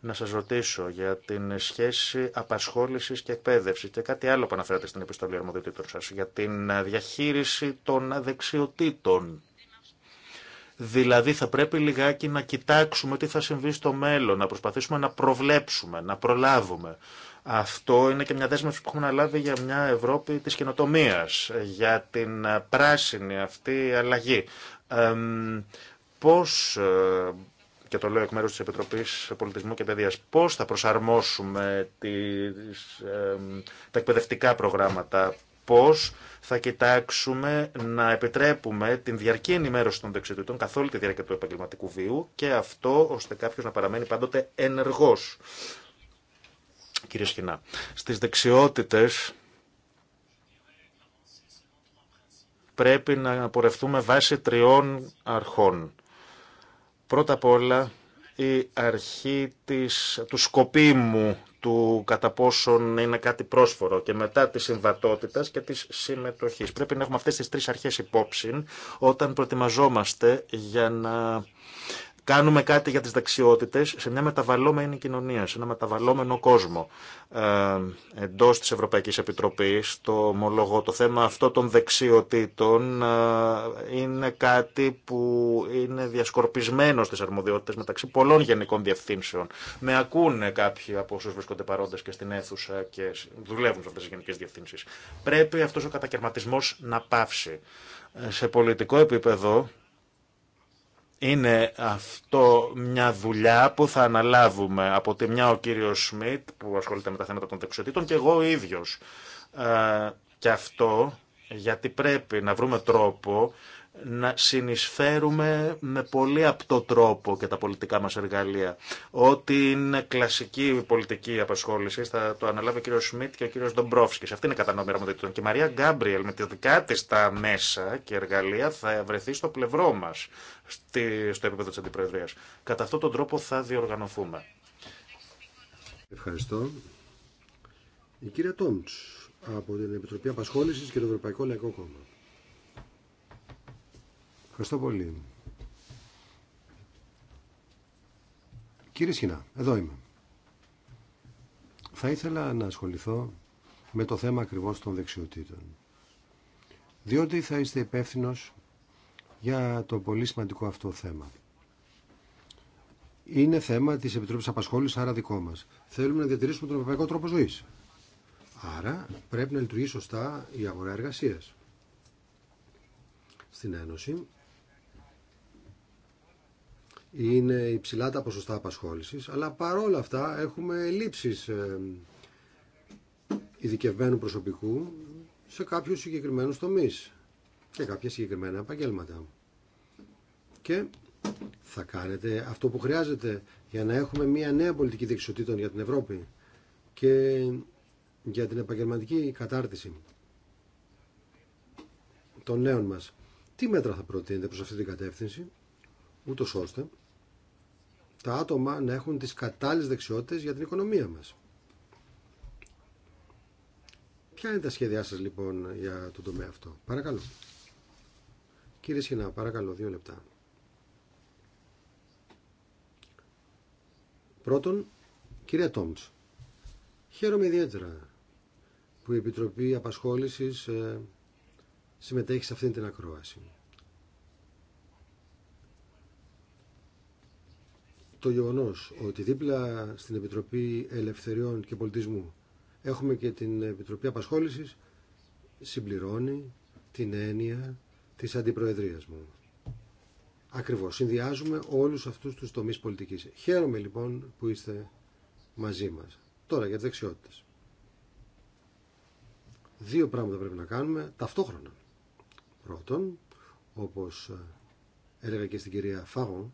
να σας ρωτήσω για την σχέση απασχόλησης και εκπαίδευσης και κάτι άλλο που αναφέρατε στην επιστολή αρμοδιοτήτων σας, για την διαχείριση των δεξιοτήτων. Δηλαδή θα πρέπει λιγάκι να κοιτάξουμε τι θα συμβεί στο μέλλον, να προσπαθήσουμε να προβλέψουμε, να προλάβουμε. Αυτό είναι και μια δέσμευση που έχουμε λάβει για μια Ευρώπη της καινοτομία, για την πράσινη αυτή αλλαγή πώς ε, και το λέω εκ μέρους της Επιτροπής Πολιτισμού και Παιδείας, πώς θα προσαρμόσουμε τις, ε, τα εκπαιδευτικά προγράμματα, πώς θα κοιτάξουμε να επιτρέπουμε την διαρκή ενημέρωση των δεξιοτήτων καθ' όλη τη διάρκεια του επαγγελματικού βίου και αυτό ώστε κάποιος να παραμένει πάντοτε ενεργός. Κύριε Σχοινά, στις δεξιότητες πρέπει να πορευτούμε βάσει τριών αρχών Πρώτα απ' όλα η αρχή της, του σκοπίμου του κατά πόσον είναι κάτι πρόσφορο και μετά της συμβατότητας και της συμμετοχής. Πρέπει να έχουμε αυτές τις τρεις αρχές υπόψη όταν προετοιμαζόμαστε για να κάνουμε κάτι για τις δεξιότητες σε μια μεταβαλλόμενη κοινωνία, σε ένα μεταβαλλόμενο κόσμο. Ε, εντός της Ευρωπαϊκής Επιτροπής, το ομολογώ, το θέμα αυτό των δεξιοτήτων ε, είναι κάτι που είναι διασκορπισμένο στις αρμοδιότητες μεταξύ πολλών γενικών διευθύνσεων. Με ακούνε κάποιοι από όσους βρίσκονται παρόντες και στην αίθουσα και δουλεύουν σε αυτές τις γενικές διευθύνσεις. Πρέπει αυτός ο κατακαιρματισμός να πάυσει. Σε πολιτικό επίπεδο, είναι αυτό μια δουλειά που θα αναλάβουμε από τη μια ο κύριο Σμιτ που ασχολείται με τα θέματα των δεξιοτήτων και εγώ ο ίδιος. Ε, και αυτό γιατί πρέπει να βρούμε τρόπο να συνεισφέρουμε με πολύ απτό τρόπο και τα πολιτικά μας εργαλεία. Ό,τι είναι κλασική πολιτική απασχόληση θα το αναλάβει ο κύριος Σμιτ και ο κύριος Ντομπρόφσκης. Αυτή είναι η κατανομή αρμοδιότητα. Και η Μαρία Γκάμπριελ με τη δικά της τα μέσα και εργαλεία θα βρεθεί στο πλευρό μας στο επίπεδο της Αντιπροεδρίας. Κατά αυτόν τον τρόπο θα διοργανωθούμε. Ευχαριστώ. Η κυρία Τόμτς από την Επιτροπή Απασχόλησης και το Ευρωπαϊκό Λαϊκό Κόμμα. Ευχαριστώ πολύ. Κύριε Σχοινά, εδώ είμαι. Θα ήθελα να ασχοληθώ με το θέμα ακριβώς των δεξιοτήτων. Διότι θα είστε υπεύθυνο για το πολύ σημαντικό αυτό θέμα. Είναι θέμα της Επιτροπής Απασχόλησης, άρα δικό μας. Θέλουμε να διατηρήσουμε τον ευρωπαϊκό τρόπο ζωής. Άρα πρέπει να λειτουργεί σωστά η αγορά εργασίας. Στην Ένωση είναι υψηλά τα ποσοστά απασχόλησης, αλλά παρόλα αυτά έχουμε λήψεις ε, ειδικευμένου προσωπικού σε κάποιους συγκεκριμένους τομείς και κάποια συγκεκριμένα επαγγέλματα. Και θα κάνετε αυτό που χρειάζεται για να έχουμε μια νέα πολιτική δεξιοτήτων για την Ευρώπη και για την επαγγελματική κατάρτιση των νέων μας. Τι μέτρα θα προτείνετε προς αυτή την κατεύθυνση, ούτως ώστε τα άτομα να έχουν τις κατάλληλες δεξιότητες για την οικονομία μας. Ποια είναι τα σχέδιά σας λοιπόν για τον τομέα αυτό. Παρακαλώ. Κύριε Σχοινά, παρακαλώ, δύο λεπτά. Πρώτον, κύριε Τόμτς, χαίρομαι ιδιαίτερα που η Επιτροπή Απασχόλησης ε, συμμετέχει σε αυτήν την ακρόαση. το γεγονό ότι δίπλα στην Επιτροπή Ελευθεριών και Πολιτισμού έχουμε και την Επιτροπή Απασχόλησης συμπληρώνει την έννοια της αντιπροεδρίας μου. Ακριβώς, συνδυάζουμε όλους αυτούς τους τομείς πολιτικής. Χαίρομαι λοιπόν που είστε μαζί μας. Τώρα για τις δεξιότητες. Δύο πράγματα πρέπει να κάνουμε ταυτόχρονα. Πρώτον, όπως έλεγα και στην κυρία Φάγων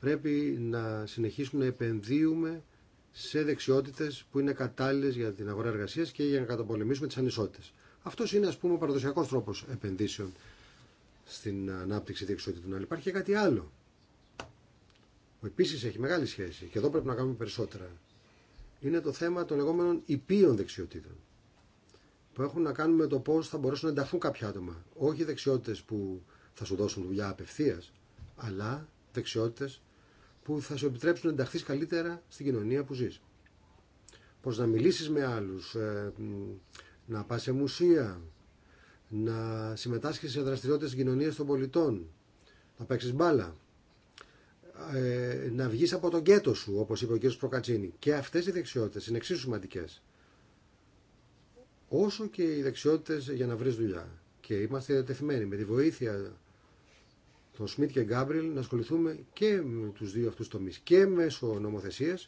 πρέπει να συνεχίσουμε να επενδύουμε σε δεξιότητε που είναι κατάλληλε για την αγορά εργασία και για να καταπολεμήσουμε τι ανισότητε. Αυτό είναι, α πούμε, ο παραδοσιακό τρόπο επενδύσεων στην ανάπτυξη δεξιότητων. Αλλά υπάρχει και κάτι άλλο που επίση έχει μεγάλη σχέση και εδώ πρέπει να κάνουμε περισσότερα. Είναι το θέμα των λεγόμενων υπείων δεξιοτήτων που έχουν να κάνουν με το πώ θα μπορέσουν να ενταχθούν κάποια άτομα. Όχι δεξιότητε που θα σου δώσουν δουλειά απευθεία, αλλά δεξιότητε που θα σου επιτρέψουν να ενταχθείς καλύτερα στην κοινωνία που ζεις. Πώς να μιλήσεις με άλλους, ε, να πας σε μουσεία, να συμμετάσχεις σε δραστηριότητες κοινωνίας των πολιτών, να παίξεις μπάλα, ε, να βγεις από τον κέτο σου, όπως είπε ο κ. Προκατσίνη. Και αυτές οι δεξιότητες είναι εξίσου σημαντικέ. Όσο και οι δεξιότητες για να βρεις δουλειά. Και είμαστε διατεθειμένοι με τη βοήθεια τον Σμιτ και Γκάμπριλ να ασχοληθούμε και με τους δύο αυτούς τομεί και μέσω νομοθεσία.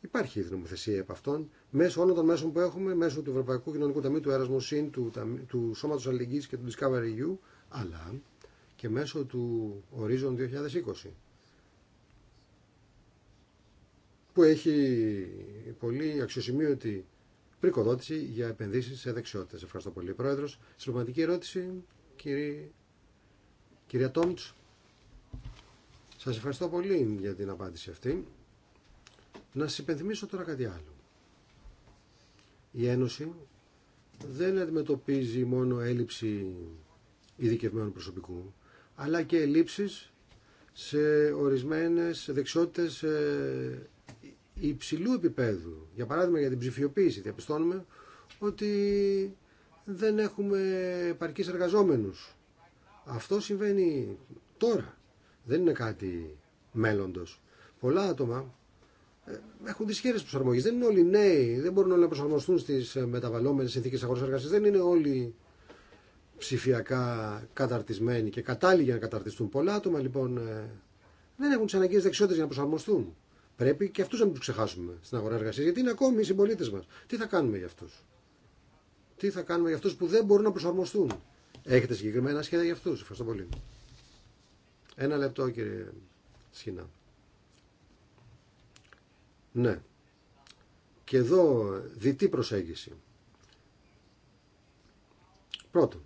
υπάρχει η νομοθεσία από αυτών μέσω όλων των μέσων που έχουμε μέσω του Ευρωπαϊκού Κοινωνικού Ταμείου, του Erasmus του, του, του Σώματος και του Discovery EU αλλά και μέσω του Horizon 2020 που έχει πολύ αξιοσημείωτη πρικοδότηση για επενδύσεις σε δεξιότητες. Ευχαριστώ πολύ, Πρόεδρος. Συλλογματική ερώτηση, κύριε Κυρία Τόμιτς, σας ευχαριστώ πολύ για την απάντηση αυτή. Να σας υπενθυμίσω τώρα κάτι άλλο. Η Ένωση δεν αντιμετωπίζει μόνο έλλειψη ειδικευμένου προσωπικού, αλλά και ελλείψεις σε ορισμένες δεξιότητες ε, υψηλού επίπεδου. Για παράδειγμα για την ψηφιοποίηση διαπιστώνουμε ότι δεν έχουμε επαρκείς εργαζόμενους αυτό συμβαίνει τώρα. Δεν είναι κάτι μέλλοντο. Πολλά άτομα ε, έχουν δυσχέρειε προσαρμογή. Δεν είναι όλοι νέοι, δεν μπορούν όλοι να προσαρμοστούν στι ε, μεταβαλλόμενε συνθήκε αγορά εργασία. Δεν είναι όλοι ψηφιακά καταρτισμένοι και κατάλληλοι για να καταρτιστούν. Πολλά άτομα λοιπόν ε, δεν έχουν τι αναγκαίε δεξιότητε για να προσαρμοστούν. Πρέπει και αυτού να μην του ξεχάσουμε στην αγορά εργασία, γιατί είναι ακόμη οι συμπολίτε μα. Τι θα κάνουμε για αυτού. Τι θα κάνουμε για αυτού που δεν μπορούν να προσαρμοστούν. Έχετε συγκεκριμένα σχέδια για αυτού. Ευχαριστώ πολύ. Ένα λεπτό κύριε Σχοινά. Ναι. Και εδώ διτή προσέγγιση. Πρώτον.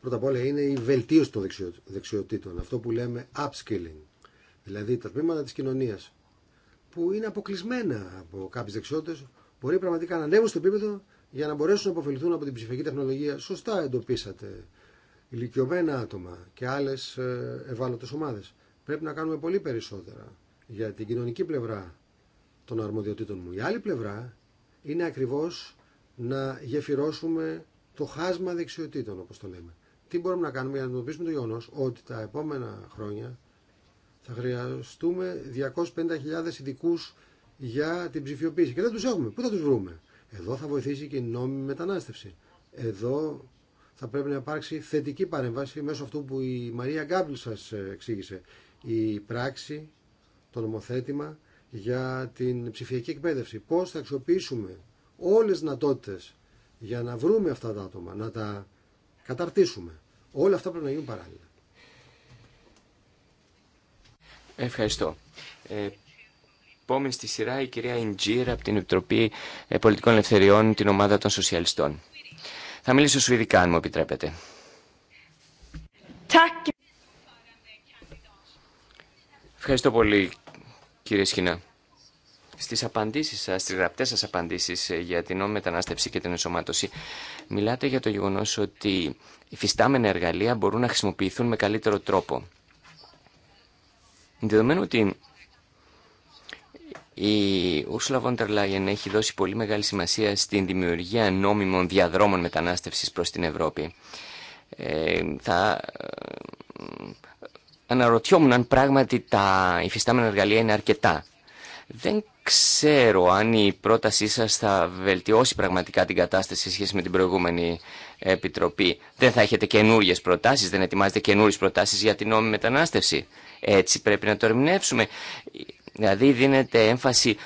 Πρώτα απ' όλα είναι η βελτίωση των δεξιοτήτων. Αυτό που λέμε upskilling. Δηλαδή τα τμήματα της κοινωνίας που είναι αποκλεισμένα από κάποιες δεξιότητες μπορεί πραγματικά να ανέβουν στο επίπεδο για να μπορέσουν να αποφεληθούν από την ψηφιακή τεχνολογία. Σωστά εντοπίσατε ηλικιωμένα άτομα και άλλε ευάλωτε ομάδε. Πρέπει να κάνουμε πολύ περισσότερα για την κοινωνική πλευρά των αρμοδιοτήτων μου. Η άλλη πλευρά είναι ακριβώ να γεφυρώσουμε το χάσμα δεξιοτήτων, όπω το λέμε. Τι μπορούμε να κάνουμε για να αντιμετωπίσουμε το γεγονό ότι τα επόμενα χρόνια θα χρειαστούμε 250.000 ειδικού για την ψηφιοποίηση. Και δεν του έχουμε. Πού θα του βρούμε. Εδώ θα βοηθήσει και η νόμιμη μετανάστευση. Εδώ θα πρέπει να υπάρξει θετική παρέμβαση μέσω αυτού που η Μαρία Γκάμπλ σας ε, εξήγησε. Η πράξη, το νομοθέτημα για την ψηφιακή εκπαίδευση. Πώς θα αξιοποιήσουμε όλες τις δυνατότητε για να βρούμε αυτά τα άτομα, να τα καταρτήσουμε. Όλα αυτά πρέπει να γίνουν παράλληλα. Ευχαριστώ. Ε, Επόμενη στη σειρά η κυρία Ιντζήρ από την Επιτροπή Πολιτικών Ελευθεριών, την ομάδα των Σοσιαλιστών. Θα μιλήσω σουηδικά, αν μου επιτρέπετε. Ευχαριστώ πολύ, κύριε Σχοινά. Στι απαντήσει σα, στι γραπτές σας απαντήσεις για την νόμιμη μετανάστευση και την ενσωμάτωση, μιλάτε για το γεγονό ότι οι φυστάμενα εργαλεία μπορούν να χρησιμοποιηθούν με καλύτερο τρόπο. Δεδομένου ότι η Ursula von der Leyen έχει δώσει πολύ μεγάλη σημασία στην δημιουργία νόμιμων διαδρόμων μετανάστευσης προς την Ευρώπη. Ε, θα ε, αναρωτιόμουν αν πράγματι τα υφιστάμενα εργαλεία είναι αρκετά. Δεν ξέρω αν η πρότασή σας θα βελτιώσει πραγματικά την κατάσταση σε σχέση με την προηγούμενη επιτροπή. Δεν θα έχετε καινούριε προτάσεις, δεν ετοιμάζετε καινούριε προτάσεις για την νόμιμη μετανάστευση. Έτσι πρέπει να το ερμηνεύσουμε. Δηλαδή δίνεται έμφαση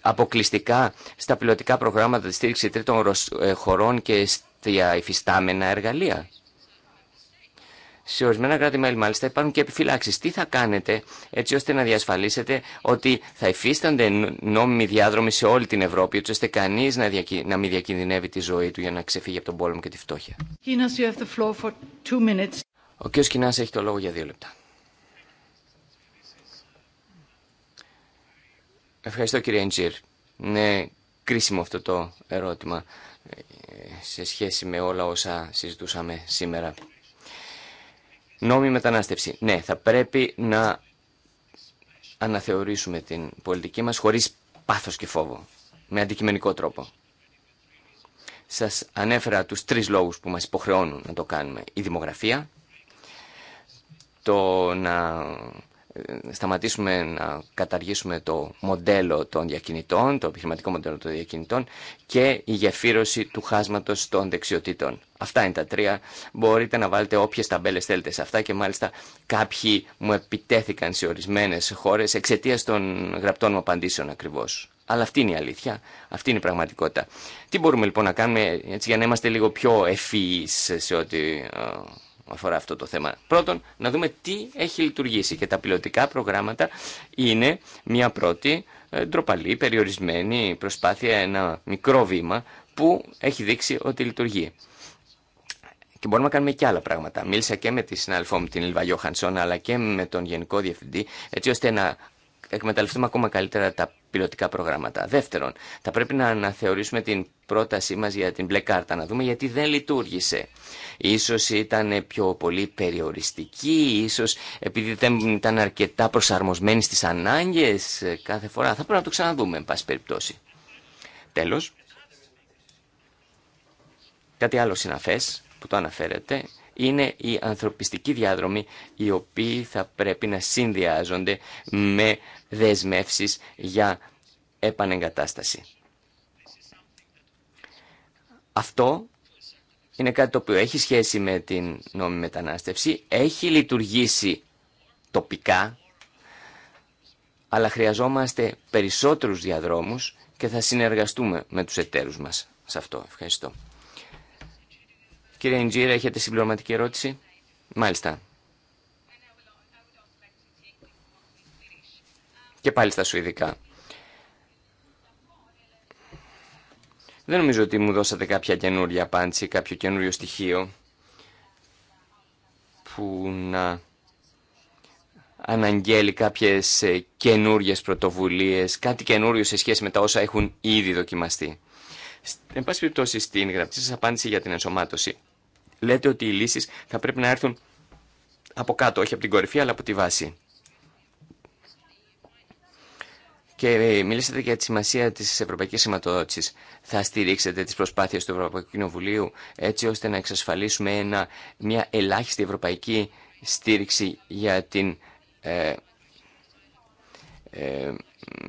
αποκλειστικά στα πιλωτικά προγράμματα της στήριξη τρίτων ε, χωρών και στα υφιστάμενα εργαλεία. Σε ορισμένα κράτη-μέλη, μάλιστα, υπάρχουν και επιφυλάξει. Τι θα κάνετε έτσι ώστε να διασφαλίσετε ότι θα υφίστανται νόμιμοι διάδρομοι σε όλη την Ευρώπη, έτσι ώστε κανεί να, διακι... να μην διακινδυνεύει τη ζωή του για να ξεφύγει από τον πόλεμο και τη φτώχεια. Ο κ. Κινά έχει το λόγο για δύο λεπτά. Ευχαριστώ κύριε Εντζήρ. Είναι κρίσιμο αυτό το ερώτημα ε, σε σχέση με όλα όσα συζητούσαμε σήμερα. Νόμη μετανάστευση. Ναι, θα πρέπει να αναθεωρήσουμε την πολιτική μας χωρίς πάθος και φόβο, με αντικειμενικό τρόπο. Σας ανέφερα τους τρεις λόγους που μας υποχρεώνουν να το κάνουμε. Η δημογραφία, το να ε, σταματήσουμε να καταργήσουμε το μοντέλο των διακινητών, το επιχειρηματικό μοντέλο των διακινητών και η γεφύρωση του χάσματος των δεξιοτήτων. Αυτά είναι τα τρία. Μπορείτε να βάλετε όποιες ταμπέλες θέλετε σε αυτά και μάλιστα κάποιοι μου επιτέθηκαν σε ορισμένες χώρες εξαιτία των γραπτών μου απαντήσεων ακριβώς. Αλλά αυτή είναι η αλήθεια, αυτή είναι η πραγματικότητα. Τι μπορούμε λοιπόν να κάνουμε έτσι, για να είμαστε λίγο πιο ευφυείς σε ό,τι ε, αφορά αυτό το θέμα. Πρώτον, να δούμε τι έχει λειτουργήσει και τα πιλωτικά προγράμματα είναι μια πρώτη ε, ντροπαλή, περιορισμένη προσπάθεια, ένα μικρό βήμα που έχει δείξει ότι λειτουργεί. Και μπορούμε να κάνουμε και άλλα πράγματα. Μίλησα και με τη συνάδελφό μου την Ιλβα Γιώχανσον αλλά και με τον Γενικό Διευθυντή έτσι ώστε να εκμεταλλευτούμε ακόμα καλύτερα τα πιλωτικά προγράμματα. Δεύτερον, θα πρέπει να αναθεωρήσουμε την πρότασή μας για την μπλε κάρτα, να δούμε γιατί δεν λειτουργήσε. Ίσως ήταν πιο πολύ περιοριστική, ίσως επειδή δεν ήταν αρκετά προσαρμοσμένη στις ανάγκες ε, κάθε φορά. Θα πρέπει να το ξαναδούμε, εν πάση περιπτώσει. Τέλος, κάτι άλλο συναφές που το αναφέρετε, είναι οι ανθρωπιστικοί διάδρομοι οι οποίοι θα πρέπει να συνδυάζονται με δεσμεύσεις για επανεγκατάσταση. Αυτό είναι κάτι το οποίο έχει σχέση με την νόμη μετανάστευση, έχει λειτουργήσει τοπικά, αλλά χρειαζόμαστε περισσότερους διαδρόμους και θα συνεργαστούμε με τους εταίρους μας σε αυτό. Ευχαριστώ. Κύριε Ιντζήρα, έχετε συμπληρωματική ερώτηση. Μάλιστα. Και πάλι στα Σουηδικά. Δεν νομίζω ότι μου δώσατε κάποια καινούρια απάντηση, κάποιο καινούριο στοιχείο που να αναγγέλει κάποιες ε, καινούριες πρωτοβουλίες, κάτι καινούριο σε σχέση με τα όσα έχουν ήδη δοκιμαστεί. Εν πάση περιπτώσει, στην γραπτή σας απάντηση για την ενσωμάτωση, λέτε ότι οι λύσεις θα πρέπει να έρθουν από κάτω, όχι από την κορυφή, αλλά από τη βάση. Και ε, μιλήσατε για τη σημασία τη ευρωπαϊκή σηματοδότηση. Θα στηρίξετε τι προσπάθειε του Ευρωπαϊκού Κοινοβουλίου έτσι ώστε να εξασφαλίσουμε μια ελάχιστη ευρωπαϊκή στήριξη για, την, ε, ε,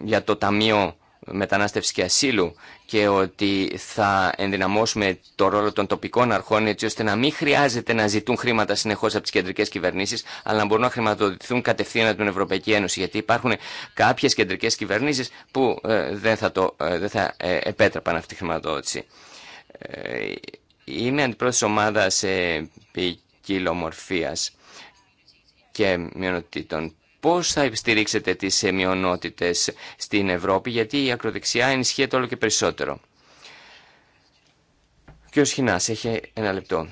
για το Ταμείο μετανάστευση και ασύλου και ότι θα ενδυναμώσουμε το ρόλο των τοπικών αρχών έτσι ώστε να μην χρειάζεται να ζητούν χρήματα συνεχώ από τι κεντρικέ κυβερνήσει, αλλά να μπορούν να χρηματοδοτηθούν κατευθείαν από την Ευρωπαϊκή Ένωση. Γιατί υπάρχουν κάποιε κεντρικέ κυβερνήσει που ε, δεν θα, το, ε, δεν θα ε, επέτρεπαν αυτή τη χρηματοδότηση. Ε, είμαι αντιπρόεδρο ομάδα ποικιλομορφία και μειονοτήτων Πώς θα υποστηρίξετε τις μειονότητες στην Ευρώπη, γιατί η ακροδεξιά ενισχύεται όλο και περισσότερο. Και ο έχει ένα λεπτό.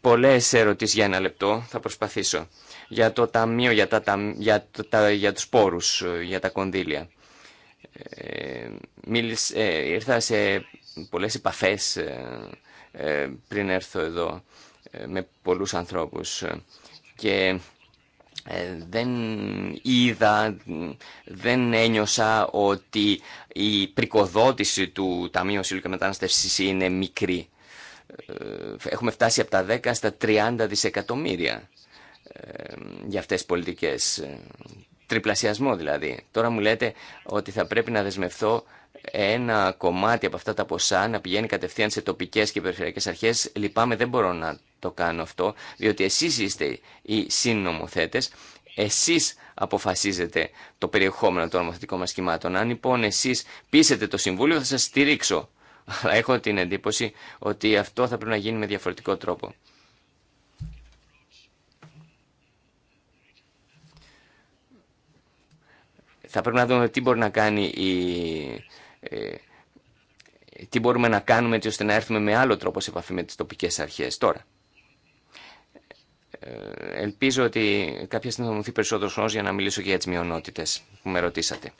Πολλές ερωτήσεις για ένα λεπτό, θα προσπαθήσω. Για το ταμείο, για, τα, για, τα, για τους πόρους, για τα κονδύλια. Ε, ε ήρθα σε πολλές επαφές ε, ε, πριν έρθω εδώ με πολλούς ανθρώπους και ε, δεν είδα, δεν ένιωσα ότι η πρικοδότηση του Ταμείου Ασύλου και είναι μικρή. Ε, έχουμε φτάσει από τα 10 στα 30 δισεκατομμύρια ε, για αυτές τις πολιτικές. Τριπλασιασμό δηλαδή. Τώρα μου λέτε ότι θα πρέπει να δεσμευθώ ένα κομμάτι από αυτά τα ποσά να πηγαίνει κατευθείαν σε τοπικές και περιφερειακές αρχές. Λυπάμαι, δεν μπορώ να το κάνω αυτό, διότι εσείς είστε οι συνομοθέτε. εσείς αποφασίζετε το περιεχόμενο των νομοθετικών μας κυμάτων. Αν λοιπόν εσεί πείσετε το Συμβούλιο θα σας στηρίξω. Αλλά έχω την εντύπωση ότι αυτό θα πρέπει να γίνει με διαφορετικό τρόπο. Θα πρέπει να δούμε τι μπορεί να κάνει η ε, τι μπορούμε να κάνουμε έτσι ώστε να έρθουμε με άλλο τρόπο σε επαφή με τις τοπικές αρχές τώρα. Ε, ελπίζω ότι κάποια στιγμή θα μου δει περισσότερο χρόνο για να μιλήσω και για τις μειονότητες που με ρωτήσατε.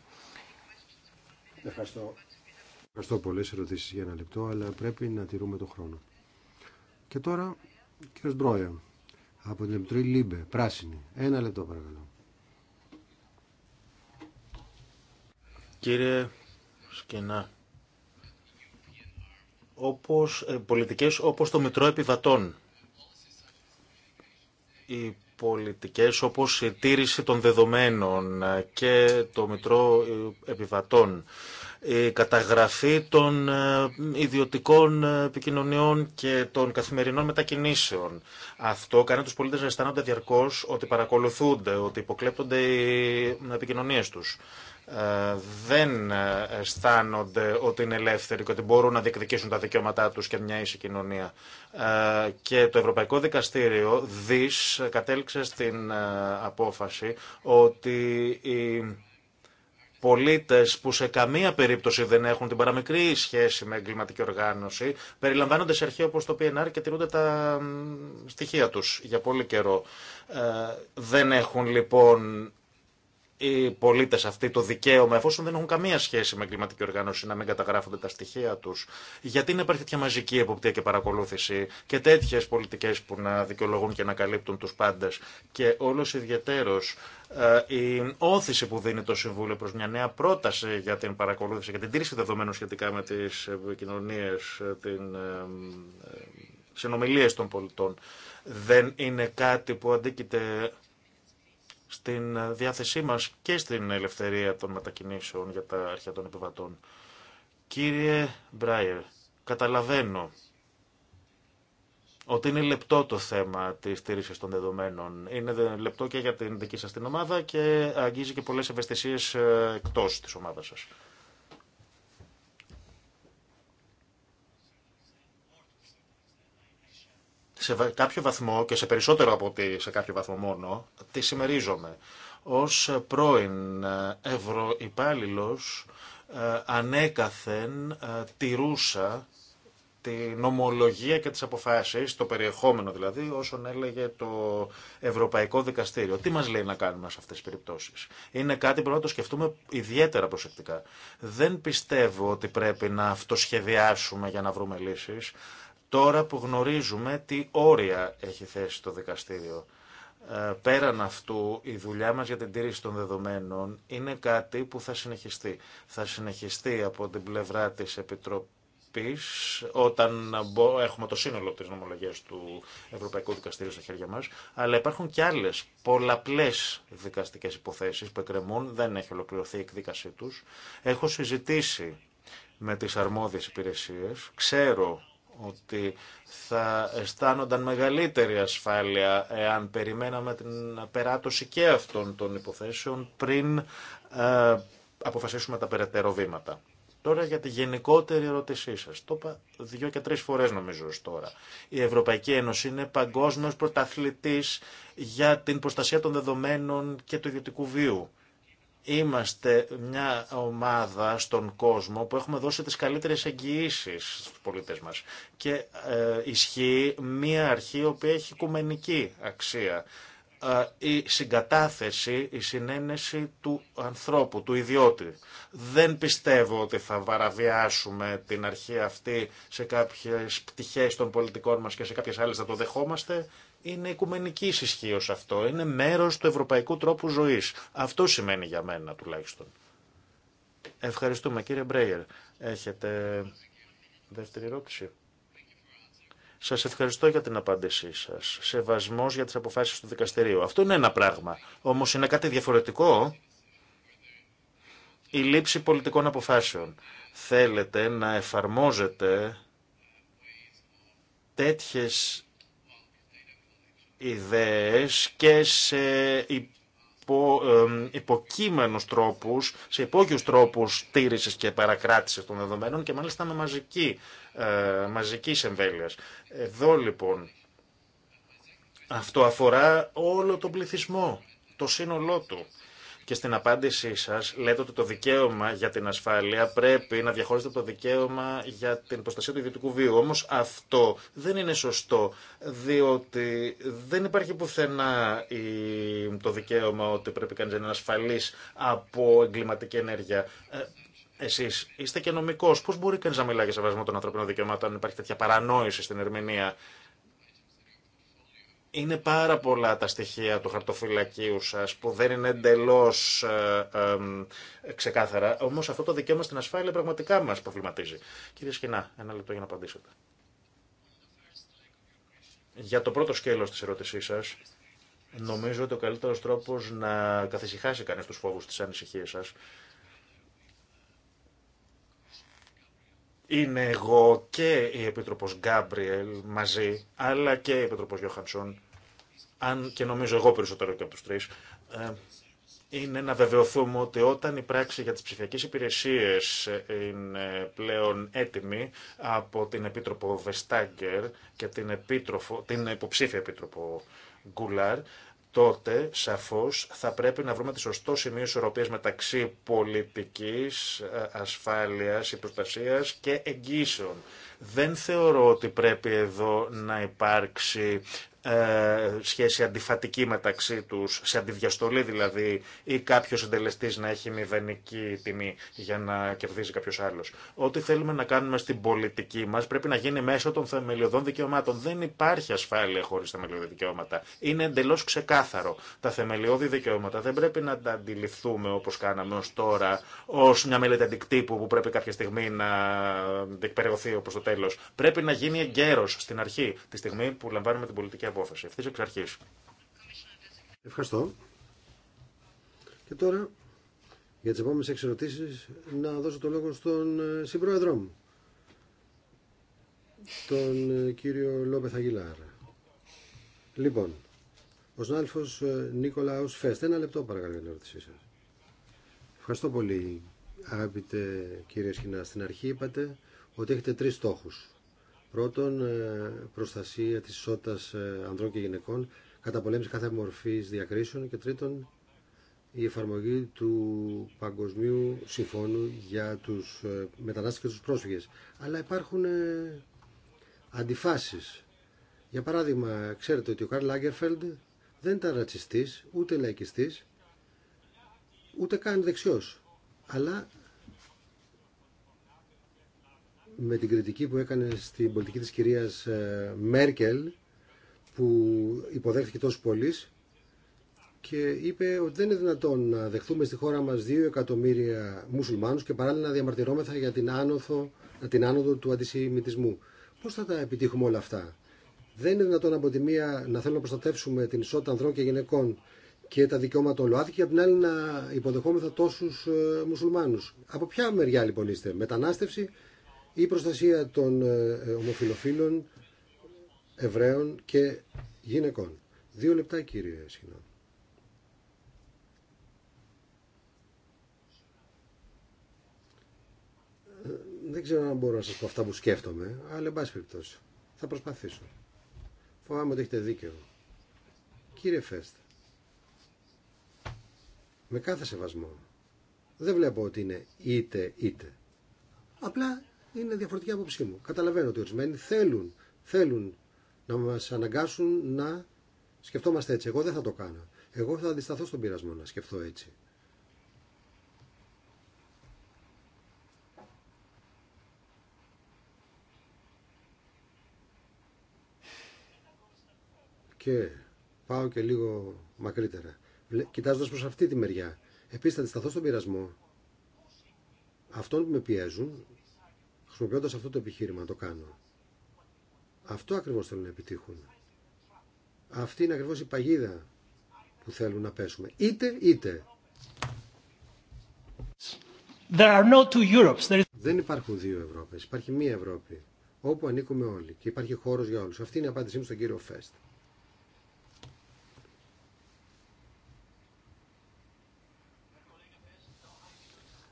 Ευχαριστώ. Ευχαριστώ πολλές ερωτήσεις για ένα λεπτό, αλλά πρέπει να τηρούμε τον χρόνο. Και τώρα, κύριος Μπρόια, από την Επιτροπή Λίμπε, πράσινη. Ένα λεπτό παρακαλώ. Κύριε σκηνά όπως, ε, πολιτικές όπως το Μητρό Επιβατών. Οι πολιτικές όπως η τήρηση των δεδομένων ε, και το Μητρό ε, Επιβατών. Η καταγραφή των ιδιωτικών επικοινωνιών και των καθημερινών μετακινήσεων. Αυτό κάνει τους πολίτες να αισθάνονται διαρκώς ότι παρακολουθούνται, ότι υποκλέπτονται οι επικοινωνίες τους. Ε, δεν ε, αισθάνονται ότι είναι ελεύθεροι και ότι μπορούν να διεκδικήσουν τα δικαιώματά τους και μια ίση κοινωνία. Ε, και το Ευρωπαϊκό Δικαστήριο δις κατέληξε στην απόφαση ότι οι πολίτες που σε καμία περίπτωση δεν έχουν την παραμικρή σχέση με εγκληματική οργάνωση περιλαμβάνονται σε αρχή όπως το PNR και τηρούνται τα στοιχεία τους για πολύ καιρό. Δεν έχουν λοιπόν οι πολίτε αυτοί το δικαίωμα, εφόσον δεν έχουν καμία σχέση με εγκληματική οργάνωση, να μην καταγράφονται τα στοιχεία του. Γιατί να υπάρχει τέτοια μαζική εποπτεία και παρακολούθηση και τέτοιε πολιτικέ που να δικαιολογούν και να καλύπτουν του πάντε. Και όλο ιδιαιτέρω ε, η όθηση που δίνει το Συμβούλιο προ μια νέα πρόταση για την παρακολούθηση και την τήρηση δεδομένων σχετικά με τι επικοινωνίε, τι ε, ε, συνομιλίε των πολιτών, δεν είναι κάτι που αντίκειται στην διάθεσή μας και στην ελευθερία των μετακινήσεων για τα αρχαία των επιβατών. Κύριε Μπράιερ, καταλαβαίνω ότι είναι λεπτό το θέμα της στήριξης των δεδομένων. Είναι λεπτό και για την δική σας την ομάδα και αγγίζει και πολλές ευαισθησίες ε, εκτός της ομάδας σας. σε κάποιο βαθμό και σε περισσότερο από ότι σε κάποιο βαθμό μόνο, τη συμμερίζομαι. Ως πρώην ε, ευρωυπάλληλος ε, ανέκαθεν ε, τηρούσα την ομολογία και τις αποφάσεις, το περιεχόμενο δηλαδή, όσον έλεγε το Ευρωπαϊκό Δικαστήριο. Τι μας λέει να κάνουμε σε αυτές τις περιπτώσεις. Είναι κάτι που πρέπει να το σκεφτούμε ιδιαίτερα προσεκτικά. Δεν πιστεύω ότι πρέπει να αυτοσχεδιάσουμε για να βρούμε λύσεις. Τώρα που γνωρίζουμε τι όρια έχει θέσει το δικαστήριο. Ε, πέραν αυτού, η δουλειά μας για την τήρηση των δεδομένων είναι κάτι που θα συνεχιστεί. Θα συνεχιστεί από την πλευρά της Επιτροπής όταν έχουμε το σύνολο της νομολογίας του Ευρωπαϊκού Δικαστήριου στα χέρια μας, αλλά υπάρχουν και άλλες πολλαπλές δικαστικές υποθέσεις που εκκρεμούν, δεν έχει ολοκληρωθεί η εκδίκασή τους. Έχω συζητήσει με τις αρμόδιες υπηρεσίες, ξέρω ότι θα αισθάνονταν μεγαλύτερη ασφάλεια εάν περιμέναμε την περάτωση και αυτών των υποθέσεων πριν ε, αποφασίσουμε τα περαιτέρω βήματα. Τώρα για τη γενικότερη ερώτησή σας. Το είπα δύο και τρεις φορές νομίζω ως τώρα. Η Ευρωπαϊκή Ένωση είναι παγκόσμιος πρωταθλητής για την προστασία των δεδομένων και του ιδιωτικού βίου. Είμαστε μια ομάδα στον κόσμο που έχουμε δώσει τις καλύτερες εγγυήσει στους πολίτες μας και ε, ισχύει μια αρχή που έχει οικουμενική αξία. Ε, η συγκατάθεση, η συνένεση του ανθρώπου, του ιδιώτη. Δεν πιστεύω ότι θα βαραβιάσουμε την αρχή αυτή σε κάποιες πτυχές των πολιτικών μας και σε κάποιες άλλες θα το δεχόμαστε είναι οικουμενική ισχύω αυτό. Είναι μέρο του ευρωπαϊκού τρόπου ζωή. Αυτό σημαίνει για μένα τουλάχιστον. Ευχαριστούμε. Κύριε Μπρέιερ, έχετε δεύτερη ερώτηση. Σα ευχαριστώ για την απάντησή σα. Σεβασμό για τι αποφάσει του δικαστηρίου. Αυτό είναι ένα πράγμα. Όμω είναι κάτι διαφορετικό η λήψη πολιτικών αποφάσεων. Θέλετε να εφαρμόζετε τέτοιες ιδέες και σε υπο, ε, υποκείμενους τρόπους, σε υπόγειους τρόπους στήρισης και παρακράτησης των δεδομένων και μάλιστα με μαζική, ε, μαζικής εμβέλειας. Εδώ λοιπόν αυτό αφορά όλο τον πληθυσμό, το σύνολό του και στην απάντησή σας λέτε ότι το δικαίωμα για την ασφάλεια πρέπει να διαχωρίζεται από το δικαίωμα για την προστασία του ιδιωτικού βίου. Όμως αυτό δεν είναι σωστό, διότι δεν υπάρχει πουθενά το δικαίωμα ότι πρέπει κανείς να είναι ασφαλής από εγκληματική ενέργεια. Ε, Εσεί είστε και νομικό. Πώ μπορεί κανεί να μιλάει για σεβασμό των ανθρωπίνων δικαιωμάτων αν υπάρχει τέτοια παρανόηση στην ερμηνεία είναι πάρα πολλά τα στοιχεία του χαρτοφυλακίου σας που δεν είναι εντελώς ε, ξεκάθαρα, όμως αυτό το δικαίωμα στην ασφάλεια πραγματικά μας προβληματίζει. Κύριε Σκηνά, ένα λεπτό για να απαντήσετε. Για το πρώτο σκέλος της ερώτησής σας, νομίζω ότι ο καλύτερος τρόπος να καθησυχάσει κανείς τους φόβους της ανησυχίας σας είναι εγώ και η Επίτροπος Γκάμπριελ μαζί, αλλά και η Επίτροπος Γιώχανσον, αν και νομίζω εγώ περισσότερο και από τους τρεις, ε, είναι να βεβαιωθούμε ότι όταν η πράξη για τις ψηφιακές υπηρεσίες είναι πλέον έτοιμη από την Επίτροπο Βεστάγκερ και την, επίτροφο, την υποψήφια Επίτροπο Γκουλάρ, τότε σαφώς θα πρέπει να βρούμε τη σωστό σημείο ισορροπίας μεταξύ πολιτικής ε, ασφάλειας, υποστασίας και εγγύσεων. Δεν θεωρώ ότι πρέπει εδώ να υπάρξει ε, σχέση αντιφατική μεταξύ τους, σε αντιδιαστολή δηλαδή, ή κάποιο συντελεστή να έχει μηδενική τιμή για να κερδίζει κάποιο άλλο. Ό,τι θέλουμε να κάνουμε στην πολιτική μα πρέπει να γίνει μέσω των θεμελιωδών δικαιωμάτων. Δεν υπάρχει ασφάλεια χωρί θεμελιώδη δικαιώματα. Είναι εντελώ ξεκάθαρο. Τα θεμελιώδη δικαιώματα δεν πρέπει να τα αντιληφθούμε όπω κάναμε ω τώρα, ω μια μελέτη αντικτύπου που πρέπει κάποια στιγμή να εκπαιδευτεί όπω το τέλο. Πρέπει να γίνει εγκαίρο στην αρχή, τη στιγμή που λαμβάνουμε την πολιτική απόφαση εξ αρχή. Ευχαριστώ. Και τώρα για τι επόμενε εξερωτήσει να δώσω το λόγο στον ε, συμπρόεδρό μου, τον ε, κύριο Λόπεθ Αγγιλάρ. Λοιπόν, ο συνάδελφο ε, Νίκολα Φέστ, ένα λεπτό παρακαλώ για την ερώτησή σα. Ευχαριστώ πολύ, αγαπητέ κύριε Σχοινά. Στην αρχή είπατε ότι έχετε τρει στόχου Πρώτον, ε, προστασία της ισότητας ε, ανδρών και γυναικών, καταπολέμηση κάθε μορφής διακρίσεων και τρίτον, η εφαρμογή του Παγκοσμίου Συμφώνου για τους ε, μετανάστες και τους πρόσφυγες. Αλλά υπάρχουν αντιφάσεις. Για παράδειγμα, ξέρετε ότι ο Καρλ Λάγκερφελντ δεν ήταν ρατσιστής, ούτε λαϊκιστής, ούτε καν δεξιός. Αλλά με την κριτική που έκανε στην πολιτική της κυρίας ε, Μέρκελ που υποδέχθηκε τόσους πολύ, και είπε ότι δεν είναι δυνατόν να δεχθούμε στη χώρα μας δύο εκατομμύρια μουσουλμάνους και παράλληλα να διαμαρτυρόμεθα για την άνοδο, την άνοδο του αντισημιτισμού. Πώς θα τα επιτύχουμε όλα αυτά. Δεν είναι δυνατόν από τη μία να θέλουμε να προστατεύσουμε την ισότητα ανδρών και γυναικών και τα δικαιώματα των και από την άλλη να υποδεχόμεθα τόσους ε, μουσουλμάνους. Από ποια μεριά λοιπόν είστε, μετανάστευση η προστασία των ε, ε, ομοφιλοφίλων Εβραίων και γυναικών. Δύο λεπτά κύριε Σχοινό. Ε, δεν ξέρω αν μπορώ να σας πω αυτά που σκέφτομαι, αλλά εν πάση περιπτώσει. Θα προσπαθήσω. Φοβάμαι ότι έχετε δίκαιο. Κύριε Φέστ, με κάθε σεβασμό, δεν βλέπω ότι είναι είτε είτε. Απλά είναι διαφορετική άποψή μου. Καταλαβαίνω ότι ορισμένοι θέλουν, θέλουν να μας αναγκάσουν να σκεφτόμαστε έτσι. Εγώ δεν θα το κάνω. Εγώ θα αντισταθώ στον πειρασμό να σκεφτώ έτσι. Και πάω και λίγο μακρύτερα. Κοιτάζοντα προ αυτή τη μεριά. Επίση θα αντισταθώ στον πειρασμό αυτών που με πιέζουν Χρησιμοποιώντα αυτό το επιχείρημα να το κάνω. Αυτό ακριβώς θέλουν να επιτύχουν. Αυτή είναι ακριβώς η παγίδα που θέλουν να πέσουμε. Είτε, είτε. There are two There is... Δεν υπάρχουν δύο Ευρώπε. Υπάρχει μία Ευρώπη όπου ανήκουμε όλοι και υπάρχει χώρος για όλους. Αυτή είναι η απάντησή μου στον κύριο Φέστ.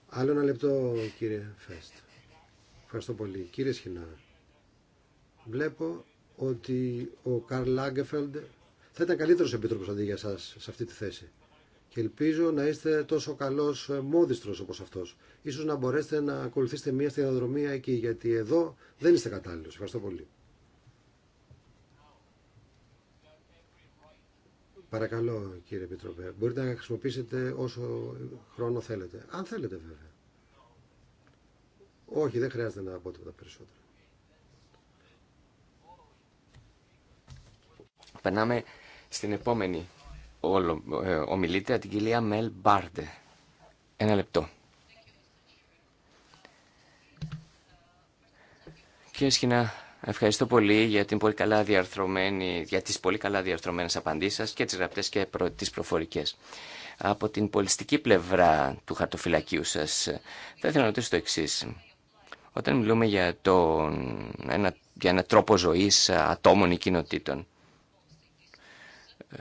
Άλλο ένα λεπτό κύριε Φέστ. Ευχαριστώ πολύ. Κύριε Σχοινά, βλέπω ότι ο Καρλ Λάγκεφελντ θα ήταν καλύτερος επίτροπος αντί για σας σε αυτή τη θέση. Και ελπίζω να είστε τόσο καλός μόδιστρος όπως αυτός. Ίσως να μπορέσετε να ακολουθήσετε μία στεναδρομία εκεί, γιατί εδώ δεν είστε κατάλληλος. Ευχαριστώ πολύ. Παρακαλώ κύριε Επιτροπέ, μπορείτε να χρησιμοποιήσετε όσο χρόνο θέλετε. Αν θέλετε βέβαια. Όχι, δεν χρειάζεται να πω τίποτα περισσότερο. Περνάμε στην επόμενη ε, ομιλήτρια, την κυρία Μελ Μπάρντε. Ένα λεπτό. Κύριε Σκηνά, ευχαριστώ πολύ για, την πολύ καλά διαρθρωμένη, για τις πολύ καλά διαρθρωμένες απαντήσεις σας και τις γραπτές και προ, τις προφορικές. Από την πολιστική πλευρά του χαρτοφυλακίου σας, θα ήθελα να ρωτήσω το εξής. Όταν μιλούμε για, τον, ένα, για ένα τρόπο ζωής ατόμων ή κοινοτήτων, ε,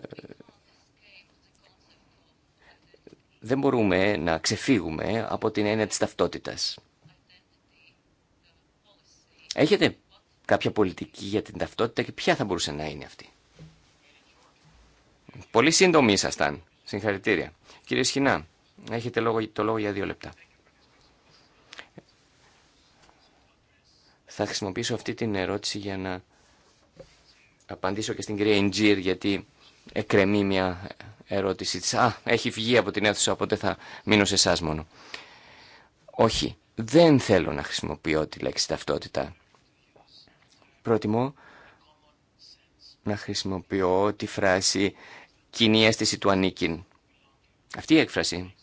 δεν μπορούμε να ξεφύγουμε από την έννοια της ταυτότητας. Έχετε κάποια πολιτική για την ταυτότητα και ποια θα μπορούσε να είναι αυτή. Πολύ σύντομοι ήσασταν. Συγχαρητήρια. Κύριε Σχοινά, έχετε το λόγο για δύο λεπτά. Θα χρησιμοποιήσω αυτή την ερώτηση για να απαντήσω και στην κυρία Ιντζήρ γιατί εκκρεμεί μια ερώτηση της. Α, έχει φυγεί από την αίθουσα, οπότε θα μείνω σε εσά μόνο. Όχι, δεν θέλω να χρησιμοποιώ τη λέξη ταυτότητα. Προτιμώ να χρησιμοποιώ τη φράση κοινή αίσθηση του ανήκειν. Αυτή η έκφραση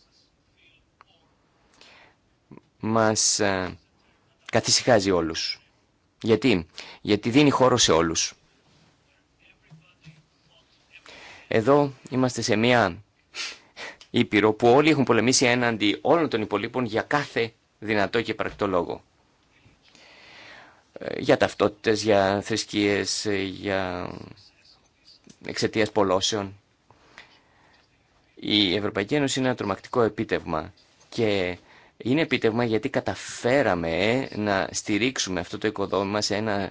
μας ε, καθησυχάζει όλους. Γιατί? Γιατί δίνει χώρο σε όλους. Εδώ είμαστε σε μια ήπειρο που όλοι έχουν πολεμήσει έναντι όλων των υπολείπων για κάθε δυνατό και πρακτικό λόγο. Ε, για ταυτότητες, για θρησκείες, ε, για εξαιτίας πολλώσεων. Η Ευρωπαϊκή Ένωση είναι ένα τρομακτικό επίτευγμα και είναι επιτεύγμα γιατί καταφέραμε ε, να στηρίξουμε αυτό το οικοδόμημα σε ένα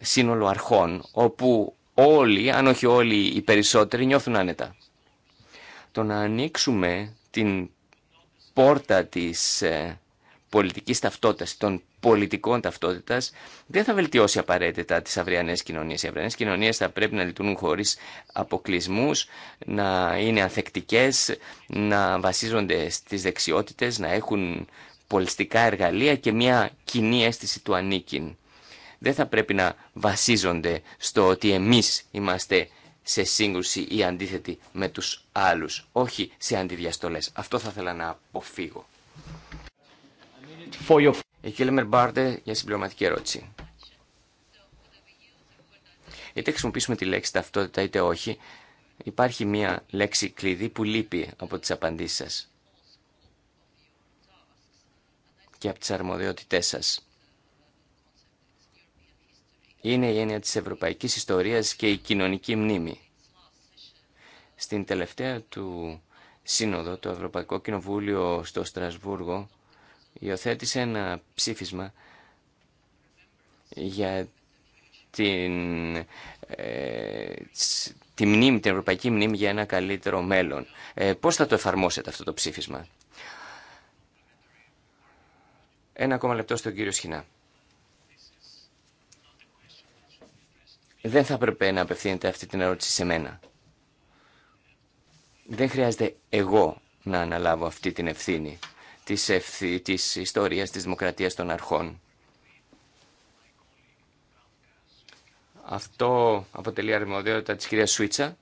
σύνολο αρχών, όπου όλοι, αν όχι όλοι οι περισσότεροι, νιώθουν άνετα. Το να ανοίξουμε την πόρτα της ε, πολιτικής ταυτότητας, των πολιτικών ταυτότητα δεν θα βελτιώσει απαραίτητα τις αυριανέ κοινωνίε. Οι αυριανέ κοινωνίε θα πρέπει να λειτουργούν χωρίς αποκλεισμού, να είναι ανθεκτικέ, να βασίζονται στις δεξιότητες, να έχουν πολιστικά εργαλεία και μια κοινή αίσθηση του ανήκειν. Δεν θα πρέπει να βασίζονται στο ότι εμείς είμαστε σε σύγκρουση ή αντίθετη με τους άλλους, όχι σε αντιδιαστολές. Αυτό θα ήθελα να αποφύγω. Η λέμε Μπάρντε για συμπληρωματική ερώτηση. Είτε χρησιμοποιήσουμε τη λέξη ταυτότητα είτε όχι, υπάρχει μία λέξη κλειδί που λείπει από τις απαντήσεις σας και από τις αρμοδιότητές σας. Είναι η έννοια της ευρωπαϊκής ιστορίας και η κοινωνική μνήμη. Στην τελευταία του σύνοδο, το Ευρωπαϊκό Κοινοβούλιο στο Στρασβούργο, υιοθέτησε ένα ψήφισμα για την, ε, τη μνήμη, την ευρωπαϊκή μνήμη για ένα καλύτερο μέλλον. Ε, πώς θα το εφαρμόσετε αυτό το ψήφισμα. Ένα ακόμα λεπτό στον κύριο Σχοινά. Δεν θα έπρεπε να απευθύνεται αυτή την ερώτηση σε μένα. Δεν χρειάζεται εγώ να αναλάβω αυτή την ευθύνη της, ευθύ, της ιστορίας της δημοκρατίας των αρχών. Αυτό αποτελεί αρμοδιότητα της κυρίας Σουίτσα,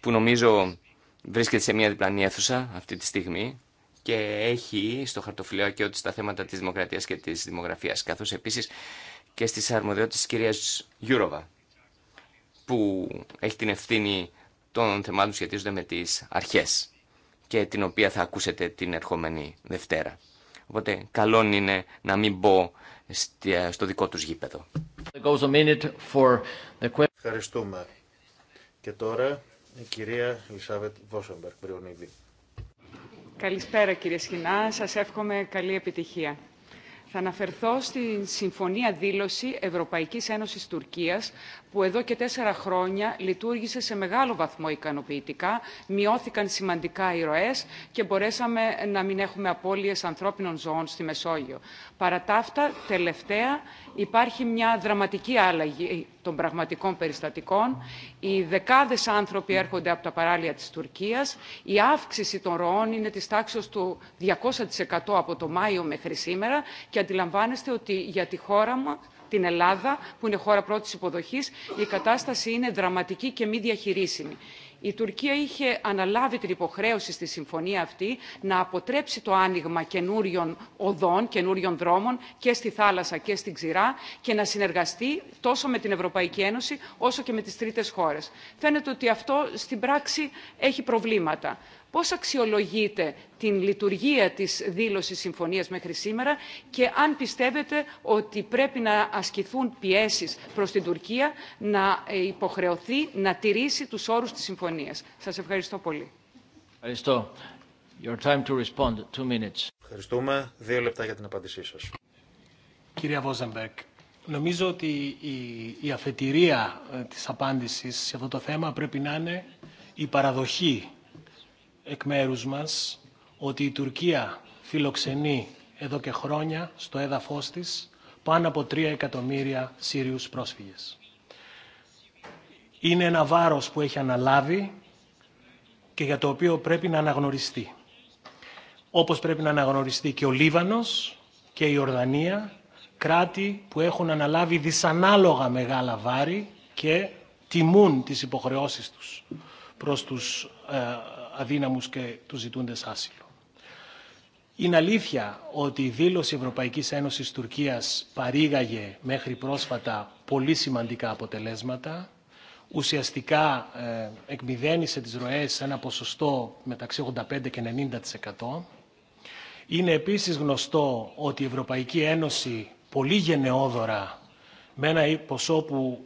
που νομίζω βρίσκεται σε μια διπλανή αίθουσα αυτή τη στιγμή και έχει στο και ό,τι τα θέματα της δημοκρατίας και της δημογραφίας, καθώς επίσης και στις αρμοδιότητες της κυρίας Γιούροβα, που έχει την ευθύνη των θεμάτων σχετίζονται με τις αρχές και την οποία θα ακούσετε την ερχόμενη Δευτέρα. Οπότε καλό είναι να μην μπω στο δικό τους γήπεδο. Ευχαριστούμε. Και τώρα η κυρία Λισάβετ Βόσεμπερκ Μπριονίδη. Καλησπέρα κύριε Σχοινά, σας εύχομαι καλή επιτυχία θα αναφερθώ στην συμφωνία δήλωση ευρωπαϊκής ένωσης τουρκίας που εδώ και τέσσερα χρόνια λειτουργήσε σε μεγάλο βαθμό ικανοποιητικά μειώθηκαν σημαντικά οι ροές και μπορέσαμε να μην έχουμε απώλειες ανθρώπινων ζώων στη μεσόγειο. παρά τα τελευταία υπάρχει μια δραματική αλλαγή των πραγματικών περιστατικών. Οι δεκάδες άνθρωποι έρχονται από τα παράλια της Τουρκίας. Η αύξηση των ροών είναι της τάξης του 200% από το Μάιο μέχρι σήμερα και αντιλαμβάνεστε ότι για τη χώρα μας την Ελλάδα, που είναι χώρα πρώτης υποδοχής, η κατάσταση είναι δραματική και μη διαχειρίσιμη η Τουρκία είχε αναλάβει την υποχρέωση στη συμφωνία αυτή να αποτρέψει το άνοιγμα καινούριων οδών, καινούριων δρόμων και στη θάλασσα και στην ξηρά και να συνεργαστεί τόσο με την Ευρωπαϊκή Ένωση όσο και με τις τρίτες χώρες. Φαίνεται ότι αυτό στην πράξη έχει προβλήματα πώς αξιολογείτε την λειτουργία της δήλωσης συμφωνίας μέχρι σήμερα και αν πιστεύετε ότι πρέπει να ασκηθούν πιέσεις προς την Τουρκία να ε, υποχρεωθεί να τηρήσει τους όρους της συμφωνίας. Σας ευχαριστώ πολύ. Ευχαριστώ. Your time to respond, two minutes. Ευχαριστούμε. Δύο λεπτά για την απάντησή σας. Κυρία Βόζεμπερκ, νομίζω ότι η, η αφετηρία ε, της απάντησης σε αυτό το θέμα πρέπει να είναι η παραδοχή εκ μέρους μας ότι η Τουρκία φιλοξενεί εδώ και χρόνια στο έδαφος της πάνω από 3 εκατομμύρια Σύριους πρόσφυγες. Είναι ένα βάρος που έχει αναλάβει και για το οποίο πρέπει να αναγνωριστεί. Όπως πρέπει να αναγνωριστεί και ο Λίβανος και η Ορδανία, κράτη που έχουν αναλάβει δυσανάλογα μεγάλα βάρη και τιμούν τις υποχρεώσεις τους προς τους ε, αδύναμους και τους ζητούντες άσυλο. Είναι αλήθεια ότι η δήλωση Ευρωπαϊκής Ένωσης Τουρκίας παρήγαγε μέχρι πρόσφατα πολύ σημαντικά αποτελέσματα. Ουσιαστικά ε, εκμυδένισε τις ροές σε ένα ποσοστό μεταξύ 85% και 90%. Είναι επίσης γνωστό ότι η Ευρωπαϊκή Ένωση πολύ γενναιόδωρα με ένα ποσό που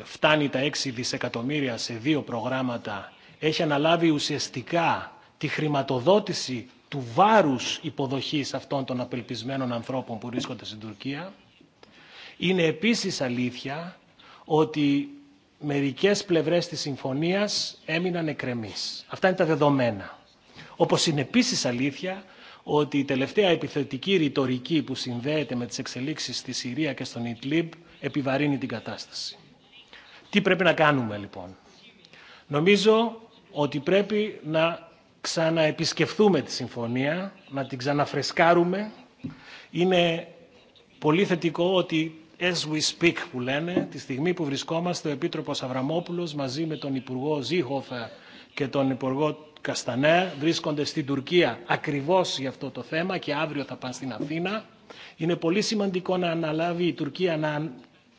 ε, φτάνει τα 6 δισεκατομμύρια σε δύο προγράμματα έχει αναλάβει ουσιαστικά τη χρηματοδότηση του βάρους υποδοχής αυτών των απελπισμένων ανθρώπων που βρίσκονται στην Τουρκία. Είναι επίσης αλήθεια ότι μερικές πλευρές της συμφωνίας έμειναν εκρεμείς. Αυτά είναι τα δεδομένα. Όπως είναι επίσης αλήθεια ότι η τελευταία επιθετική ρητορική που συνδέεται με τις εξελίξεις στη Συρία και στον Ιτλίμπ επιβαρύνει την κατάσταση. Τι πρέπει να κάνουμε λοιπόν. Νομίζω ότι πρέπει να ξαναεπισκεφθούμε τη συμφωνία, να την ξαναφρεσκάρουμε. Είναι πολύ θετικό ότι as we speak που λένε, τη στιγμή που βρισκόμαστε ο Επίτροπος Αβραμόπουλος μαζί με τον Υπουργό Ζήχοφα και τον Υπουργό Καστανέ βρίσκονται στην Τουρκία ακριβώς για αυτό το θέμα και αύριο θα πάνε στην Αθήνα. Είναι πολύ σημαντικό να αναλάβει η Τουρκία να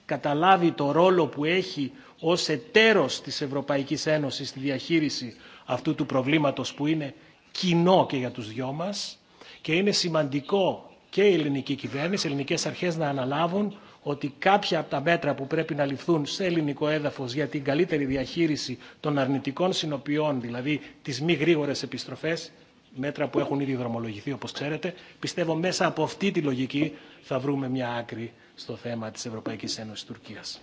καταλάβει το ρόλο που έχει ως εταίρος της Ευρωπαϊκής Ένωσης στη διαχείριση αυτού του προβλήματος που είναι κοινό και για τους δυο μας και είναι σημαντικό και η ελληνική κυβέρνηση, οι ελληνικές αρχές να αναλάβουν ότι κάποια από τα μέτρα που πρέπει να ληφθούν σε ελληνικό έδαφος για την καλύτερη διαχείριση των αρνητικών συνοπιών, δηλαδή τις μη γρήγορε επιστροφές, μέτρα που έχουν ήδη δρομολογηθεί όπως ξέρετε, πιστεύω μέσα από αυτή τη λογική θα βρούμε μια άκρη στο θέμα της Ευρωπαϊκής Ένωσης Τουρκίας.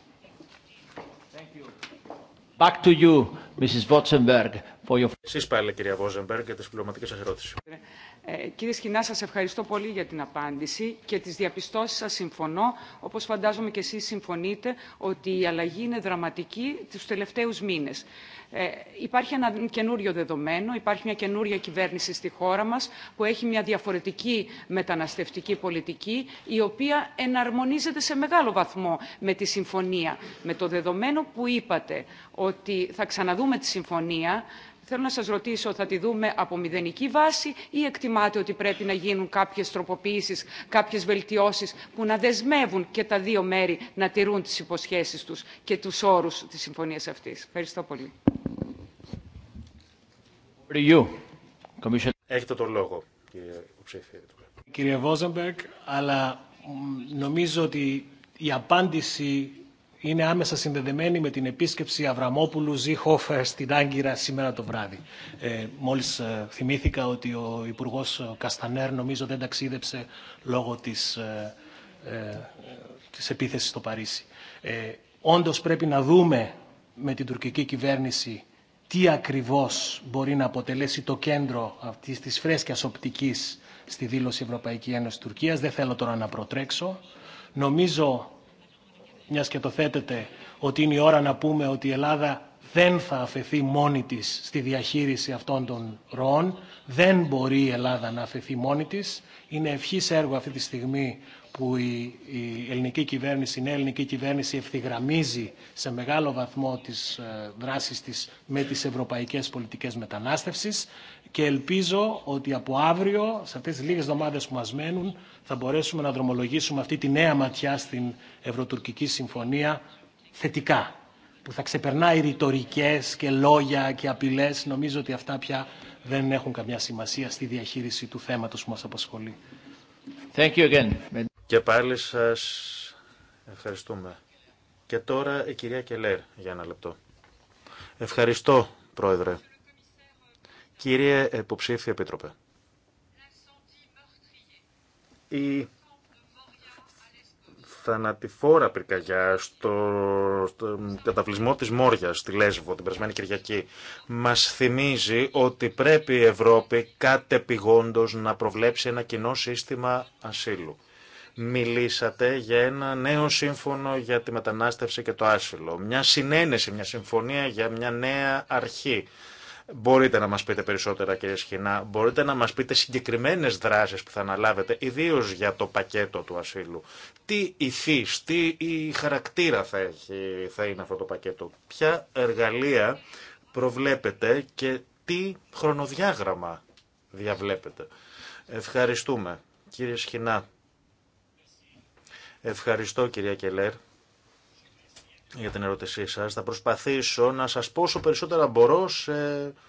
Back to you, Mrs. Εσεί πάλι, κυρία Βόζεμπεργκ, για τι συμπληρωματική σα ερώτηση. Ε, κύριε Σκινά, σα ευχαριστώ πολύ για την απάντηση και τι διαπιστώσει σα συμφωνώ. Όπω φαντάζομαι και εσεί συμφωνείτε, ότι η αλλαγή είναι δραματική του τελευταίου μήνε. Ε, υπάρχει ένα καινούριο δεδομένο, υπάρχει μια καινούρια κυβέρνηση στη χώρα μα που έχει μια διαφορετική μεταναστευτική πολιτική, η οποία εναρμονίζεται σε μεγάλο βαθμό με τη συμφωνία. Με το δεδομένο που είπατε ότι θα ξαναδούμε τη συμφωνία, Θέλω να σας ρωτήσω, θα τη δούμε από μηδενική βάση ή εκτιμάτε ότι πρέπει να γίνουν κάποιες τροποποιήσεις, κάποιες βελτιώσεις που να δεσμεύουν και τα δύο μέρη να τηρούν τις υποσχέσεις τους και τους όρους της συμφωνίας αυτής. Ευχαριστώ πολύ. Έχετε τον λόγο, κύριε αλλά νομίζω ότι η απάντηση είναι άμεσα συνδεδεμένη με την επίσκεψη Αβραμόπουλου Ζιχόφερ στην Άγκυρα σήμερα το βράδυ. Ε, μόλις ε, θυμήθηκα ότι ο Υπουργός ε, Καστανέρ νομίζω δεν ταξίδεψε λόγω της, ε, ε, της επίθεσης στο Παρίσι. Ε, όντως πρέπει να δούμε με την τουρκική κυβέρνηση τι ακριβώς μπορεί να αποτελέσει το κέντρο αυτής της φρέσκιας οπτικής στη δήλωση Ευρωπαϊκή Ένωση Τουρκίας. Δεν θέλω τώρα να προτρέξω. Νομίζω μιας και το θέτετε ότι είναι η ώρα να πούμε ότι η Ελλάδα δεν θα αφαιθεί μόνη της στη διαχείριση αυτών των ροών. Δεν μπορεί η Ελλάδα να αφαιθεί μόνη της. Είναι ευχή έργο αυτή τη στιγμή που η, ελληνική κυβέρνηση, η νέα ελληνική κυβέρνηση ευθυγραμμίζει σε μεγάλο βαθμό τις ε, δράσεις της με τις ευρωπαϊκές πολιτικές μετανάστευσης και ελπίζω ότι από αύριο, σε αυτές τις λίγες που μας μένουν, θα μπορέσουμε να δρομολογήσουμε αυτή τη νέα ματιά στην Ευρωτουρκική Συμφωνία θετικά που θα ξεπερνάει ρητορικέ και λόγια και απειλέ. Νομίζω ότι αυτά πια δεν έχουν καμιά σημασία στη διαχείριση του θέματος που μας απασχολεί. Thank you Και πάλι σας ευχαριστούμε. Και τώρα η κυρία Κελέρ για ένα λεπτό. Ευχαριστώ, Πρόεδρε. Κύριε Υποψήφια Επίτροπε. Η θανατηφόρα πυρκαγιά στο, στο καταβλισμό της Μόριας, στη Λέσβο, την περασμένη Κυριακή, μας θυμίζει ότι πρέπει η Ευρώπη κατεπηγόντως να προβλέψει ένα κοινό σύστημα ασύλου. Μιλήσατε για ένα νέο σύμφωνο για τη μετανάστευση και το άσυλο. Μια συνένεση, μια συμφωνία για μια νέα αρχή Μπορείτε να μας πείτε περισσότερα κύριε Σχοινά, μπορείτε να μας πείτε συγκεκριμένες δράσεις που θα αναλάβετε, ιδίως για το πακέτο του ασύλου. Τι ηθής, τι η χαρακτήρα θα, έχει, θα είναι αυτό το πακέτο, ποια εργαλεία προβλέπετε και τι χρονοδιάγραμμα διαβλέπετε. Ευχαριστούμε κύριε Σχοινά. Ευχαριστώ κυρία Κελέρ για την ερώτησή σα, Θα προσπαθήσω να σας πω όσο περισσότερα μπορώ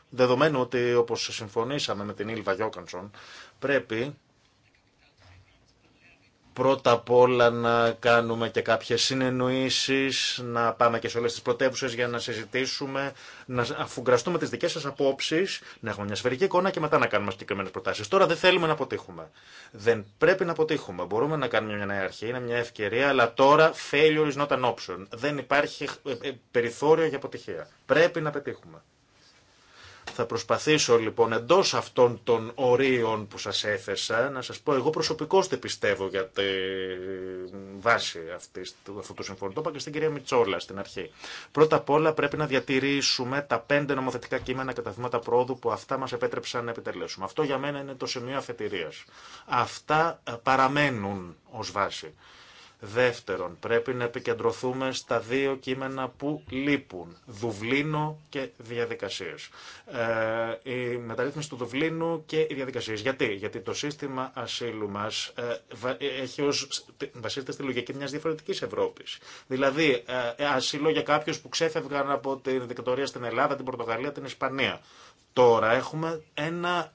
δεδομένου ότι όπως συμφωνήσαμε με την Ήλβα Γιώκανσον πρέπει πρώτα απ' όλα να κάνουμε και κάποιες συνεννοήσεις, να πάμε και σε όλες τις πρωτεύουσες για να συζητήσουμε, να αφουγκραστούμε τις δικές σας απόψεις, να έχουμε μια σφαιρική εικόνα και μετά να κάνουμε συγκεκριμένε προτάσεις. Τώρα δεν θέλουμε να αποτύχουμε. Δεν πρέπει να αποτύχουμε. Μπορούμε να κάνουμε μια νέα αρχή, είναι μια ευκαιρία, αλλά τώρα failure is not an option. Δεν υπάρχει ε, ε, περιθώριο για αποτυχία. Πρέπει να πετύχουμε. Θα προσπαθήσω λοιπόν εντό αυτών των ορίων που σας έθεσα να σας πω εγώ προσωπικώς τι πιστεύω για τη βάση αυτής, αυτού του συμφώνου. Το είπα και στην κυρία Μιτσόλα στην αρχή. Πρώτα απ' όλα πρέπει να διατηρήσουμε τα πέντε νομοθετικά κείμενα και τα βήματα πρόοδου που αυτά μας επέτρεψαν να επιτελέσουμε. Αυτό για μένα είναι το σημείο αφετηρίας. Αυτά παραμένουν ω βάση. Δεύτερον, πρέπει να επικεντρωθούμε στα δύο κείμενα που λείπουν, Δουβλίνο και διαδικασίες. Ε, η μεταρρύθμιση του Δουβλίνου και οι διαδικασίες. Γιατί, Γιατί το σύστημα ασύλου μας ε, ε, έχει ως, βασίζεται στη λογική μιας διαφορετικής Ευρώπης. Δηλαδή, ε, ασύλο για κάποιους που ξέφευγαν από την δικατορία στην Ελλάδα, την Πορτογαλία, την Ισπανία. Τώρα έχουμε ένα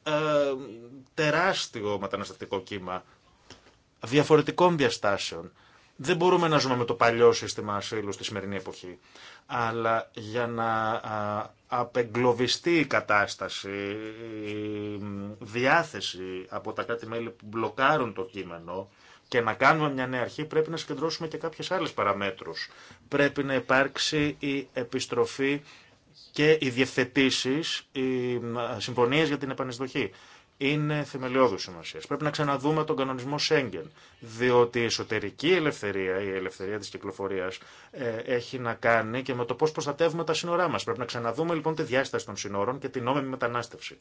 τεράστιο μεταναστευτικό κύμα διαφορετικών διαστάσεων. Δεν μπορούμε να ζούμε με το παλιό σύστημα ασύλου στη σημερινή εποχή. Αλλά για να απεγκλωβιστεί η κατάσταση, η διάθεση από τα κάτι μέλη που μπλοκάρουν το κείμενο και να κάνουμε μια νέα αρχή πρέπει να συγκεντρώσουμε και κάποιες άλλες παραμέτρους. Πρέπει να υπάρξει η επιστροφή και οι διευθετήσεις, οι συμφωνίες για την επανεισδοχή είναι θεμελιώδου σημασία. Πρέπει να ξαναδούμε τον κανονισμό Σέγγεν. Διότι η εσωτερική ελευθερία, η ελευθερία τη κυκλοφορία, ε, έχει να κάνει και με το πώ προστατεύουμε τα σύνορά μα. Πρέπει να ξαναδούμε λοιπόν τη διάσταση των σύνορων και την νόμιμη μετανάστευση.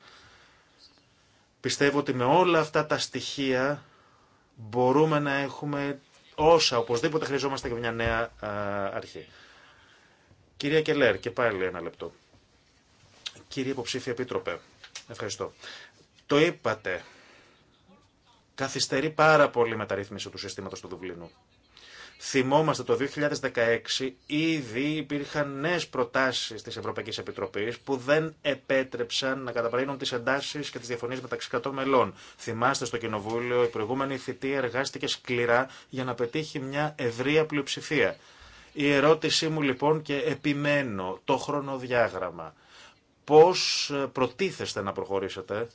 Πιστεύω ότι με όλα αυτά τα στοιχεία μπορούμε να έχουμε όσα οπωσδήποτε χρειαζόμαστε για μια νέα αρχή. Κυρία Κελέρ, και πάλι ένα λεπτό. Κύριε Υποψήφια Επίτροπε, ευχαριστώ. Το είπατε. Καθυστερεί πάρα πολύ η μεταρρύθμιση του συστήματος του Δουβλίνου. Θυμόμαστε το 2016 ήδη υπήρχαν νέες προτάσεις της Ευρωπαϊκής Επιτροπής που δεν επέτρεψαν να καταπραίνουν τις εντάσεις και τις διαφωνίες μεταξύ κρατών μελών. Θυμάστε στο Κοινοβούλιο η προηγούμενη θητεία εργάστηκε σκληρά για να πετύχει μια ευρία πλειοψηφία. Η ερώτησή μου λοιπόν και επιμένω το χρονοδιάγραμμα. Πώς προτίθεστε να προχωρήσετε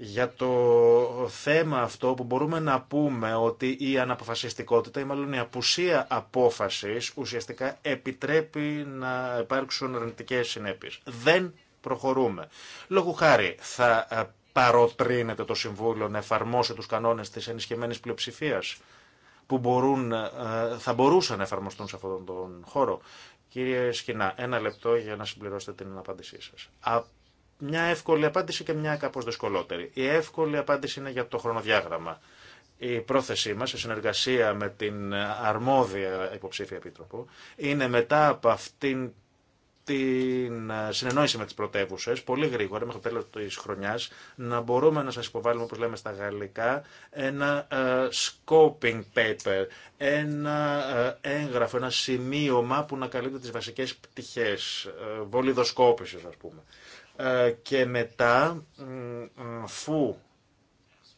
για το θέμα αυτό που μπορούμε να πούμε ότι η αναποφασιστικότητα ή μάλλον η απουσία απόφασης ουσιαστικά επιτρέπει να υπάρξουν αρνητικές συνέπειες. Δεν προχωρούμε. Λόγου χάρη θα παροτρύνεται το Συμβούλιο να εφαρμόσει τους κανόνες της ενισχυμένης πλειοψηφίας που μπορούν, ε, θα μπορούσαν να εφαρμοστούν σε αυτόν τον χώρο. Κύριε Σκινά, ένα λεπτό για να συμπληρώσετε την απάντησή σας. Μια εύκολη απάντηση και μια κάπως δυσκολότερη. Η εύκολη απάντηση είναι για το χρονοδιάγραμμα. Η πρόθεσή μας, σε συνεργασία με την αρμόδια υποψήφια επίτροπο, είναι μετά από αυτήν την ε, συνεννόηση με τι πρωτεύουσε πολύ γρήγορα μέχρι το τέλο τη χρονιά να μπορούμε να σα υποβάλουμε, όπω λέμε στα γαλλικά, ένα ε, scoping paper, ένα uh, έγγραφο, ένα σημείωμα που να καλύπτει τι βασικέ πτυχέ, uh, βολιδοσκόπηση α πούμε. Και μετά, αφού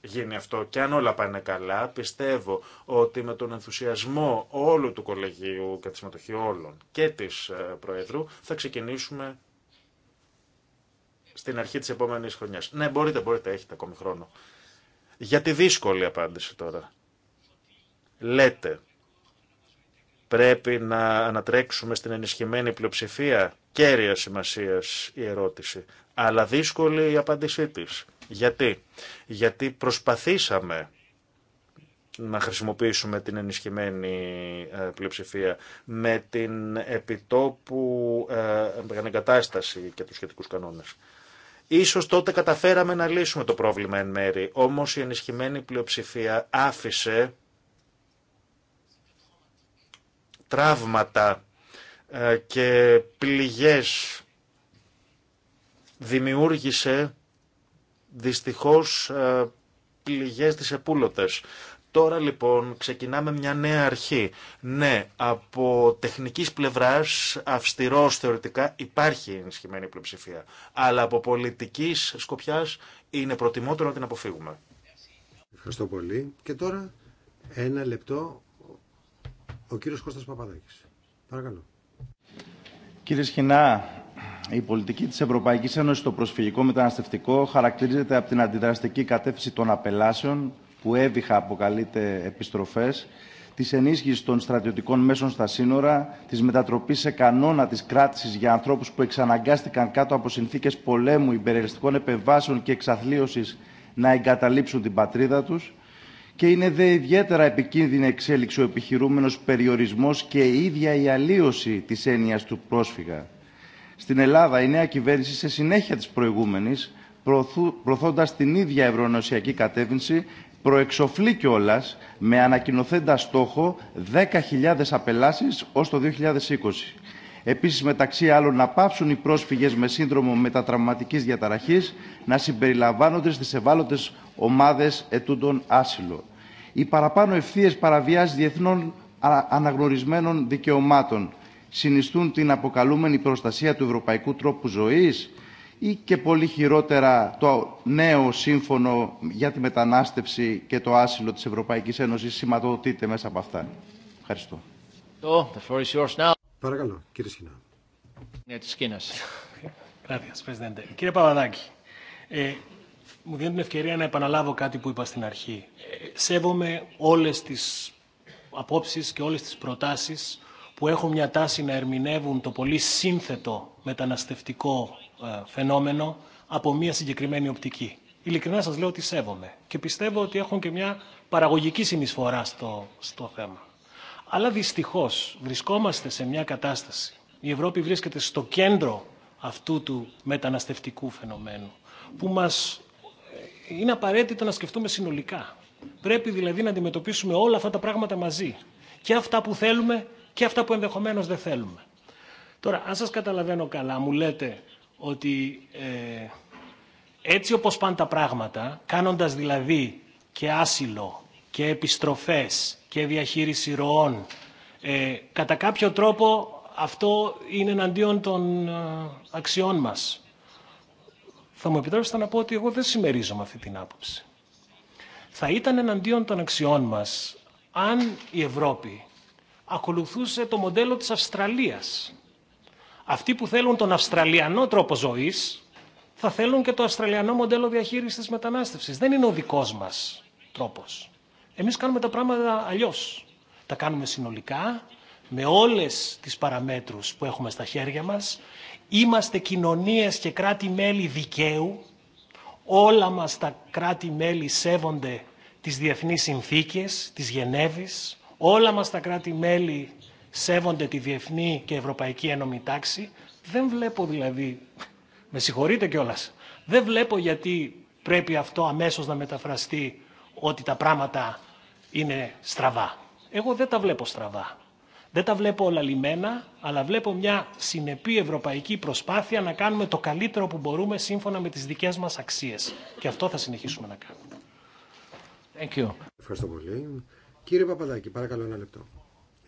γίνει αυτό και αν όλα πάνε καλά, πιστεύω ότι με τον ενθουσιασμό όλου του κολεγίου και τη συμμετοχή όλων και της ε, Προέδρου θα ξεκινήσουμε στην αρχή της επόμενης χρονιάς. Ναι, μπορείτε, μπορείτε, έχετε ακόμη χρόνο. Για τη δύσκολη απάντηση τώρα. Λέτε, πρέπει να ανατρέξουμε στην ενισχυμένη πλειοψηφία. Κέρια σημασίας η ερώτηση, αλλά δύσκολη η απάντησή της. Γιατί, Γιατί προσπαθήσαμε να χρησιμοποιήσουμε την ενισχυμένη ε, πλειοψηφία με την επιτόπου ε, εγκατάσταση και τους σχετικούς κανόνες. Ίσως τότε καταφέραμε να λύσουμε το πρόβλημα εν μέρη, όμως η ενισχυμένη πλειοψηφία άφησε τραύματα ε, και πληγές δημιούργησε δυστυχώς ε, πληγές της επούλωτες. Τώρα λοιπόν ξεκινάμε μια νέα αρχή. Ναι, από τεχνικής πλευράς αυστηρός θεωρητικά υπάρχει ενισχυμένη πλειοψηφία. Αλλά από πολιτικής σκοπιάς είναι προτιμότερο να την αποφύγουμε. Ευχαριστώ πολύ. Και τώρα ένα λεπτό ο κύριος Κώστας Παπαδάκης. Παρακαλώ. Κύριε Σχοινά, η πολιτική τη Ευρωπαϊκή Ένωση στο προσφυγικό μεταναστευτικό χαρακτηρίζεται από την αντιδραστική κατεύθυνση των απελάσεων, που έβυχα αποκαλείται επιστροφέ, τη ενίσχυση των στρατιωτικών μέσων στα σύνορα, τη μετατροπή σε κανόνα τη κράτηση για ανθρώπου που εξαναγκάστηκαν κάτω από συνθήκε πολέμου, υπερελιστικών επεμβάσεων και εξαθλίωση να εγκαταλείψουν την πατρίδα του, και είναι δε ιδιαίτερα επικίνδυνη εξέλιξη ο επιχειρούμενος περιορισμός και η ίδια η αλλίωση της έννοια του πρόσφυγα. Στην Ελλάδα η νέα κυβέρνηση σε συνέχεια της προηγούμενης προωθώντας την ίδια ευρωενωσιακή κατεύθυνση προεξοφλεί κιόλα με ανακοινωθέντα στόχο 10.000 απελάσεις ως το 2020. Επίσης, μεταξύ άλλων, να πάψουν οι πρόσφυγες με σύνδρομο μετατραυματικής διαταραχής να συμπεριλαμβάνονται στις ευάλωτες ομάδες ετούντων άσυλο. Οι παραπάνω ευθείες παραβιάζει διεθνών αναγνωρισμένων δικαιωμάτων συνιστούν την αποκαλούμενη προστασία του ευρωπαϊκού τρόπου ζωής ή και πολύ χειρότερα το νέο σύμφωνο για τη μετανάστευση και το άσυλο της Ευρωπαϊκής Ένωσης σηματοδοτείται μέσα από αυτά. Ευχαριστώ. Παρακαλώ, κύριε Σκηνά. Κύριε Παπαδάκη, ε, μου δίνει την ευκαιρία να επαναλάβω κάτι που είπα στην αρχή. Ε, σέβομαι όλες τις απόψεις και όλες τις προτάσεις που έχουν μια τάση να ερμηνεύουν το πολύ σύνθετο μεταναστευτικό ε, φαινόμενο από μια συγκεκριμένη οπτική. Ειλικρινά σας λέω ότι σέβομαι και πιστεύω ότι έχουν και μια παραγωγική συνεισφορά στο, στο θέμα. Αλλά δυστυχώς βρισκόμαστε σε μια κατάσταση. Η Ευρώπη βρίσκεται στο κέντρο αυτού του μεταναστευτικού φαινομένου που μας ε, είναι απαραίτητο να σκεφτούμε συνολικά. Πρέπει δηλαδή να αντιμετωπίσουμε όλα αυτά τα πράγματα μαζί. Και αυτά που θέλουμε και αυτά που ενδεχομένως δεν θέλουμε. Τώρα, αν σας καταλαβαίνω καλά, μου λέτε ότι ε, έτσι όπως πάνε τα πράγματα, κάνοντας δηλαδή και άσυλο και επιστροφές και διαχείριση ροών, ε, κατά κάποιο τρόπο αυτό είναι εναντίον των ε, αξιών μας. Θα μου επιτρέψετε να πω ότι εγώ δεν συμμερίζομαι αυτή την άποψη. Θα ήταν εναντίον των αξιών μας αν η Ευρώπη ακολουθούσε το μοντέλο της Αυστραλίας. Αυτοί που θέλουν τον Αυστραλιανό τρόπο ζωής θα θέλουν και το Αυστραλιανό μοντέλο διαχείρισης της μετανάστευσης. Δεν είναι ο δικός μας τρόπος. Εμείς κάνουμε τα πράγματα αλλιώς. Τα κάνουμε συνολικά, με όλες τις παραμέτρους που έχουμε στα χέρια μας. Είμαστε κοινωνίες και κράτη-μέλη δικαίου. Όλα μας τα κράτη-μέλη σέβονται τις διεθνείς συνθήκες τις Γενέβης, όλα μας τα κράτη-μέλη σέβονται τη διεθνή και ευρωπαϊκή ένωμη τάξη. Δεν βλέπω δηλαδή, με συγχωρείτε κιόλα, δεν βλέπω γιατί πρέπει αυτό αμέσως να μεταφραστεί ότι τα πράγματα είναι στραβά. Εγώ δεν τα βλέπω στραβά. Δεν τα βλέπω όλα λιμένα, αλλά βλέπω μια συνεπή ευρωπαϊκή προσπάθεια να κάνουμε το καλύτερο που μπορούμε σύμφωνα με τις δικές μας αξίες. Και αυτό θα συνεχίσουμε να κάνουμε. Thank you. Ευχαριστώ πολύ. Κύριε Παπαδάκη, παρακαλώ ένα λεπτό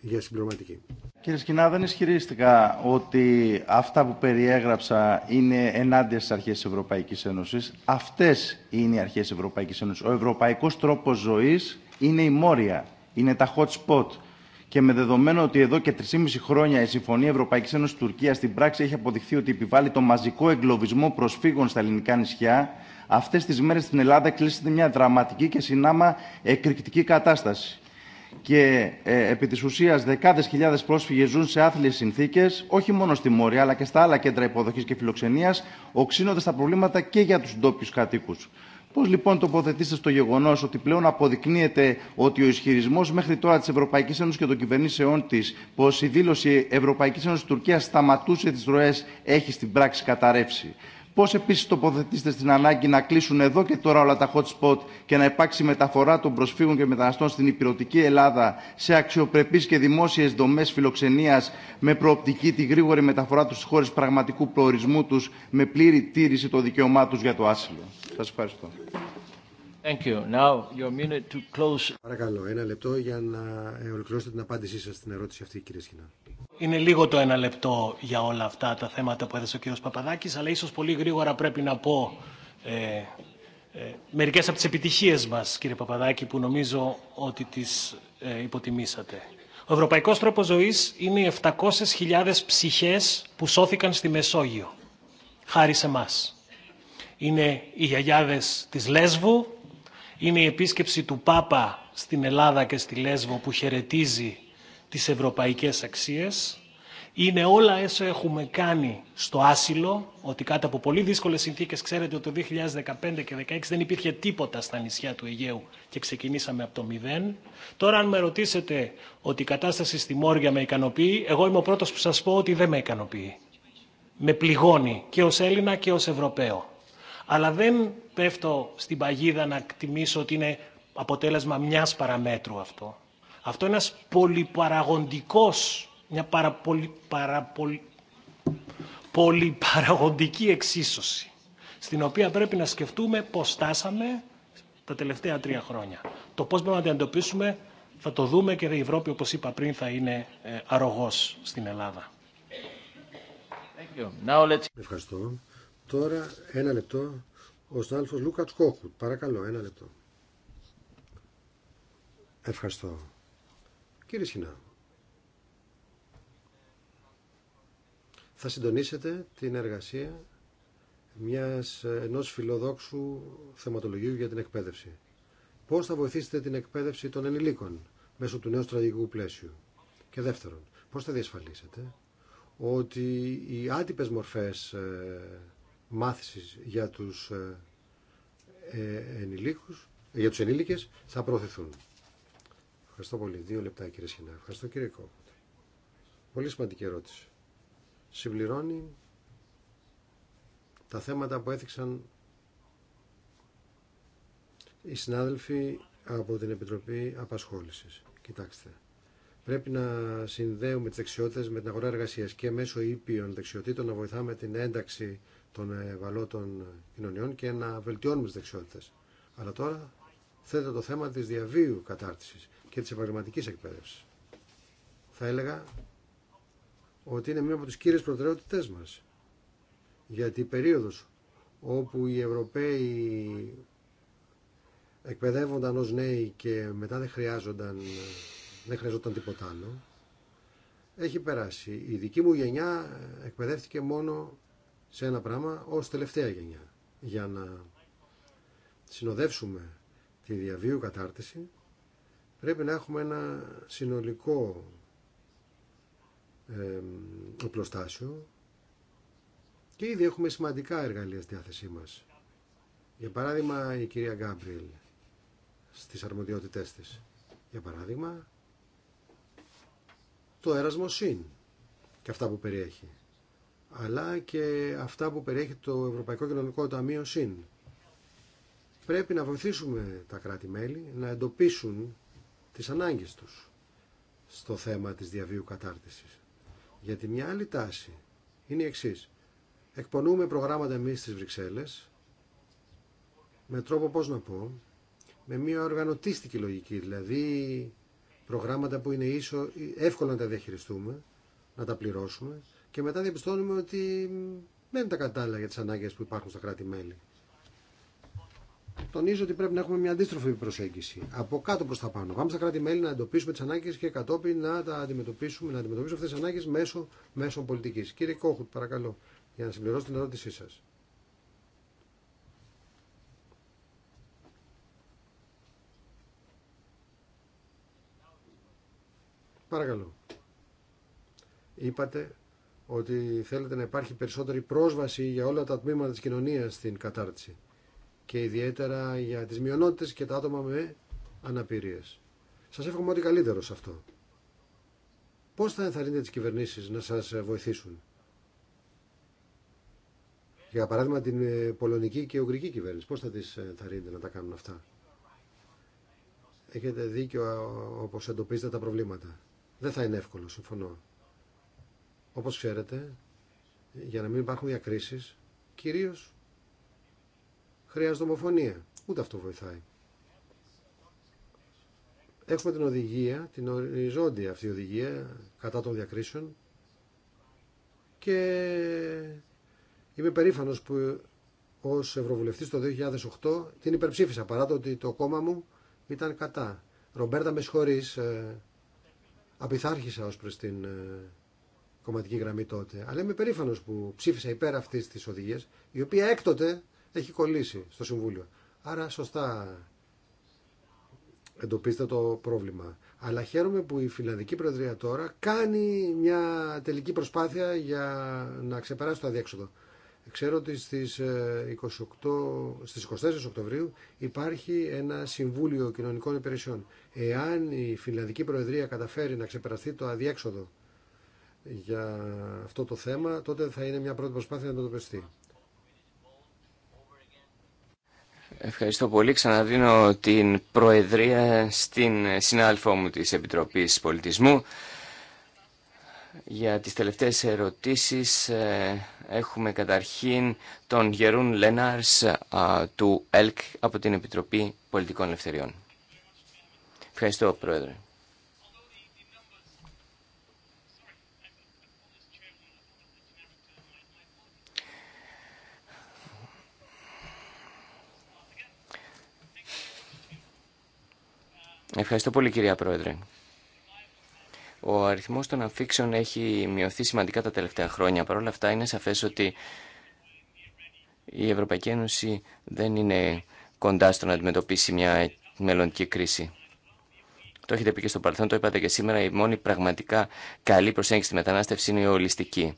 για συμπληρωματική. Κύριε Σκινά, δεν ισχυρίστηκα ότι αυτά που περιέγραψα είναι ενάντια στι αρχέ τη Ευρωπαϊκή Ένωση. Αυτέ είναι οι αρχέ τη Ευρωπαϊκή Ένωση. Ο ευρωπαϊκό τρόπο ζωή είναι η μόρια, είναι τα hot spot. Και με δεδομένο ότι εδώ και 3,5 χρόνια η Συμφωνία Ευρωπαϊκή Ένωση Τουρκία στην πράξη έχει αποδειχθεί ότι επιβάλλει το μαζικό εγκλωβισμό προσφύγων στα ελληνικά νησιά, αυτέ τι μέρε στην Ελλάδα κλείσεται μια δραματική και συνάμα εκρηκτική κατάσταση και ε, επί της ουσίας δεκάδες χιλιάδες πρόσφυγες ζουν σε άθλιες συνθήκες, όχι μόνο στη Μόρια αλλά και στα άλλα κέντρα υποδοχής και φιλοξενίας, οξύνοντας τα προβλήματα και για τους ντόπιου κατοίκους. Πώς λοιπόν τοποθετήσετε στο γεγονός ότι πλέον αποδεικνύεται ότι ο ισχυρισμός μέχρι τώρα της Ευρωπαϊκής Ένωσης και των κυβερνήσεών της πως η δήλωση Ευρωπαϊκής Ένωσης Τουρκίας σταματούσε τις ροές έχει στην πράξη καταρρεύσει. Πώ επίση τοποθετήσετε στην ανάγκη να κλείσουν εδώ και τώρα όλα τα hot spot και να υπάρξει μεταφορά των προσφύγων και μεταναστών στην υπηρετική Ελλάδα σε αξιοπρεπεί και δημόσιε δομέ φιλοξενία με προοπτική τη γρήγορη μεταφορά του στι χώρε πραγματικού προορισμού του με πλήρη τήρηση των δικαιωμάτων για το άσυλο. Σα ευχαριστώ. Thank you. Now your minute to close. Παρακαλώ, ένα λεπτό για να ε, ολοκληρώσετε την απάντησή σας στην ερώτηση αυτή, κύριε Σκηνά. Είναι λίγο το ένα λεπτό για όλα αυτά τα θέματα που έθεσε ο κύριος Παπαδάκης, αλλά ίσως πολύ γρήγορα πρέπει να πω ε, ε, μερικές από τις επιτυχίες μας, κύριε Παπαδάκη, που νομίζω ότι τις ε, υποτιμήσατε. Ο ευρωπαϊκός τρόπος ζωής είναι οι 700.000 ψυχές που σώθηκαν στη Μεσόγειο, χάρη σε εμά. Είναι οι γιαγιάδες της Λέσβου, είναι η επίσκεψη του Πάπα στην Ελλάδα και στη Λέσβο που χαιρετίζει τις ευρωπαϊκές αξίες. Είναι όλα έσω έχουμε κάνει στο άσυλο, ότι κάτω από πολύ δύσκολες συνθήκες, ξέρετε ότι το 2015 και 2016 δεν υπήρχε τίποτα στα νησιά του Αιγαίου και ξεκινήσαμε από το μηδέν. Τώρα αν με ρωτήσετε ότι η κατάσταση στη Μόρια με ικανοποιεί, εγώ είμαι ο πρώτος που σας πω ότι δεν με ικανοποιεί. Με πληγώνει και ως Έλληνα και ως Ευρωπαίο. Αλλά δεν πέφτω στην παγίδα να εκτιμήσω ότι είναι αποτέλεσμα μιας παραμέτρου αυτό. Αυτό είναι ένας πολυπαραγοντικός, μια πολυπαραγοντική εξίσωση, στην οποία πρέπει να σκεφτούμε πώς στάσαμε τα τελευταία τρία χρόνια. Το πώς μπορούμε να αντιμετωπίσουμε θα το δούμε και η Ευρώπη, όπως είπα πριν, θα είναι ε, αρρωγός στην Ελλάδα. Ευχαριστώ. Τώρα ένα λεπτό ο Στάλφος Λούκατς Τσκόκου. Παρακαλώ, ένα λεπτό. Ευχαριστώ. Κύριε Σχοινά, θα συντονίσετε την εργασία μιας, ενός φιλοδόξου θεματολογίου για την εκπαίδευση. Πώς θα βοηθήσετε την εκπαίδευση των ενηλίκων μέσω του νέου στρατηγικού πλαίσιου. Και δεύτερον, πώς θα διασφαλίσετε ότι οι άτυπες μορφές ε, μάθησης για τους ε, ε, ενηλίκους, για τους ενήλικες θα προωθηθούν. Ευχαριστώ πολύ. Δύο λεπτά κύριε Σχοινά. Ευχαριστώ κύριε Κόκο. Πολύ σημαντική ερώτηση. Συμπληρώνει τα θέματα που έθιξαν οι συνάδελφοι από την Επιτροπή Απασχόλησης. Κοιτάξτε, πρέπει να συνδέουμε τις δεξιότητες με την αγορά εργασίας και μέσω ήπιων δεξιοτήτων να βοηθάμε την ένταξη των ευαλώτων κοινωνιών και να βελτιώνουμε τις δεξιότητες. Αλλά τώρα θέτω το θέμα της διαβίου κατάρτισης και της επαγγελματικής εκπαίδευσης. Θα έλεγα ότι είναι μία από τι κύριε προτεραιότητε μα. Γιατί η περίοδο όπου οι Ευρωπαίοι εκπαιδεύονταν ως νέοι και μετά δεν χρειάζονταν, δεν χρειαζόταν τίποτα άλλο, έχει περάσει. Η δική μου γενιά εκπαιδεύτηκε μόνο σε ένα πράγμα ως τελευταία γενιά για να συνοδεύσουμε τη διαβίου κατάρτιση πρέπει να έχουμε ένα συνολικό ε, οπλοστάσιο και ήδη έχουμε σημαντικά εργαλεία στη διάθεσή μας. Για παράδειγμα η κυρία Γκάμπριελ στις αρμοδιότητές της. Για παράδειγμα το έρασμο συν και αυτά που περιέχει αλλά και αυτά που περιέχει το Ευρωπαϊκό Κοινωνικό Ταμείο ΣΥΝ. Πρέπει να βοηθήσουμε τα κράτη-μέλη να εντοπίσουν τις ανάγκες τους στο θέμα της διαβίου κατάρτισης. Γιατί μια άλλη τάση είναι η εξής. Εκπονούμε προγράμματα εμείς στις Βρυξέλλες με τρόπο, πώς να πω, με μια οργανωτίστικη λογική, δηλαδή προγράμματα που είναι ίσο, εύκολα να τα διαχειριστούμε, να τα πληρώσουμε, και μετά διαπιστώνουμε ότι δεν είναι τα κατάλληλα για τις ανάγκες που υπάρχουν στα κράτη-μέλη. Τονίζω ότι πρέπει να έχουμε μια αντίστροφη προσέγγιση. Από κάτω προ τα πάνω. Πάμε στα κράτη-μέλη να εντοπίσουμε τι ανάγκε και κατόπιν να τα αντιμετωπίσουμε, να αντιμετωπίσουμε αυτέ τι ανάγκε μέσω, μέσω πολιτική. Κύριε Κόχουτ, παρακαλώ, για να συμπληρώσω την ερώτησή σα. Παρακαλώ. Είπατε ότι θέλετε να υπάρχει περισσότερη πρόσβαση για όλα τα τμήματα της κοινωνίας στην κατάρτιση και ιδιαίτερα για τις μειονότητες και τα άτομα με αναπηρίες. Σας εύχομαι ό,τι καλύτερο σε αυτό. Πώς θα ενθαρρύνετε τις κυβερνήσεις να σας βοηθήσουν. Για παράδειγμα την ε, πολωνική και ουγγρική κυβέρνηση. Πώς θα τις ενθαρρύνετε να τα κάνουν αυτά. Έχετε δίκιο όπως εντοπίζετε τα προβλήματα. Δεν θα είναι εύκολο, συμφωνώ. Όπως ξέρετε, για να μην υπάρχουν διακρίσεις, κυρίως χρειάζεται ομοφωνία. Ούτε αυτό βοηθάει. Έχουμε την οδηγία, την οριζόντια αυτή οδηγία κατά των διακρίσεων και είμαι περήφανος που ως Ευρωβουλευτής το 2008 την υπερψήφισα παρά το ότι το κόμμα μου ήταν κατά. Ρομπέρτα με συγχωρείς, ε, απειθάρχησα ως προς την ε, κομματική γραμμή τότε. Αλλά είμαι περήφανο που ψήφισα υπέρ αυτή τη οδηγία, η οποία έκτοτε έχει κολλήσει στο Συμβούλιο. Άρα σωστά εντοπίστε το πρόβλημα. Αλλά χαίρομαι που η Φιλανδική Προεδρία τώρα κάνει μια τελική προσπάθεια για να ξεπεράσει το αδιέξοδο. Ξέρω ότι στις, 28, ε, στις 24 Οκτωβρίου υπάρχει ένα Συμβούλιο Κοινωνικών Υπηρεσιών. Εάν η Φιλανδική Προεδρία καταφέρει να ξεπεραστεί το αδιέξοδο για αυτό το θέμα, τότε θα είναι μια πρώτη προσπάθεια να αντιμετωπιστεί. Ευχαριστώ πολύ. Ξαναδίνω την Προεδρία στην συνάδελφό μου της Επιτροπής Πολιτισμού. Για τις τελευταίες ερωτήσεις ε, έχουμε καταρχήν τον Γερούν Λενάρς του ΕΛΚ από την Επιτροπή Πολιτικών Ελευθεριών. Ευχαριστώ, Πρόεδρε. Ευχαριστώ πολύ κυρία Πρόεδρε. Ο αριθμός των αμφίξεων έχει μειωθεί σημαντικά τα τελευταία χρόνια. Παρ' όλα αυτά είναι σαφές ότι η Ευρωπαϊκή Ένωση δεν είναι κοντά στο να αντιμετωπίσει μια μελλοντική κρίση. Το έχετε πει και στο παρελθόν, το είπατε και σήμερα, η μόνη πραγματικά καλή προσέγγιση στη μετανάστευση είναι η ολιστική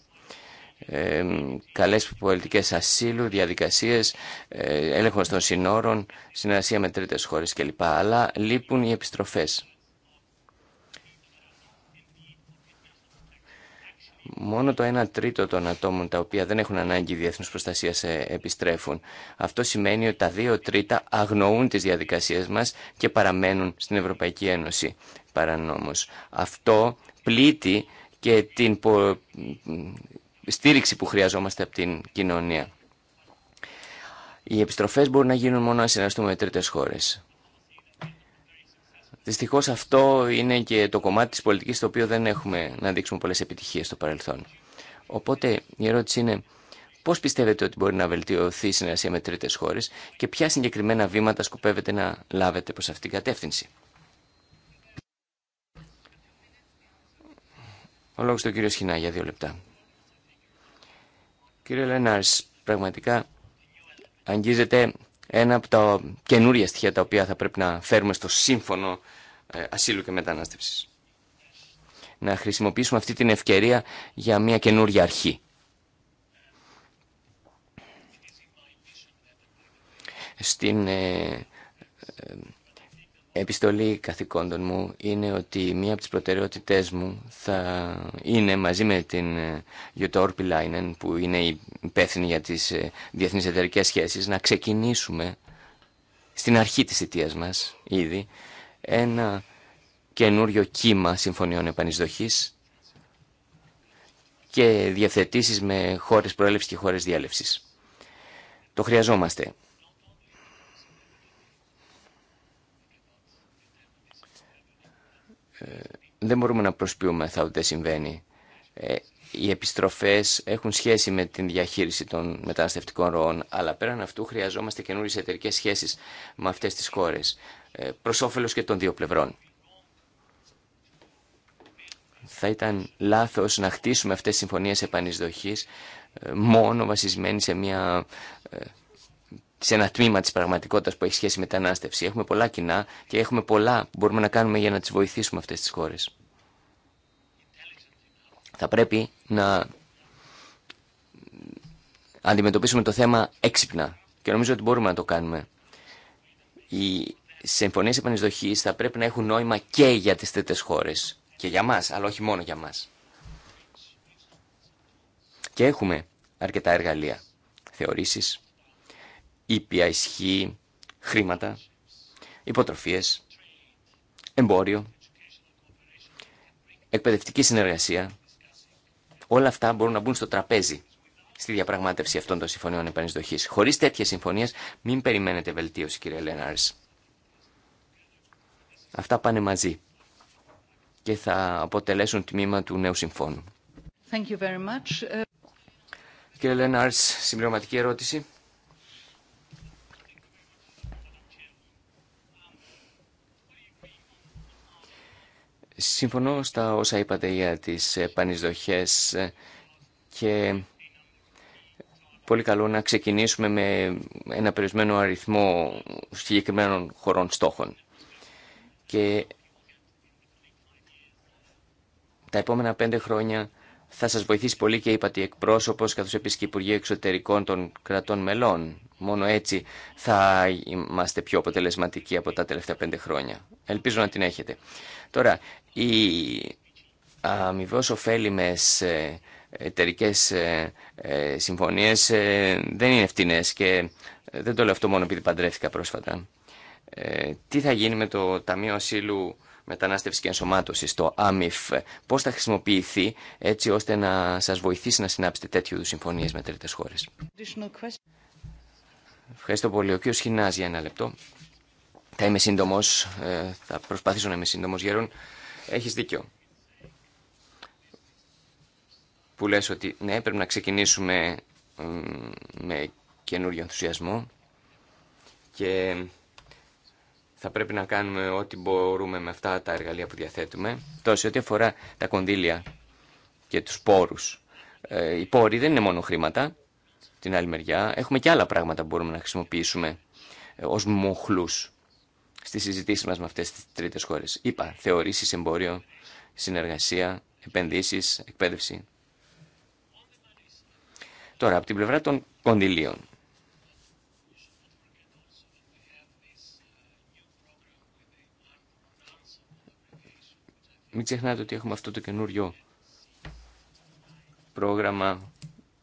ε, καλές πολιτικές ασύλου, διαδικασίες, ε, έλεγχος των συνόρων, συνεργασία με τρίτες χώρες κλπ. Αλλά λείπουν οι επιστροφές. Μόνο το 1 τρίτο των ατόμων τα οποία δεν έχουν ανάγκη διεθνούς προστασίας ε, επιστρέφουν. Αυτό σημαίνει ότι τα 2 τρίτα αγνοούν τις διαδικασίες μας και παραμένουν στην Ευρωπαϊκή Ένωση παρανόμως. Αυτό πλήττει και την στήριξη που χρειαζόμαστε από την κοινωνία. Οι επιστροφέ μπορούν να γίνουν μόνο αν συνεργαστούμε με τρίτες χώρε. Δυστυχώ αυτό είναι και το κομμάτι τη πολιτική στο οποίο δεν έχουμε να δείξουμε πολλέ επιτυχίε στο παρελθόν. Οπότε η ερώτηση είναι πώ πιστεύετε ότι μπορεί να βελτιωθεί η συνεργασία με τρίτες χώρε και ποια συγκεκριμένα βήματα σκοπεύετε να λάβετε προ αυτήν την κατεύθυνση. Ο λόγος του κύριο Σχοινά για δύο λεπτά. Κύριε Λενάρης, πραγματικά αγγίζεται ένα από τα καινούρια στοιχεία τα οποία θα πρέπει να φέρουμε στο σύμφωνο ε, ασύλου και μετανάστευσης. Να χρησιμοποιήσουμε αυτή την ευκαιρία για μια καινούρια αρχή. Στην ε, ε, επιστολή καθηκόντων μου είναι ότι μία από τις προτεραιότητές μου θα είναι μαζί με την ε, Γιωτόρ Πιλάινεν που είναι η υπεύθυνη για τις ε, διεθνείς εταιρικέ σχέσεις να ξεκινήσουμε στην αρχή της θητείας μας ήδη ένα καινούριο κύμα συμφωνιών επανεισδοχής και διευθετήσεις με χώρες προέλευσης και χώρες διέλευσης. Το χρειαζόμαστε. Ε, δεν μπορούμε να προσποιούμε θα ούτε συμβαίνει. Ε, οι επιστροφές έχουν σχέση με την διαχείριση των μεταναστευτικών ροών, αλλά πέραν αυτού χρειαζόμαστε καινούριε εταιρικέ σχέσεις με αυτές τις χώρες, ε, προς όφελος και των δύο πλευρών. Θα ήταν λάθος να χτίσουμε αυτές τις συμφωνίες επανεισδοχής μόνο βασισμένη σε μια σε ένα τμήμα της πραγματικότητας που έχει σχέση με μετανάστευση. Έχουμε πολλά κοινά και έχουμε πολλά που μπορούμε να κάνουμε για να τις βοηθήσουμε αυτές τις χώρε. Θα πρέπει να αντιμετωπίσουμε το θέμα έξυπνα και νομίζω ότι μπορούμε να το κάνουμε. Οι συμφωνίες επανεισδοχής θα πρέπει να έχουν νόημα και για τις τέτοιε χώρε και για μα, αλλά όχι μόνο για μα. Και έχουμε αρκετά εργαλεία, θεωρήσεις, ήπια ισχύ, χρήματα, υποτροφίες, εμπόριο, εκπαιδευτική συνεργασία. Όλα αυτά μπορούν να μπουν στο τραπέζι στη διαπραγμάτευση αυτών των συμφωνιών επανεισδοχής. Χωρίς τέτοιες συμφωνίες μην περιμένετε βελτίωση κύριε Λέναρης. Αυτά πάνε μαζί και θα αποτελέσουν τμήμα του νέου συμφώνου. Thank you very much. Ε, κύριε Λέναρς, συμπληρωματική ερώτηση. Συμφωνώ στα όσα είπατε για τις επανεισδοχές και πολύ καλό να ξεκινήσουμε με ένα περιορισμένο αριθμό συγκεκριμένων χωρών στόχων. Και τα επόμενα πέντε χρόνια θα σας βοηθήσει πολύ και είπατε εκπρόσωπος καθώς επίσης και Υπουργή Εξωτερικών των κρατών μελών Μόνο έτσι θα είμαστε πιο αποτελεσματικοί από τα τελευταία πέντε χρόνια. Ελπίζω να την έχετε. Τώρα, οι αμοιβώ ωφέλιμε εταιρικέ ε, ε, συμφωνίες ε, δεν είναι ευθυνέ και δεν το λέω αυτό μόνο επειδή παντρεύτηκα πρόσφατα. Τι θα γίνει με το Ταμείο Ασύλου μετανάστευση και ενσωμάτωση, το ΑΜΙΦ, πώ θα χρησιμοποιηθεί έτσι ώστε να σα βοηθήσει να συνάψετε τέτοιου είδου συμφωνίε με τρίτε χώρε. Ευχαριστώ πολύ. Ο κύριο Χινά για ένα λεπτό. Θα είμαι σύντομος, ε, θα προσπαθήσω να είμαι σύντομο Γέρον. Έχεις δίκιο. Που λες ότι ναι, πρέπει να ξεκινήσουμε με καινούριο ενθουσιασμό και θα πρέπει να κάνουμε ό,τι μπορούμε με αυτά τα εργαλεία που διαθέτουμε. Τόσο ό,τι αφορά τα κονδύλια και τους πόρους. Ε, οι πόροι δεν είναι μόνο χρήματα, την άλλη μεριά έχουμε και άλλα πράγματα που μπορούμε να χρησιμοποιήσουμε ε, ω μοχλούς στις συζητήσει μας με αυτές τις τρίτες χώρες. Είπα, Θεωρήσει εμπόριο, συνεργασία, επενδύσεις, εκπαίδευση. Τώρα, από την πλευρά των κονδυλίων. Μην ξεχνάτε ότι έχουμε αυτό το καινούριο πρόγραμμα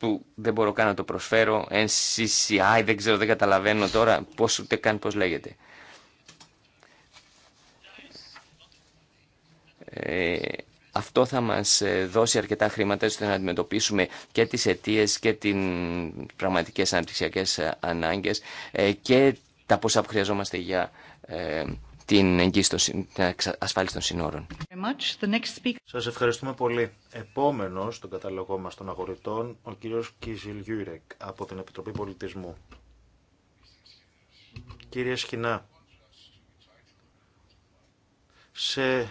που δεν μπορώ καν να το προσφέρω, NCCI, δεν ξέρω, δεν καταλαβαίνω τώρα πώς ούτε καν πώς λέγεται. Ε, αυτό θα μας ε, δώσει αρκετά χρήματα ώστε να αντιμετωπίσουμε και τις αιτίε και τις πραγματικές αναπτυξιακές ε, ανάγκες ε, και τα πόσα που χρειαζόμαστε για την εγγύηση των ασφάλιση των συνόρων. Σα ευχαριστούμε πολύ. Επόμενο στον καταλογό μα των αγορητών, ο κύριο Κιζιλ Γιούρεκ από την Επιτροπή Πολιτισμού. Κύριε Σχοινά, σε ε,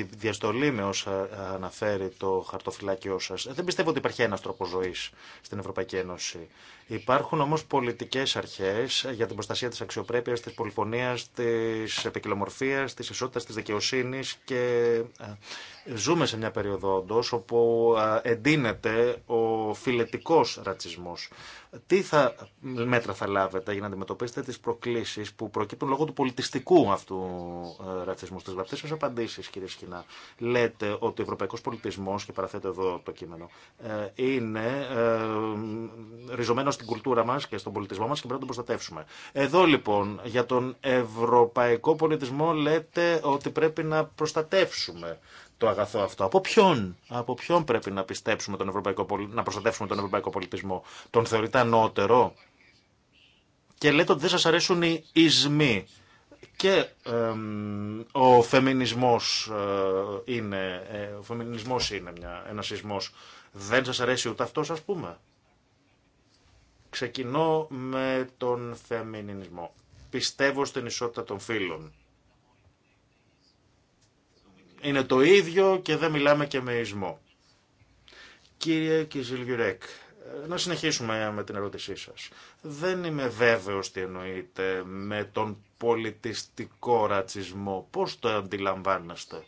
διαστολή με όσα αναφέρει το χαρτοφυλάκιό σα. Δεν πιστεύω ότι υπάρχει ένα τρόπο ζωή στην Ευρωπαϊκή Ένωση. Υπάρχουν όμω πολιτικέ αρχέ για την προστασία τη αξιοπρέπεια, τη πολυφωνία, τη επικοινομορφία, τη ισότητα, τη δικαιοσύνη και ε, ζούμε σε μια περίοδο όντω όπου ε, εντείνεται ο φιλετικό ρατσισμό. Τι θα, μέτρα θα λάβετε για να αντιμετωπίσετε τι προκλήσει που προκύπτουν λόγω του πολιτιστικού αυτού ε, ρατσισμού, στι γραπτέ σα απαντήσει, κυρίε λέτε ότι ο ευρωπαϊκός πολιτισμός, και παραθέτω εδώ το κείμενο, ε, είναι ε, ριζωμένο στην κουλτούρα μας και στον πολιτισμό μας και πρέπει να τον προστατεύσουμε. Εδώ λοιπόν για τον ευρωπαϊκό πολιτισμό λέτε ότι πρέπει να προστατεύσουμε το αγαθό αυτό. Από ποιον, από ποιον πρέπει να πιστέψουμε τον ευρωπαϊκό, να προστατεύσουμε τον ευρωπαϊκό πολιτισμό. Τον θεωρείτε ανώτερο. Και λέτε ότι δεν σας αρέσουν οι ισμοί και ο φεμινισμός ε, είναι, ε, ο φεμινισμός είναι μια, ένας σεισμός. Δεν σας αρέσει ούτε αυτός ας πούμε. Ξεκινώ με τον φεμινισμό. Πιστεύω στην ισότητα των φύλων. Είναι το ίδιο και δεν μιλάμε και με ισμό. Κύριε Κιζιλγιουρέκ, να συνεχίσουμε με την ερώτησή σας. Δεν είμαι βέβαιος τι εννοείται με τον πολιτιστικό ρατσισμό. Πώς το αντιλαμβάνεστε.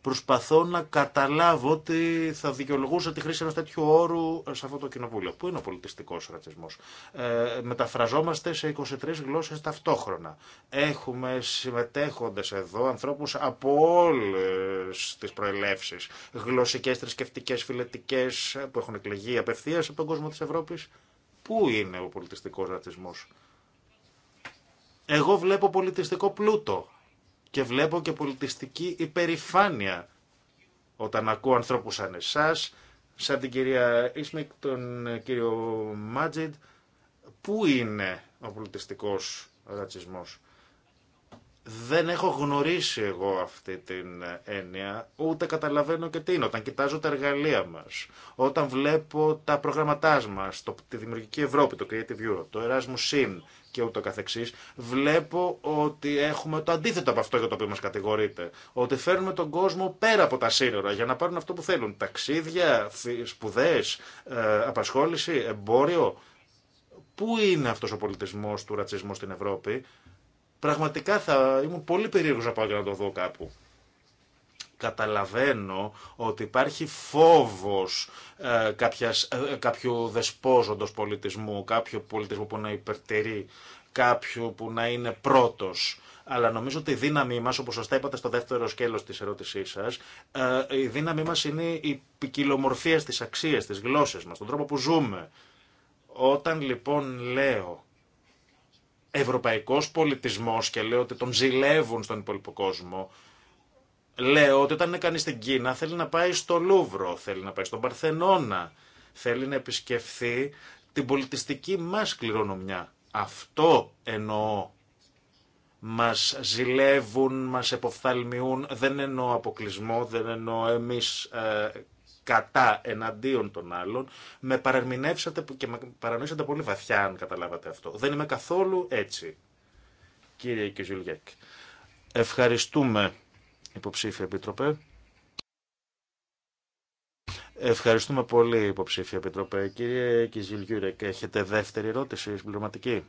Προσπαθώ να καταλάβω ότι θα δικαιολογούσα τη χρήση ενός τέτοιου όρου σε αυτό το κοινοβούλιο. Πού είναι ο πολιτιστικός ρατσισμός. Ε, μεταφραζόμαστε σε 23 γλώσσες ταυτόχρονα. Έχουμε συμμετέχοντες εδώ ανθρώπους από όλες τις προελεύσεις. Γλωσσικές, θρησκευτικέ, φιλετικές που έχουν εκλεγεί απευθείας από τον κόσμο της Ευρώπης. Πού είναι ο πολιτιστικός ρατσισμός. Εγώ βλέπω πολιτιστικό πλούτο και βλέπω και πολιτιστική υπερηφάνεια όταν ακούω ανθρώπους σαν εσάς, σαν την κυρία Ισμικ, τον ε, κύριο Μάτζιντ, πού είναι ο πολιτιστικός ρατσισμός. Δεν έχω γνωρίσει εγώ αυτή την ε, έννοια, ούτε καταλαβαίνω και τι είναι. Όταν κοιτάζω τα εργαλεία μας, όταν βλέπω τα προγραμματά μας, το, τη Δημιουργική Ευρώπη, το Creative Europe, το Erasmus και ούτω καθεξής, βλέπω ότι έχουμε το αντίθετο από αυτό για το οποίο μας κατηγορείτε. Ότι φέρνουμε τον κόσμο πέρα από τα σύνορα για να πάρουν αυτό που θέλουν. Ταξίδια, σπουδές, ε, απασχόληση, εμπόριο. Πού είναι αυτός ο πολιτισμός του ρατσισμού στην Ευρώπη. Πραγματικά θα ήμουν πολύ περίεργος να πάω και να το δω κάπου. Καταλαβαίνω ότι υπάρχει φόβος ε, κάποιας, ε, κάποιου δεσπόζοντος πολιτισμού, κάποιου πολιτισμού που να υπερτερεί, κάποιου που να είναι πρώτος. Αλλά νομίζω ότι η δύναμή μας, όπως σωστά είπατε στο δεύτερο σκέλος της ερώτησής σας, ε, η δύναμή μας είναι η ποικιλομορφία στις αξίες, στις γλώσσες μας, τον τρόπο που ζούμε. Όταν λοιπόν λέω ευρωπαϊκός πολιτισμός και λέω ότι τον ζηλεύουν στον υπόλοιπο κόσμο, Λέω ότι όταν είναι κανείς στην Κίνα θέλει να πάει στο Λούβρο, θέλει να πάει στον Παρθενώνα, θέλει να επισκεφθεί την πολιτιστική μα κληρονομιά. Αυτό εννοώ. Μας ζηλεύουν, μας εποφθαλμιούν, δεν εννοώ αποκλεισμό, δεν εννοώ εμείς ε, κατά εναντίον των άλλων. Με παραμηνέυσατε και με παρανοήσατε πολύ βαθιά αν καταλάβατε αυτό. Δεν είμαι καθόλου έτσι, κύριε Κιζουλιέκ. Ευχαριστούμε υποψήφια επίτροπε. Ευχαριστούμε πολύ, υποψήφια Επιτροπέ. Κύριε Κιζιλγιούρεκ, έχετε δεύτερη ερώτηση, συμπληρωματική.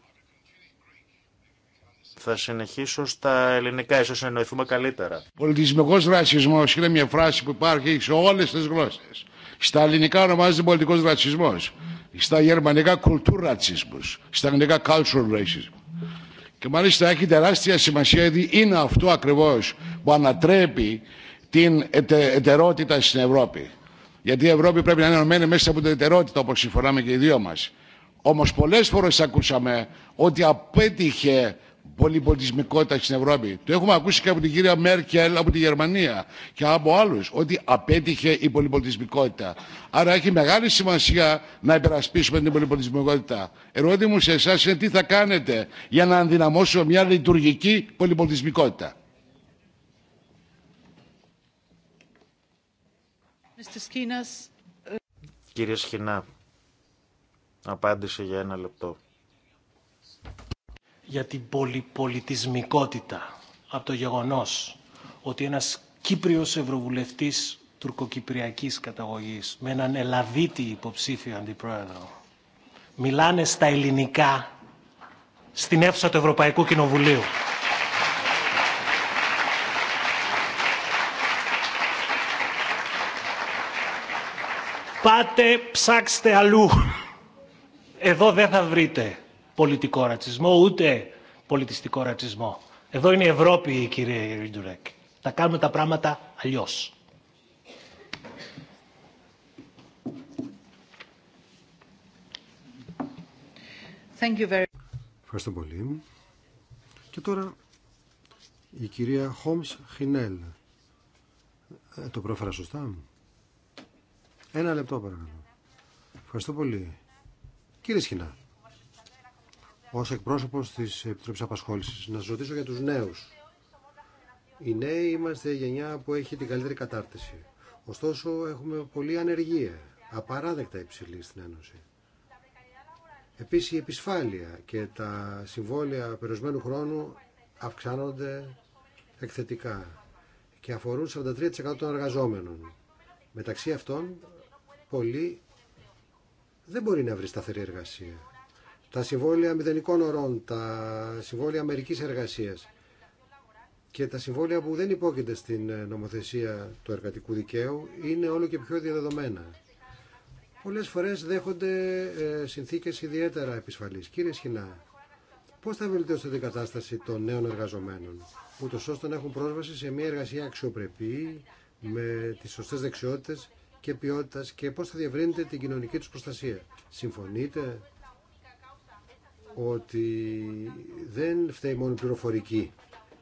Θα συνεχίσω στα ελληνικά, ίσως εννοηθούμε καλύτερα. Πολιτισμικός ρατσισμός είναι μια φράση που υπάρχει σε όλες τις γλώσσες. Στα ελληνικά ονομάζεται πολιτικό ρατσισμός. Στα γερμανικά ρατσισμό. Στα αγγλικά cultural racism. Και μάλιστα έχει τεράστια σημασία γιατί είναι αυτό ακριβώς που ανατρέπει την ετε, ετερότητα στην Ευρώπη. Γιατί η Ευρώπη πρέπει να είναι ενωμένη μέσα από την ετερότητα όπως συμφωνάμε και οι δύο μας. Όμως πολλές φορές ακούσαμε ότι απέτυχε πολυπολιτισμικότητα στην Ευρώπη. Το έχουμε ακούσει και από την κυρία Μέρκελ από τη Γερμανία και από άλλου ότι απέτυχε η πολυπολιτισμικότητα. Άρα έχει μεγάλη σημασία να υπερασπίσουμε την πολυπολιτισμικότητα. Ερώτημα μου σε εσά είναι τι θα κάνετε για να ενδυναμώσουμε μια λειτουργική πολυπολιτισμικότητα. Ε, Κύριε Σχοινά, απάντησε για ένα λεπτό για την πολυπολιτισμικότητα από το γεγονός ότι ένας Κύπριος Ευρωβουλευτής τουρκοκυπριακής καταγωγής με έναν Ελλαδίτη υποψήφιο αντιπρόεδρο μιλάνε στα ελληνικά στην αίθουσα του Ευρωπαϊκού Κοινοβουλίου. Πάτε ψάξτε αλλού. Εδώ δεν θα βρείτε πολιτικό ρατσισμό, ούτε πολιτιστικό ρατσισμό. Εδώ είναι η Ευρώπη, κύριε Ριντουρέκ. Θα κάνουμε τα πράγματα αλλιώς. Thank you very... Ευχαριστώ πολύ. Και τώρα η κυρία Χόμς Χινέλ. Ε, το πρόφερα σωστά. Ένα λεπτό παρακαλώ. Ευχαριστώ πολύ. Κύριε Σχινά. Ω εκπρόσωπο τη Επιτροπή Απασχόληση Να σα ρωτήσω για τους νέου. Οι νέοι είμαστε η γενιά που έχει την καλύτερη κατάρτιση. Ωστόσο έχουμε πολλή ανεργία, απαράδεκτα υψηλή στην Ένωση. Επίση, η επισφάλεια και τα συμβόλαια περιορισμένου χρόνου αυξάνονται εκθετικά και αφορούν 43% των εργαζόμενων. Μεταξύ αυτών, πολλοί δεν μπορεί να βρει σταθερή εργασία τα συμβόλαια μηδενικών ορών, τα συμβόλαια μερικής εργασίας και τα συμβόλαια που δεν υπόκεινται στην ε, νομοθεσία του εργατικού δικαίου είναι όλο και πιο διαδεδομένα. Πολλές φορές δέχονται ε, συνθήκες ιδιαίτερα επισφαλεί. Κύριε Σχοινά, πώς θα βελτιώσετε την κατάσταση των νέων εργαζομένων, ούτως ώστε να έχουν πρόσβαση σε μια εργασία αξιοπρεπή, με τις σωστές δεξιότητες και ποιότητας και πώς θα διευρύνετε την κοινωνική τους προστασία. Συμφωνείτε ότι δεν φταίει μόνο η πληροφορική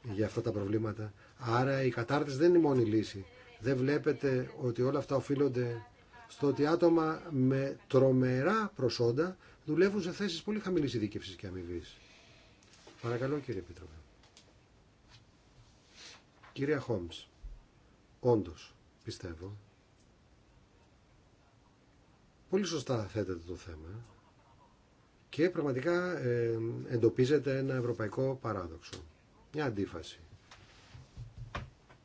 για αυτά τα προβλήματα. Άρα η κατάρτιση δεν είναι η μόνη λύση. Δεν βλέπετε ότι όλα αυτά οφείλονται στο ότι άτομα με τρομερά προσόντα δουλεύουν σε θέσεις πολύ χαμηλής ειδίκευσης και αμοιβή. Παρακαλώ κύριε Επίτροπε. Κύριε Χόμς, όντως πιστεύω, πολύ σωστά θέτετε το θέμα, και πραγματικά ε, εντοπίζεται ένα ευρωπαϊκό παράδοξο. Μια αντίφαση.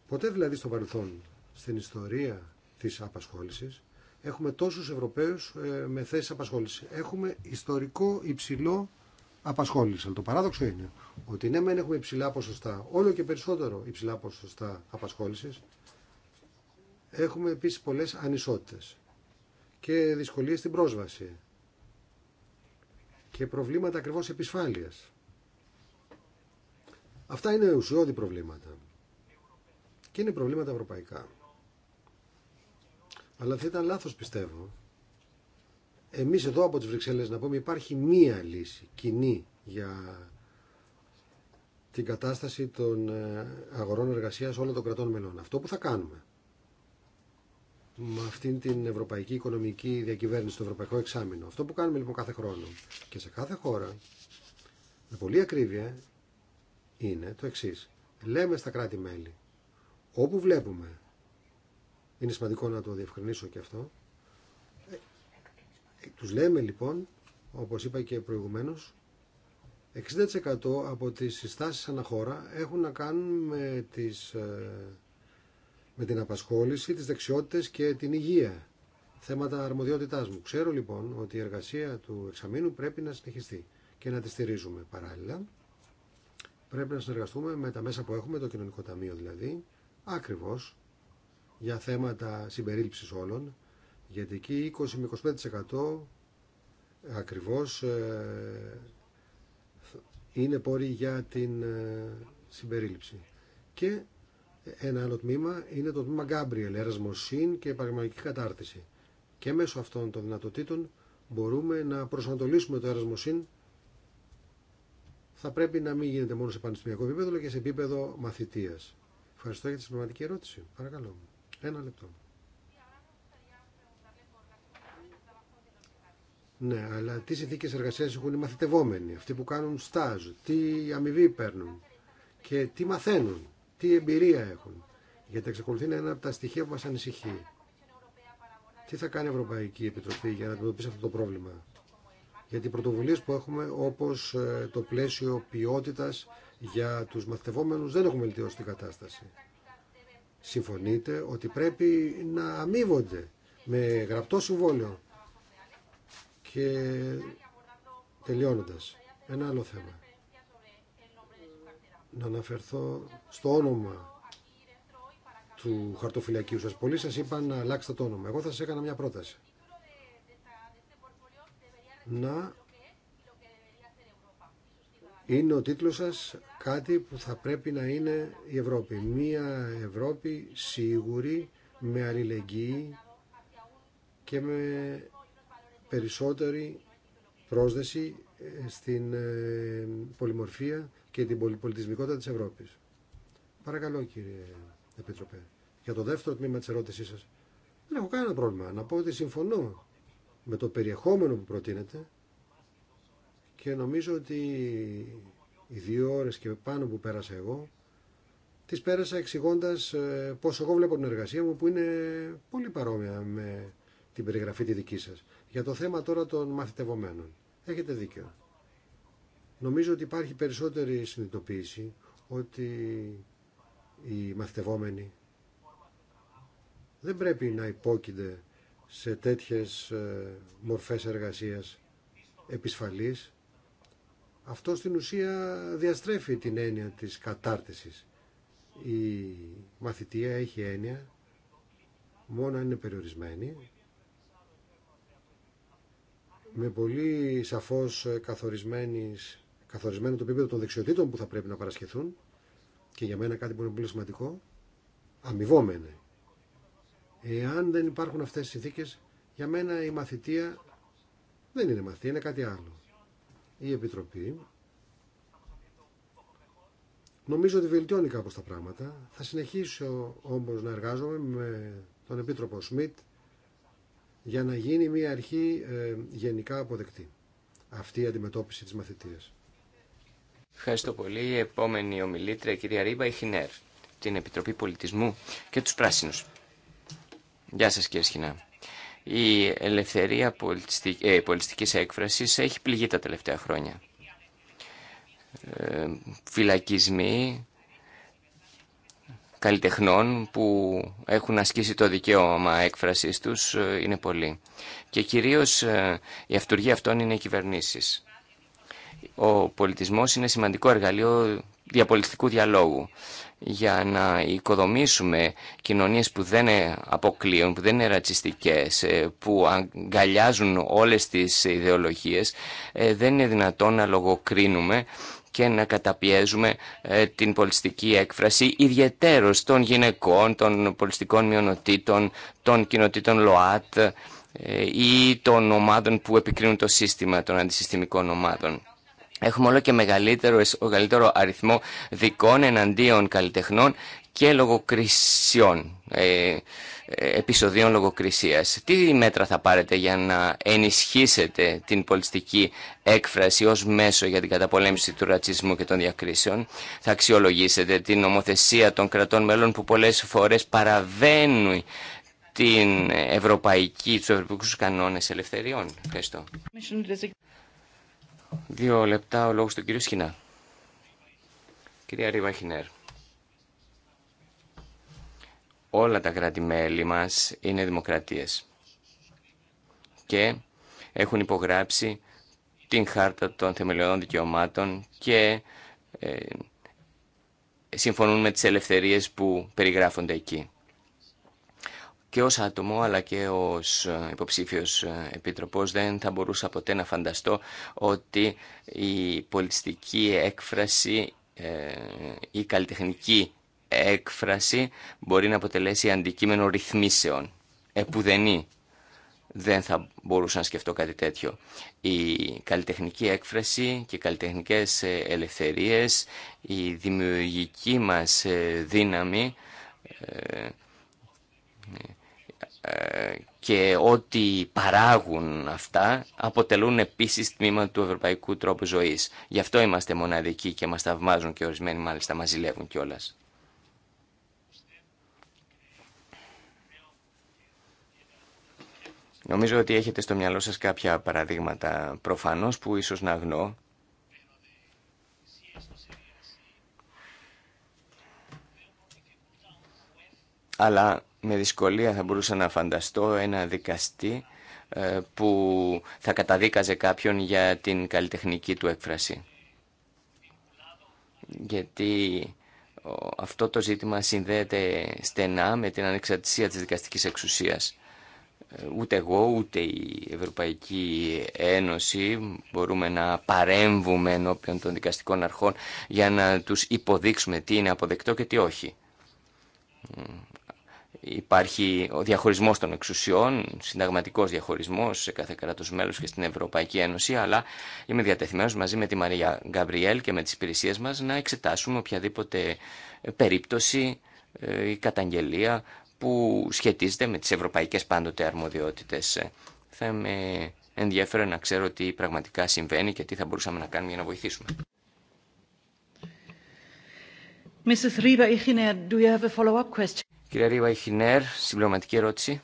Ποτέ δηλαδή στο παρελθόν, στην ιστορία της απασχόλησης, έχουμε τόσους Ευρωπαίους ε, με θέσεις απασχόλησης. Έχουμε ιστορικό υψηλό απασχόληση. Αλλά το παράδοξο είναι ότι ναι, μεν έχουμε υψηλά ποσοστά, όλο και περισσότερο υψηλά ποσοστά απασχόλησης, έχουμε επίσης πολλές ανισότητες και δυσκολίες στην πρόσβαση και προβλήματα ακριβώς επισφάλειας. Αυτά είναι ουσιώδη προβλήματα και είναι προβλήματα ευρωπαϊκά. Αλλά θα ήταν λάθος πιστεύω εμείς εδώ από τις Βρυξέλλες να πούμε υπάρχει μία λύση κοινή για την κατάσταση των ε, αγορών εργασίας όλων των κρατών μελών. Αυτό που θα κάνουμε με αυτήν την ευρωπαϊκή οικονομική διακυβέρνηση, το ευρωπαϊκό εξάμεινο. Αυτό που κάνουμε λοιπόν κάθε χρόνο και σε κάθε χώρα, με πολύ ακρίβεια, είναι το εξή. Λέμε στα κράτη-μέλη, όπου βλέπουμε, είναι σημαντικό να το διευκρινίσω και αυτό, ε, τους λέμε λοιπόν, όπως είπα και προηγουμένως, 60% από τις συστάσεις αναχώρα έχουν να κάνουν με τις ε, με την απασχόληση, τις δεξιότητες και την υγεία. Θέματα αρμοδιότητάς μου. Ξέρω λοιπόν ότι η εργασία του εξαμήνου πρέπει να συνεχιστεί και να τη στηρίζουμε παράλληλα. Πρέπει να συνεργαστούμε με τα μέσα που έχουμε, το κοινωνικό ταμείο δηλαδή, ακριβώς για θέματα συμπερίληψης όλων, γιατί εκεί 20 με 25% ακριβώς ε, είναι πόροι για την ε, συμπερίληψη. Και ένα άλλο τμήμα είναι το τμήμα Γκάμπριελ, Ερασμοσύν και επαγγελματική κατάρτιση. Και μέσω αυτών των δυνατοτήτων μπορούμε να προσανατολίσουμε το Ερασμοσύν. Θα πρέπει να μην γίνεται μόνο σε πανεπιστημιακό επίπεδο, αλλά και σε επίπεδο μαθητεία. Ευχαριστώ για τη συμπληρωματική ερώτηση. Παρακαλώ. Ένα λεπτό. Ναι, αλλά τι συνθήκε εργασία έχουν οι μαθητευόμενοι, αυτοί που κάνουν στάζ, τι αμοιβή παίρνουν και τι μαθαίνουν τι εμπειρία έχουν. Γιατί εξακολουθεί να είναι ένα από τα στοιχεία που μας ανησυχεί. Τι θα κάνει η Ευρωπαϊκή Επιτροπή για να αντιμετωπίσει αυτό το πρόβλημα. Γιατί οι πρωτοβουλίε που έχουμε, όπω ε, το πλαίσιο ποιότητα για του μαθητευόμενου, δεν έχουν βελτιώσει την κατάσταση. Συμφωνείτε ότι πρέπει να αμείβονται με γραπτό συμβόλαιο. Και τελειώνοντα, ένα άλλο θέμα να αναφερθώ στο όνομα του χαρτοφυλακίου σας. Πολλοί σας είπαν να αλλάξετε το όνομα. Εγώ θα σας έκανα μια πρόταση. Να είναι ο τίτλος σας κάτι που θα πρέπει να είναι η Ευρώπη. Μια Ευρώπη σίγουρη, με αλληλεγγύη και με περισσότερη πρόσδεση ε, στην ε, πολυμορφία και την πολυπολιτισμικότητα της Ευρώπης. Παρακαλώ κύριε Επίτροπε, για το δεύτερο τμήμα της ερώτησής σας. Δεν έχω κανένα πρόβλημα να πω ότι συμφωνώ με το περιεχόμενο που προτείνετε. και νομίζω ότι οι δύο ώρες και πάνω που πέρασα εγώ τις πέρασα εξηγώντα ε, πώς εγώ βλέπω την εργασία μου που είναι πολύ παρόμοια με την περιγραφή τη δική σας. Για το θέμα τώρα των μαθητευομένων. Έχετε δίκιο. Νομίζω ότι υπάρχει περισσότερη συνειδητοποίηση ότι οι μαθητευόμενοι δεν πρέπει να υπόκεινται σε τέτοιες ε, μορφές εργασίας επισφαλής. Αυτό στην ουσία διαστρέφει την έννοια της κατάρτισης. Η μαθητεία έχει έννοια μόνο αν είναι περιορισμένη με πολύ σαφώς ε, καθορισμένης καθορισμένο το επίπεδο των δεξιοτήτων που θα πρέπει να παρασχεθούν και για μένα κάτι που είναι πολύ σημαντικό, αμοιβόμενε. Εάν δεν υπάρχουν αυτές οι συνθήκες, για μένα η μαθητεία δεν είναι μαθητεία, είναι κάτι άλλο. Η Επιτροπή νομίζω ότι βελτιώνει κάπως τα πράγματα. Θα συνεχίσω όμως να εργάζομαι με τον Επίτροπο Σμιτ για να γίνει μια αρχή ε, γενικά αποδεκτή. Αυτή η αντιμετώπιση της μαθητείας. Ευχαριστώ πολύ. Η επόμενη ομιλήτρια, κυρία Ρίμπα Ιχινέρ, την Επιτροπή Πολιτισμού και τους Πράσινους. Γεια σας κύριε Σχοινά. Η ελευθερία πολιτιστική, ε, έχει πληγεί τα τελευταία χρόνια. Ε, φυλακισμοί καλλιτεχνών που έχουν ασκήσει το δικαίωμα έκφρασης τους ε, είναι πολλοί. Και κυρίως ε, η αυτούργη αυτών είναι οι κυβερνήσεις. Ο πολιτισμός είναι σημαντικό εργαλείο διαπολιτικού διαλόγου για να οικοδομήσουμε κοινωνίες που δεν ε, αποκλείουν, που δεν είναι ρατσιστικές, ε, που αγκαλιάζουν όλες τις ιδεολογίες, ε, δεν είναι δυνατόν να λογοκρίνουμε και να καταπιέζουμε την πολιτιστική έκφραση ιδιαιτέρως των γυναικών, των πολιτιστικών μειονοτήτων, των κοινοτήτων ΛΟΑΤ ή των ομάδων που επικρίνουν το σύστημα των αντισυστημικών ομάδων. Έχουμε όλο και μεγαλύτερο, μεγαλύτερο αριθμό δικών εναντίον καλλιτεχνών και λογοκρισιών, ε, ε, επεισοδίων λογοκρισίας. Τι μέτρα θα πάρετε για να ενισχύσετε την πολιτική έκφραση ως μέσο για την καταπολέμηση του ρατσισμού και των διακρίσεων. Θα αξιολογήσετε την νομοθεσία των κρατών μέλων που πολλές φορές παραβαίνουν την ευρωπαϊκή, τους ευρωπαϊκούς κανόνες ελευθεριών. Ευχαριστώ. Δύο λεπτά ο λόγος του κύριου Σχοινά. Κυρία Ρίβα Χινέρ, όλα τα κράτη-μέλη μας είναι δημοκρατίες και έχουν υπογράψει την Χάρτα των Θεμελιωδών Δικαιωμάτων και ε, συμφωνούν με τις ελευθερίες που περιγράφονται εκεί και ως άτομο αλλά και ως ε, υποψήφιος ε, επίτροπος δεν θα μπορούσα ποτέ να φανταστώ ότι η πολιτιστική έκφραση ή ε, καλλιτεχνική έκφραση μπορεί να αποτελέσει αντικείμενο ρυθμίσεων. Επουδενή δεν θα μπορούσα να σκεφτώ κάτι τέτοιο. Η καλλιτεχνική έκφραση και οι καλλιτεχνικές ελευθερίες, η δημιουργική μας δύναμη ε, και ό,τι παράγουν αυτά αποτελούν επίσης τμήμα του ευρωπαϊκού τρόπου ζωής. Γι' αυτό είμαστε μοναδικοί και μας ταυμάζουν και ορισμένοι μάλιστα μας ζηλεύουν κιόλας. Νομίζω ότι έχετε στο μυαλό σας κάποια παραδείγματα προφανώς που ίσως να αγνώ. αλλά με δυσκολία θα μπορούσα να φανταστώ ένα δικαστή ε, που θα καταδίκαζε κάποιον για την καλλιτεχνική του έκφραση. Γιατί αυτό το ζήτημα συνδέεται στενά με την ανεξαρτησία της δικαστικής εξουσίας. Ε, ούτε εγώ, ούτε η Ευρωπαϊκή Ένωση μπορούμε να παρέμβουμε ενώπιον των δικαστικών αρχών για να τους υποδείξουμε τι είναι αποδεκτό και τι όχι. Υπάρχει ο διαχωρισμός των εξουσιών, συνταγματικός διαχωρισμός σε κάθε κράτος μέλος και στην Ευρωπαϊκή Ένωση, αλλά είμαι διατεθειμένος μαζί με τη Μαρία Γκαμπριέλ και με τις υπηρεσίες μας να εξετάσουμε οποιαδήποτε περίπτωση ε, ή καταγγελία που σχετίζεται με τις ευρωπαϊκές πάντοτε αρμοδιότητες. Θα με ενδιαφέρον να ξέρω τι πραγματικά συμβαίνει και τι θα μπορούσαμε να κάνουμε για να βοηθήσουμε. Mrs. do you have follow-up question? Κύριε Ρίβα Ιχινέρ, συμπληρωματική ερώτηση.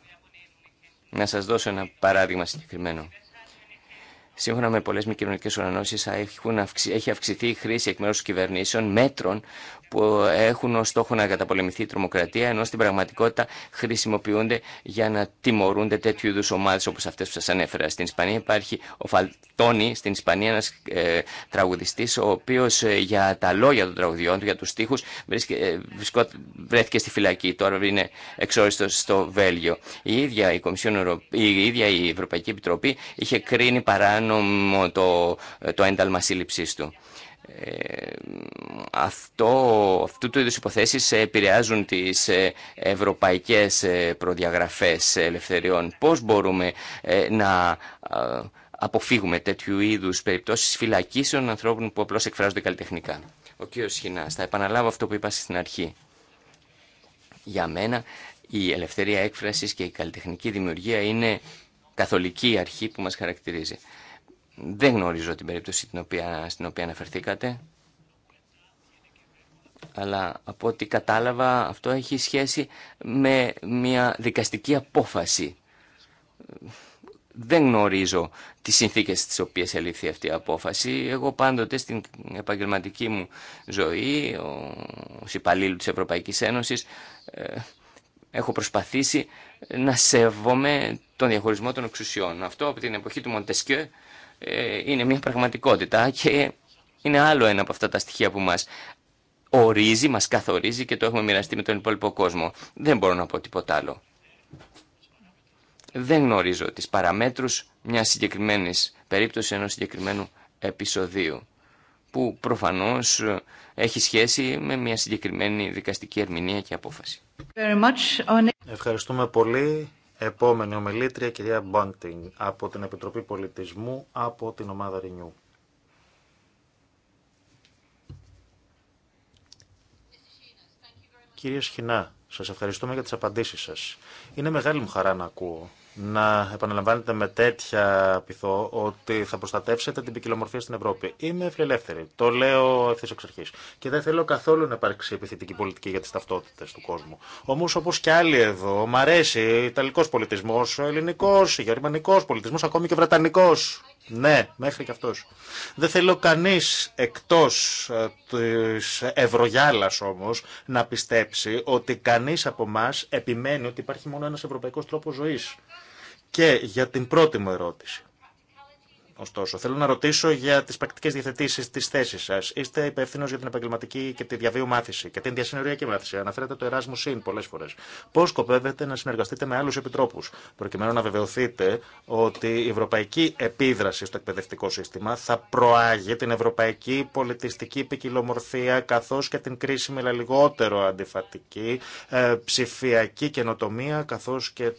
Να σας δώσω ένα παράδειγμα συγκεκριμένο. Σύμφωνα με πολλέ μη κοινωνικέ οργανώσει, έχει αυξηθεί η χρήση εκ μέρου κυβερνήσεων μέτρων που έχουν ως στόχο να καταπολεμηθεί η τρομοκρατία, ενώ στην πραγματικότητα χρησιμοποιούνται για να τιμωρούνται τέτοιου είδους ομάδες όπως αυτές που σας ανέφερα. Στην Ισπανία υπάρχει ο Φαλτόνι, στην Ισπανία ένας ε, τραγουδιστής, ο οποίος ε, για τα λόγια των τραγουδιών του, για τους στίχους, ε, βρέθηκε στη φυλακή, τώρα είναι εξόριστος στο Βέλγιο. Η ίδια η, η, ίδια η Ευρωπαϊκή Επιτροπή είχε κρίνει παράνομο το, ε, το ένταλμα σύλληψής του. Ε, αυτό, αυτού του είδους υποθέσεις επηρεάζουν τις ε, ευρωπαϊκές ε, προδιαγραφές ελευθεριών. Πώς μπορούμε να αποφύγουμε τέτοιου είδους περιπτώσεις φυλακίσεων ανθρώπων που απλώς εκφράζονται καλλιτεχνικά. Ο κύριος Σχοινάς, θα επαναλάβω αυτό που είπα στην αρχή. Για μένα η ελευθερία έκφρασης και η καλλιτεχνική δημιουργία είναι καθολική αρχή που μας χαρακτηρίζει. Δεν γνωρίζω την περίπτωση την οποία, στην οποία αναφερθήκατε, αλλά από ό,τι κατάλαβα αυτό έχει σχέση με μια δικαστική απόφαση. Δεν γνωρίζω τις συνθήκες στις οποίες ελήφθη αυτή η απόφαση. Εγώ πάντοτε στην επαγγελματική μου ζωή, ως υπαλλήλου της Ευρωπαϊκής Ένωσης, ε, έχω προσπαθήσει να σέβομαι τον διαχωρισμό των εξουσιών. Αυτό από την εποχή του Μοντεσκιέ ε, είναι μια πραγματικότητα και είναι άλλο ένα από αυτά τα στοιχεία που μας ορίζει, μας καθορίζει και το έχουμε μοιραστεί με τον υπόλοιπο κόσμο. Δεν μπορώ να πω τίποτα άλλο. Δεν γνωρίζω τις παραμέτρους μια συγκεκριμένης περίπτωση ενός συγκεκριμένου επεισοδίου που προφανώς έχει σχέση με μια συγκεκριμένη δικαστική ερμηνεία και απόφαση. Ευχαριστούμε πολύ. Επόμενη ομιλήτρια, κυρία Μπάντινγκ, από την Επιτροπή Πολιτισμού, από την ομάδα Ρινιού. Κύριε Σχοινά, σας ευχαριστούμε για τις απαντήσεις σας. Είναι μεγάλη μου χαρά να ακούω να επαναλαμβάνετε με τέτοια πειθό ότι θα προστατεύσετε την ποικιλομορφία στην Ευρώπη. Είμαι φιλελεύθερη. Το λέω ευθύ εξ αρχή. Και δεν θέλω καθόλου να υπάρξει επιθετική πολιτική για τι ταυτότητε του κόσμου. Όμω, όπω και άλλοι εδώ, μου αρέσει Ιταλικό πολιτισμό, Ελληνικό, Γερμανικό πολιτισμό, ακόμη και Βρετανικό. Ναι, μέχρι και αυτό. Δεν θέλω κανεί εκτό ε, τη Ευρωγιάλα όμω να πιστέψει ότι κανεί από εμά επιμένει ότι υπάρχει μόνο ένα ευρωπαϊκό τρόπο ζωή και για την πρώτη μου ερώτηση. Ωστόσο, θέλω να ρωτήσω για τι πρακτικέ διαθετήσει τη θέση σα. Είστε υπεύθυνο για την επαγγελματική και τη διαβίου μάθηση και την διασυνοριακή μάθηση. Αναφέρατε το Erasmus Συν πολλέ φορέ. Πώ σκοπεύετε να συνεργαστείτε με άλλου επιτρόπου, προκειμένου να βεβαιωθείτε ότι η ευρωπαϊκή επίδραση στο εκπαιδευτικό σύστημα θα προάγει την ευρωπαϊκή πολιτιστική ποικιλομορφία καθώ και την κρίσιμη, αλλά λιγότερο αντιφατική ε, ψηφιακή καινοτομία καθώ και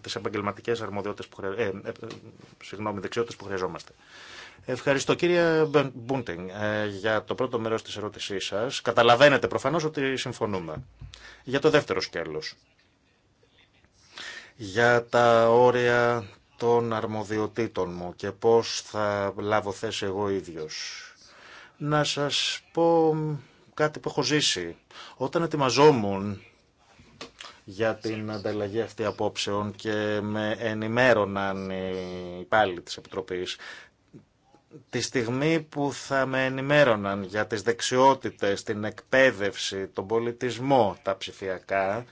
τι επαγγελματικέ αρμοδιότητε που, χρε... Ε, ε, που χρειαζόμαστε. Ευχαριστώ κύριε Μπούντινγκ ε, για το πρώτο μέρος της ερώτησής σας. Καταλαβαίνετε προφανώς ότι συμφωνούμε. Για το δεύτερο σκέλος. Για τα όρια των αρμοδιοτήτων μου και πώς θα λάβω θέση εγώ ίδιος. Να σας πω κάτι που έχω ζήσει. Όταν ετοιμαζόμουν για την ανταλλαγή αυτή απόψεων και με ενημέρωναν οι υπάλληλοι της Επιτροπής. Τη στιγμή που θα με ενημέρωναν για τις δεξιότητες, την εκπαίδευση, τον πολιτισμό, τα ψηφιακά,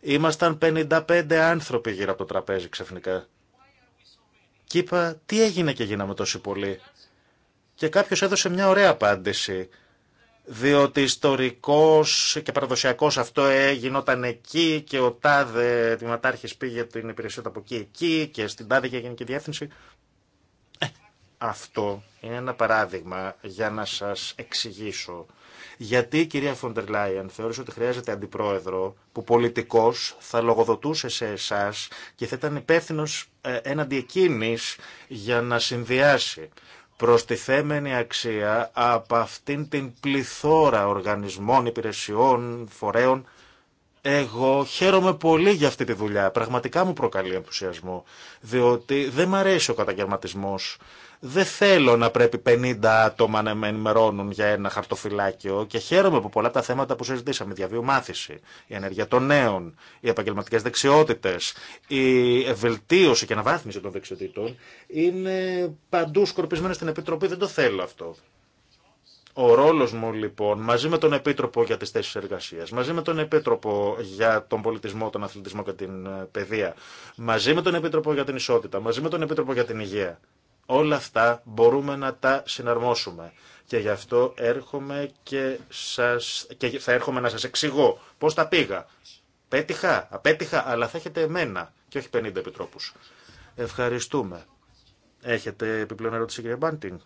ήμασταν 55 άνθρωποι γύρω από το τραπέζι ξαφνικά. Και είπα, τι έγινε και γίναμε τόσοι πολλοί. Και κάποιος έδωσε μια ωραία απάντηση διότι ιστορικός και παραδοσιακός αυτό ε, γινόταν εκεί και ο τάδε τμηματάρχης πήγε την υπηρεσία από εκεί εκεί και στην τάδε και γενική διεύθυνση. Ε, αυτό είναι ένα παράδειγμα για να σας εξηγήσω. Γιατί η κυρία Φοντερ Λάιεν θεώρησε ότι χρειάζεται αντιπρόεδρο που πολιτικό θα λογοδοτούσε σε εσά και θα ήταν υπεύθυνο ε, έναντι εκείνη για να συνδυάσει προστιθέμενη αξία από αυτήν την πληθώρα οργανισμών, υπηρεσιών, φορέων. Εγώ χαίρομαι πολύ για αυτή τη δουλειά. Πραγματικά μου προκαλεί ενθουσιασμό, διότι δεν μ' αρέσει ο καταγερματισμός δεν θέλω να πρέπει 50 άτομα να με ενημερώνουν για ένα χαρτοφυλάκιο και χαίρομαι που πολλά τα θέματα που συζητήσαμε, η διαβίου μάθηση, η ενέργεια των νέων, οι επαγγελματικέ δεξιότητε, η βελτίωση και αναβάθμιση των δεξιοτήτων είναι παντού σκορπισμένα στην Επιτροπή. Δεν το θέλω αυτό. Ο ρόλος μου λοιπόν, μαζί με τον Επίτροπο για τις θέσεις εργασίας, μαζί με τον Επίτροπο για τον πολιτισμό, τον αθλητισμό και την ε, παιδεία, μαζί με τον Επίτροπο για την ισότητα, μαζί με τον Επίτροπο για την υγεία Όλα αυτά μπορούμε να τα συναρμόσουμε. Και γι' αυτό έρχομαι και, σας, και θα έρχομαι να σας εξηγώ πώς τα πήγα. Πέτυχα, απέτυχα, αλλά θα έχετε εμένα και όχι 50 επιτρόπους. Ευχαριστούμε. Έχετε επιπλέον ερώτηση κύριε Μπάντινγκ.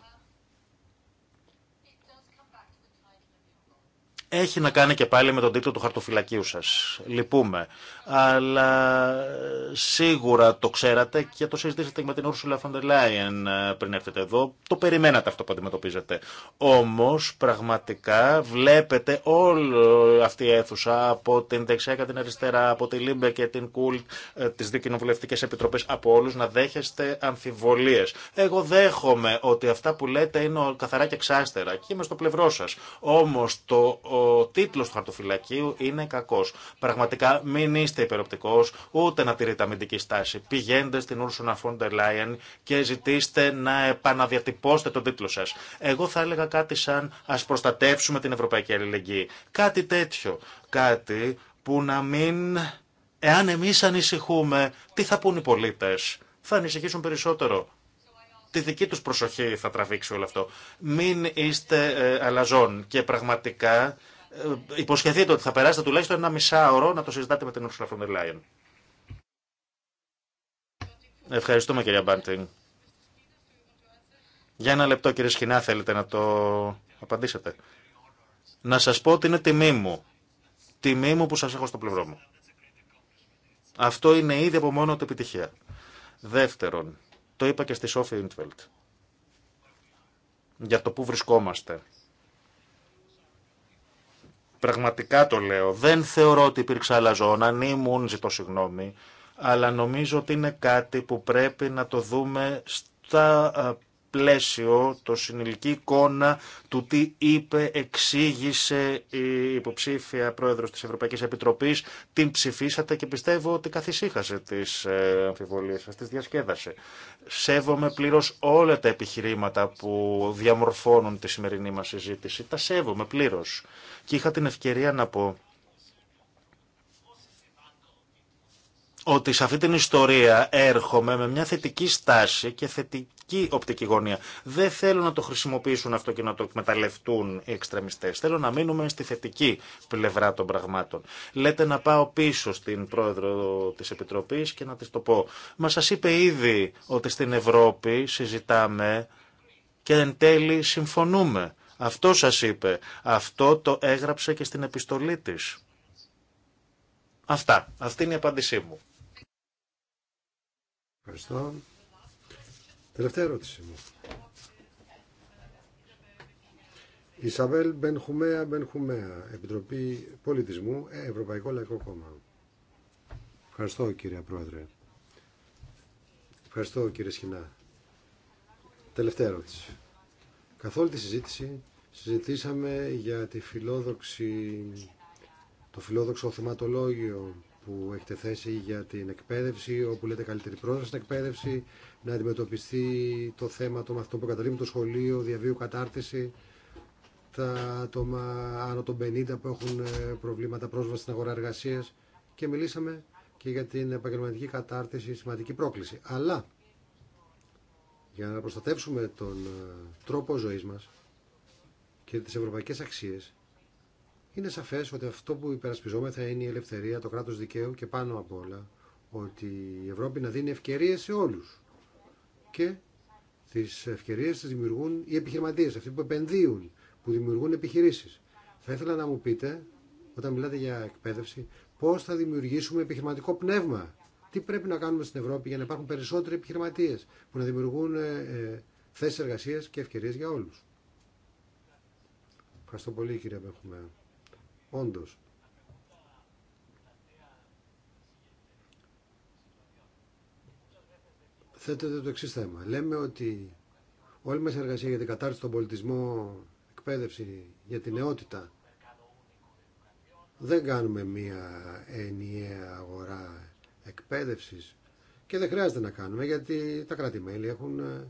έχει να κάνει και πάλι με τον τίτλο του χαρτοφυλακίου σας. Λυπούμε. Αλλά ε, σίγουρα το ξέρατε και το συζητήσατε με την der Leyen ε, πριν έρθετε εδώ. Το περιμένατε αυτό που αντιμετωπίζετε. Όμως πραγματικά βλέπετε όλη αυτή η αίθουσα από την δεξιά και την αριστερά, από τη Λίμπε και την Κουλ ε, τις δικοινοβουλευτικές επιτροπές, από όλους να δέχεστε αμφιβολίες. Εγώ δέχομαι ότι αυτά που λέτε είναι καθαρά και ξάστερα και είμαι στο πλευρό σας. Όμως το ο τίτλο του χαρτοφυλακίου είναι κακό. Πραγματικά μην είστε υπεροπτικό, ούτε να τηρείτε αμυντική στάση. Πηγαίνετε στην Ursula von der Leyen και ζητήστε να επαναδιατυπώσετε τον τίτλο σα. Εγώ θα έλεγα κάτι σαν Α προστατεύσουμε την Ευρωπαϊκή Αλληλεγγύη. Κάτι τέτοιο. Κάτι που να μην. Εάν εμεί ανησυχούμε, τι θα πούν οι πολίτε. Θα ανησυχήσουν περισσότερο τη δική τους προσοχή θα τραβήξει όλο αυτό. Μην είστε ε, αλαζόν και πραγματικά ε, υποσχεθείτε ότι θα περάσετε τουλάχιστον ένα μισάωρο να το συζητάτε με την Ursula von der Leyen. Ευχαριστούμε κυρία Μπάντινγκ. Για ένα λεπτό κύριε Σχοινά θέλετε να το απαντήσετε. Να σας πω ότι είναι τιμή μου. Τιμή μου που σας έχω στο πλευρό μου. Αυτό είναι ήδη από μόνο το επιτυχία. Δεύτερον, το είπα και στη Σόφη Ιντβελτ. Για το που βρισκόμαστε Πραγματικά το λέω. Δεν θεωρώ ότι υπήρξε άλλα ζώνα. ήμουν, ζητώ συγγνώμη. Αλλά νομίζω ότι είναι κάτι που πρέπει να το δούμε στα πλαίσιο, το συνολική εικόνα του τι είπε, εξήγησε η υποψήφια πρόεδρος της Ευρωπαϊκής Επιτροπής, την ψηφίσατε και πιστεύω ότι καθησύχασε τις ε, αμφιβολίες σας, τις διασκέδασε. Σέβομαι πλήρως όλα τα επιχειρήματα που διαμορφώνουν τη σημερινή μας συζήτηση. Τα σέβομαι πλήρως. Και είχα την ευκαιρία να πω ότι σε αυτή την ιστορία έρχομαι με μια θετική στάση και θετική οπτική γωνία. Δεν θέλω να το χρησιμοποιήσουν αυτό και να το εκμεταλλευτούν οι εξτρεμιστέ. Θέλω να μείνουμε στη θετική πλευρά των πραγμάτων. Λέτε να πάω πίσω στην πρόεδρο τη Επιτροπή και να τη το πω. Μα σα είπε ήδη ότι στην Ευρώπη συζητάμε και εν τέλει συμφωνούμε. Αυτό σας είπε. Αυτό το έγραψε και στην επιστολή της. Αυτά. Αυτή είναι η απάντησή μου. Ευχαριστώ. Τελευταία ερώτηση μου. Ισαβέλ Μπενχουμέα Μπενχουμέα, Επιτροπή Πολιτισμού, ε, Ευρωπαϊκό Λαϊκό Κόμμα. Ευχαριστώ κύριε Πρόεδρε. Ευχαριστώ κύριε Σχοινά. Τελευταία ερώτηση. Καθ' όλη τη συζήτηση συζητήσαμε για τη το φιλόδοξο θεματολόγιο που έχετε θέσει για την εκπαίδευση, όπου λέτε καλύτερη πρόσβαση στην εκπαίδευση, να αντιμετωπιστεί το θέμα των μαθητών που καταλήγουν το σχολείο, διαβίου κατάρτιση, τα άτομα άνω των 50 που έχουν ε, προβλήματα πρόσβαση στην αγορά εργασία και μιλήσαμε και για την επαγγελματική κατάρτιση, σημαντική πρόκληση. Αλλά για να προστατεύσουμε τον ε, τρόπο ζωής μας και τις ευρωπαϊκές αξίες είναι σαφέ ότι αυτό που υπερασπιζόμεθα είναι η ελευθερία, το κράτο δικαίου και πάνω απ' όλα ότι η Ευρώπη να δίνει ευκαιρίε σε όλου. Και τι ευκαιρίε τι δημιουργούν οι επιχειρηματίε, αυτοί που επενδύουν, που δημιουργούν επιχειρήσει. Θα ήθελα να μου πείτε, όταν μιλάτε για εκπαίδευση, πώ θα δημιουργήσουμε επιχειρηματικό πνεύμα. Τι πρέπει να κάνουμε στην Ευρώπη για να υπάρχουν περισσότεροι επιχειρηματίε που να δημιουργούν ε, ε θέσεις και ευκαιρίε για όλου. Ευχαριστώ πολύ κύριε Μπέχουμε. Όντως. Θέτεται το εξή θέμα. Λέμε ότι όλη μας η εργασία για την κατάρτιση των πολιτισμό, εκπαίδευση, για την νεότητα, δεν κάνουμε μία ενιαία αγορά εκπαίδευσης και δεν χρειάζεται να κάνουμε γιατί τα κράτη-μέλη έχουν ε,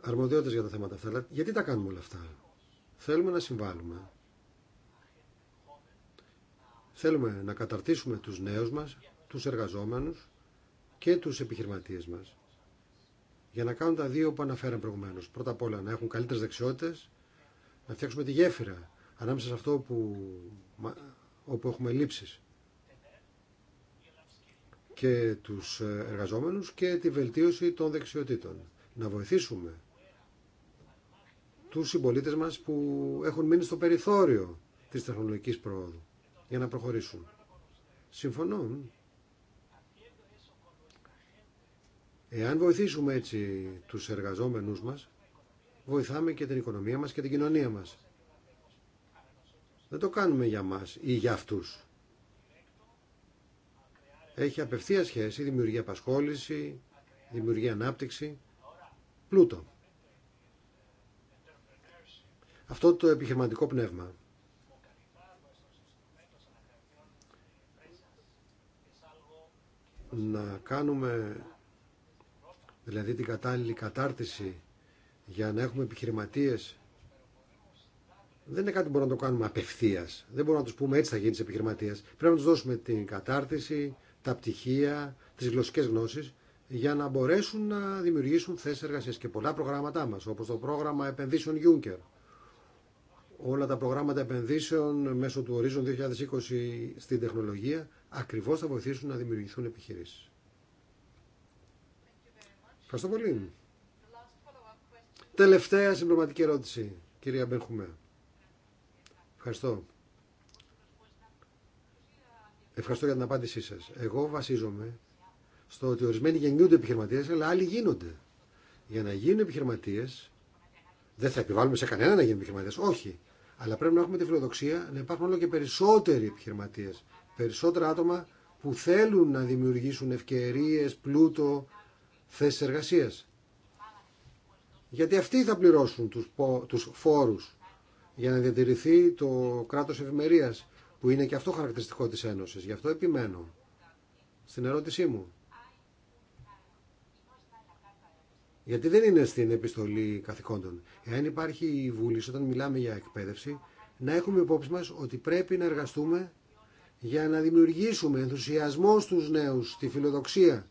αρμοδιότητες για τα θέματα αυτά. Γιατί τα κάνουμε όλα αυτά. Θέλουμε να συμβάλλουμε. Θέλουμε να καταρτήσουμε τους νέους μας, τους εργαζόμενους και τους επιχειρηματίες μας. Για να κάνουν τα δύο που αναφέραμε προηγουμένως. Πρώτα απ' όλα να έχουν καλύτερες δεξιότητες, να φτιάξουμε τη γέφυρα ανάμεσα σε αυτό που, όπου έχουμε λήψεις και τους ε, εργαζόμενους και τη βελτίωση των δεξιοτήτων. Να βοηθήσουμε τους συμπολίτες μας που έχουν μείνει στο περιθώριο της τεχνολογικής προόδου για να προχωρήσουν. Συμφωνώ. Εάν βοηθήσουμε έτσι τους εργαζόμενους μας, βοηθάμε και την οικονομία μας και την κοινωνία μας. Δεν το κάνουμε για μας ή για αυτούς. Έχει απευθεία σχέση, δημιουργεί απασχόληση, δημιουργεί ανάπτυξη, πλούτο αυτό το επιχειρηματικό πνεύμα. Να κάνουμε δηλαδή την κατάλληλη κατάρτιση για να έχουμε επιχειρηματίες δεν είναι κάτι που μπορούμε να το κάνουμε απευθεία. Δεν μπορούμε να του πούμε έτσι θα γίνει επιχειρηματία. Πρέπει να του δώσουμε την κατάρτιση, τα πτυχία, τι γλωσσικέ γνώσει για να μπορέσουν να δημιουργήσουν θέσει εργασία. Και πολλά προγράμματά μα, όπω το πρόγραμμα επενδύσεων Juncker, όλα τα προγράμματα επενδύσεων μέσω του Horizon 2020 στην τεχνολογία ακριβώς θα βοηθήσουν να δημιουργηθούν επιχειρήσεις. Ευχαριστώ πολύ. Τελευταία συμπληρωματική ερώτηση, κυρία Μπενχουμέ. Ευχαριστώ. Ευχαριστώ για την απάντησή σας. Εγώ βασίζομαι στο ότι ορισμένοι γεννιούνται επιχειρηματίες, αλλά άλλοι γίνονται. Για να γίνουν επιχειρηματίες, δεν θα επιβάλλουμε σε κανένα να γίνουν επιχειρηματίες. Όχι. Αλλά πρέπει να έχουμε τη φιλοδοξία να υπάρχουν όλο και περισσότεροι επιχειρηματίε. Περισσότερα άτομα που θέλουν να δημιουργήσουν ευκαιρίε, πλούτο, θέσει εργασία. Γιατί αυτοί θα πληρώσουν τους, τους φόρους για να διατηρηθεί το κράτος ευημερίας που είναι και αυτό χαρακτηριστικό της Ένωσης. Γι' αυτό επιμένω στην ερώτησή μου. Γιατί δεν είναι στην επιστολή καθηκόντων. Εάν υπάρχει η βούληση όταν μιλάμε για εκπαίδευση, να έχουμε υπόψη μας ότι πρέπει να εργαστούμε για να δημιουργήσουμε ενθουσιασμό στους νέους, τη φιλοδοξία.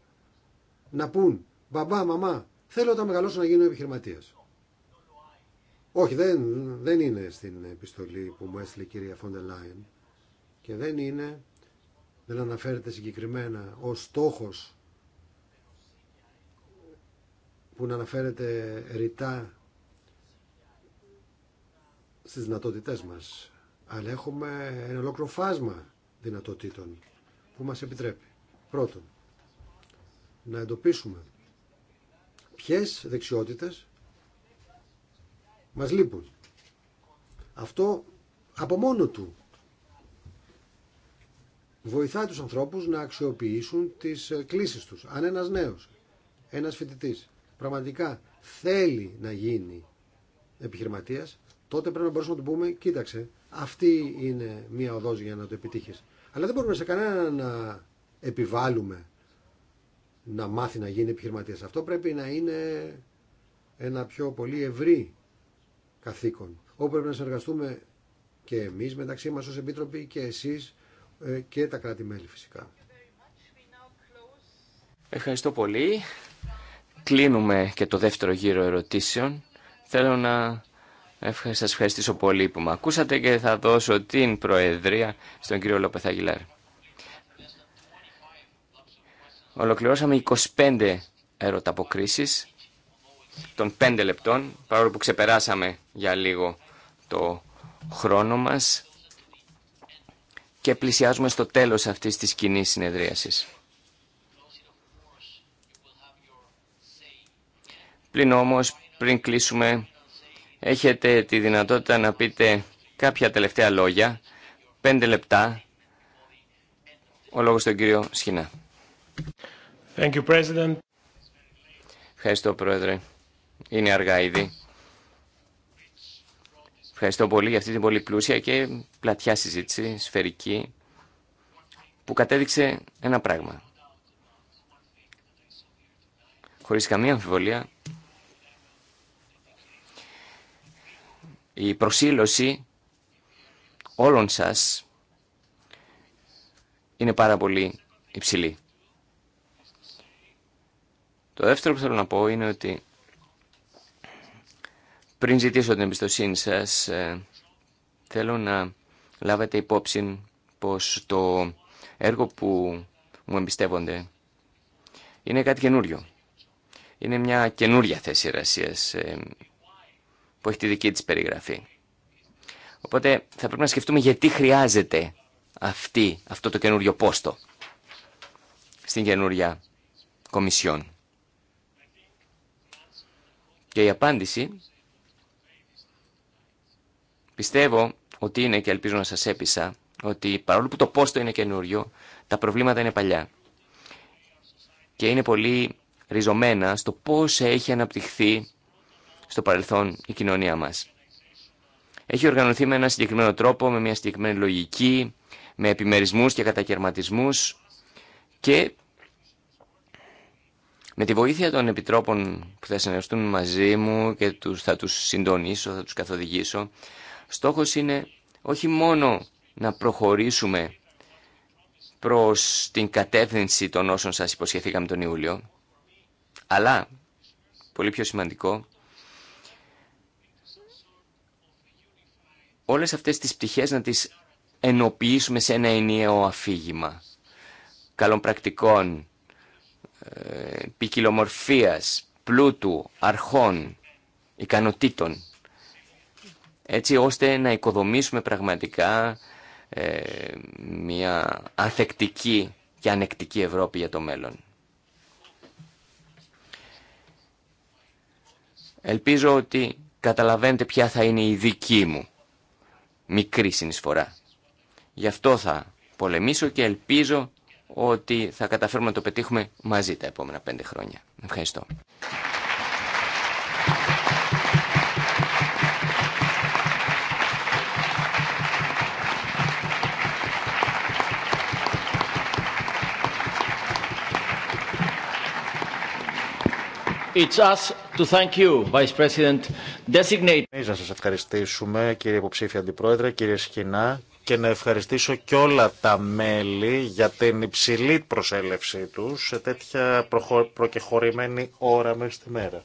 Να πούν, μπαμπά, μαμά, θέλω όταν μεγαλώσω να γίνω επιχειρηματίας. Όχι, δεν, δεν είναι στην επιστολή που μου έστειλε η κυρία Φόντε Λάιν και δεν είναι, δεν αναφέρεται συγκεκριμένα ο στόχος που να αναφέρεται ρητά στις δυνατότητές μας. Αλλά έχουμε ένα ολόκληρο φάσμα δυνατοτήτων που μας επιτρέπει. Πρώτον, να εντοπίσουμε ποιες δεξιότητες μας λείπουν. Αυτό από μόνο του βοηθάει τους ανθρώπους να αξιοποιήσουν τις κλήσεις τους. Αν ένας νέος, ένας φοιτητής πραγματικά θέλει να γίνει επιχειρηματία, τότε πρέπει να μπορούμε να του πούμε, κοίταξε, αυτή είναι μία οδός για να το επιτύχεις. Αλλά δεν μπορούμε σε κανένα να επιβάλλουμε να μάθει να γίνει επιχειρηματίας. Αυτό πρέπει να είναι ένα πιο πολύ ευρύ καθήκον, όπου πρέπει να συνεργαστούμε και εμείς μεταξύ μας ως Επίτροποι και εσείς ε, και τα κράτη-μέλη φυσικά. Ευχαριστώ πολύ κλείνουμε και το δεύτερο γύρο ερωτήσεων. Θέλω να σα ευχαριστήσω πολύ που με ακούσατε και θα δώσω την προεδρία στον κύριο Λοπεθαγγιλάρ. Ολοκληρώσαμε 25 ερωταποκρίσει των 5 λεπτών, παρόλο που ξεπεράσαμε για λίγο το χρόνο μας και πλησιάζουμε στο τέλος αυτής της κοινή συνεδρίασης. Πριν όμως, πριν κλείσουμε, έχετε τη δυνατότητα να πείτε κάποια τελευταία λόγια, πέντε λεπτά, ο λόγος στον κύριο Σχοινά. Ευχαριστώ, Πρόεδρε. Είναι αργά ήδη. Ευχαριστώ πολύ για αυτή την πολύ πλούσια και πλατιά συζήτηση, σφαιρική, που κατέδειξε ένα πράγμα. Χωρίς καμία αμφιβολία, η προσήλωση όλων σας είναι πάρα πολύ υψηλή. Το δεύτερο που θέλω να πω είναι ότι πριν ζητήσω την εμπιστοσύνη σας, ε, θέλω να λάβετε υπόψη πως το έργο που μου εμπιστεύονται είναι κάτι καινούριο. Είναι μια καινούρια θέση εργασία. Ε, που έχει τη δική της περιγραφή. Οπότε θα πρέπει να σκεφτούμε γιατί χρειάζεται αυτή, αυτό το καινούριο πόστο στην καινούρια κομισιόν. Και η απάντηση πιστεύω ότι είναι και ελπίζω να σας έπεισα ότι παρόλο που το πόστο είναι καινούριο, τα προβλήματα είναι παλιά. Και είναι πολύ ριζωμένα στο πώς έχει αναπτυχθεί στο παρελθόν η κοινωνία μας. Έχει οργανωθεί με ένα συγκεκριμένο τρόπο, με μια συγκεκριμένη λογική, με επιμερισμούς και κατακαιρματισμούς και με τη βοήθεια των επιτρόπων που θα συνεργαστούν μαζί μου και τους, θα τους συντονίσω, θα τους καθοδηγήσω, στόχος είναι όχι μόνο να προχωρήσουμε προς την κατεύθυνση των όσων σας υποσχεθήκαμε τον Ιούλιο, αλλά, πολύ πιο σημαντικό, όλες αυτές τις πτυχές να τις ενοποιήσουμε σε ένα ενιαίο αφήγημα καλών πρακτικών, ε, ποικιλομορφίας, πλούτου, αρχών, ικανοτήτων, έτσι ώστε να οικοδομήσουμε πραγματικά ε, μια ανθεκτική και ανεκτική Ευρώπη για το μέλλον. Ελπίζω ότι καταλαβαίνετε ποια θα είναι η δική μου μικρή συνεισφορά. Γι' αυτό θα πολεμήσω και ελπίζω ότι θα καταφέρουμε να το πετύχουμε μαζί τα επόμενα πέντε χρόνια. Ευχαριστώ. Εμεί Να σας ευχαριστήσουμε κύριε υποψήφια αντιπρόεδρε, κύριε Σκινά, και να ευχαριστήσω και όλα τα μέλη για την υψηλή προσέλευσή τους σε τέτοια προχω... προκεχωρημένη ώρα μέσα στη μέρα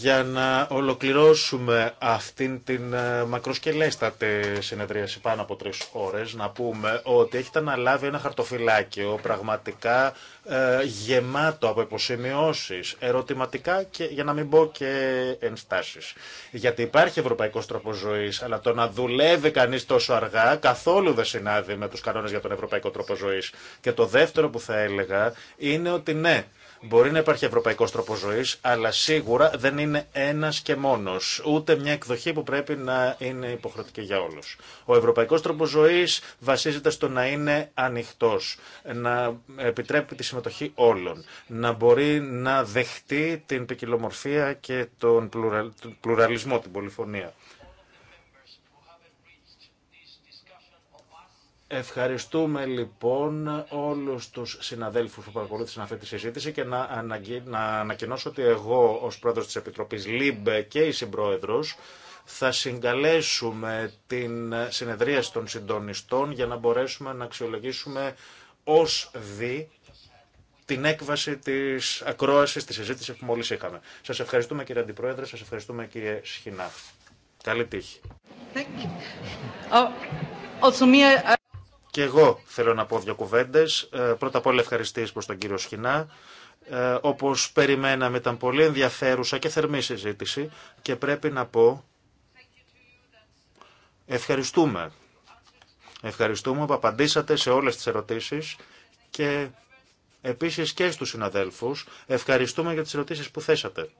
για να ολοκληρώσουμε αυτήν την ε, μακροσκελέστατη συνεδρίαση πάνω από τρεις ώρες, να πούμε ότι έχετε αναλάβει ένα χαρτοφυλάκιο πραγματικά ε, γεμάτο από υποσημειώσεις, ερωτηματικά και για να μην πω και ενστάσεις. Γιατί υπάρχει ευρωπαϊκός τρόπος ζωής, αλλά το να δουλεύει κανείς τόσο αργά καθόλου δεν συνάδει με τους κανόνες για τον ευρωπαϊκό τρόπο ζωής. Και το δεύτερο που θα έλεγα είναι ότι ναι, Μπορεί να υπάρχει ευρωπαϊκό τρόπο ζωή, αλλά σίγουρα δεν είναι ένα και μόνο. Ούτε μια εκδοχή που πρέπει να είναι υποχρεωτική για όλου. Ο ευρωπαϊκό τρόπο ζωή βασίζεται στο να είναι ανοιχτό, να επιτρέπει τη συμμετοχή όλων, να μπορεί να δεχτεί την ποικιλομορφία και τον πλουραλισμό, την πολυφωνία. Ευχαριστούμε λοιπόν όλους τους συναδέλφους που παρακολούθησαν αυτή τη συζήτηση και να, ανακοινώσω ότι εγώ ως πρόεδρος της Επιτροπής ΛΥΜΠΕ και η συμπρόεδρος θα συγκαλέσουμε την συνεδρία των συντονιστών για να μπορέσουμε να αξιολογήσουμε ως δι την έκβαση της ακρόασης, της συζήτηση που μόλις είχαμε. Σας ευχαριστούμε κύριε Αντιπρόεδρε, σας ευχαριστούμε κύριε Σχοινά. Καλή τύχη. Oh, και εγώ θέλω να πω δύο κουβέντε. Ε, πρώτα απ' όλα ευχαριστήσει προ τον κύριο Σχοινά. Ε, Όπω περιμέναμε, ήταν πολύ ενδιαφέρουσα και θερμή συζήτηση και πρέπει να πω ευχαριστούμε. Ευχαριστούμε που απαντήσατε σε όλες τις ερωτήσεις και επίσης και στους συναδέλφους ευχαριστούμε για τις ερωτήσεις που θέσατε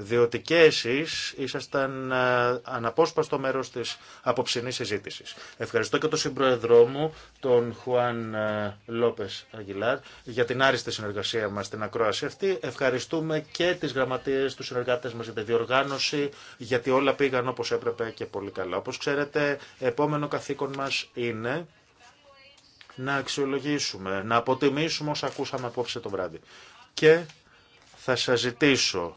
διότι και εσεί ήσασταν ε, αναπόσπαστο μέρο της απόψινής συζήτηση. Ευχαριστώ και τον συμπροεδρό μου, τον Χουάν ε, Λόπε Αγγιλάρ, για την άριστη συνεργασία μα στην ακρόαση αυτή. Ευχαριστούμε και τι γραμματείες, του συνεργάτε μα για τη διοργάνωση, γιατί όλα πήγαν όπω έπρεπε και πολύ καλά. Όπω ξέρετε, επόμενο καθήκον μας είναι να αξιολογήσουμε, να αποτιμήσουμε όσα ακούσαμε απόψε το βράδυ. Και θα σας ζητήσω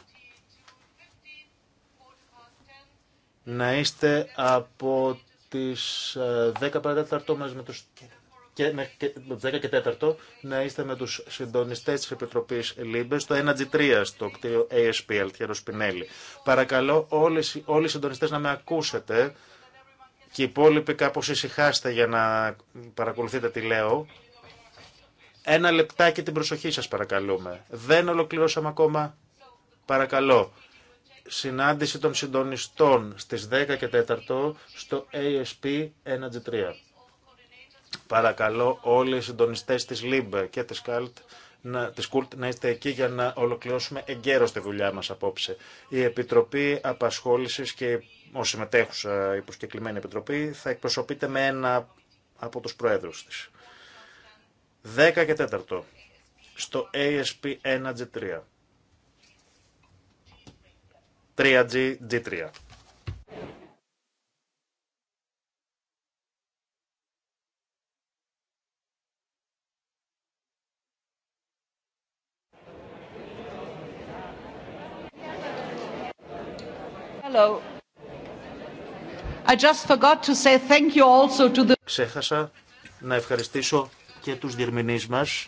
να είστε από τις 10 ε, παρατέταρτο μαζί με τους και, και, 10 και 4 να είστε με τους συντονιστές της Επιτροπής ΛΥΜΠΕ στο 1G3 στο κτίριο ASP Αλτιέρο Σπινέλη. Παρακαλώ όλοι, όλοι οι συντονιστές να με ακούσετε και οι υπόλοιποι κάπως ησυχάστε για να παρακολουθείτε τι λέω. Ένα λεπτάκι την προσοχή σας παρακαλούμε. Δεν ολοκληρώσαμε ακόμα. Παρακαλώ συνάντηση των συντονιστών στις 10 και 4 στο ASP 1G3. Παρακαλώ όλοι οι συντονιστές της ΛΥΜΠΕ και της ΚΑΛΤ να, Κουλτ να είστε εκεί για να ολοκληρώσουμε εγκαίρως τη δουλειά μας απόψε. Η Επιτροπή Απασχόλησης και ο συμμετέχουσα υποσκεκλημένη Επιτροπή θα εκπροσωπείται με ένα από τους Προέδρους της. 10 και 4 στο ASP 1G3. 3G G3. Hello. I just forgot to say thank you also to the... Ξέχασα να ευχαριστήσω και τους διερμηνείς μας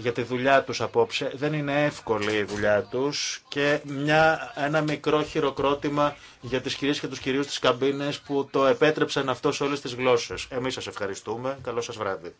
για τη δουλειά τους απόψε. Δεν είναι εύκολη η δουλειά τους και μια, ένα μικρό χειροκρότημα για τις κυρίες και τους κυρίους της καμπίνες που το επέτρεψαν αυτό σε όλες τις γλώσσες. Εμείς σας ευχαριστούμε. Καλό σας βράδυ.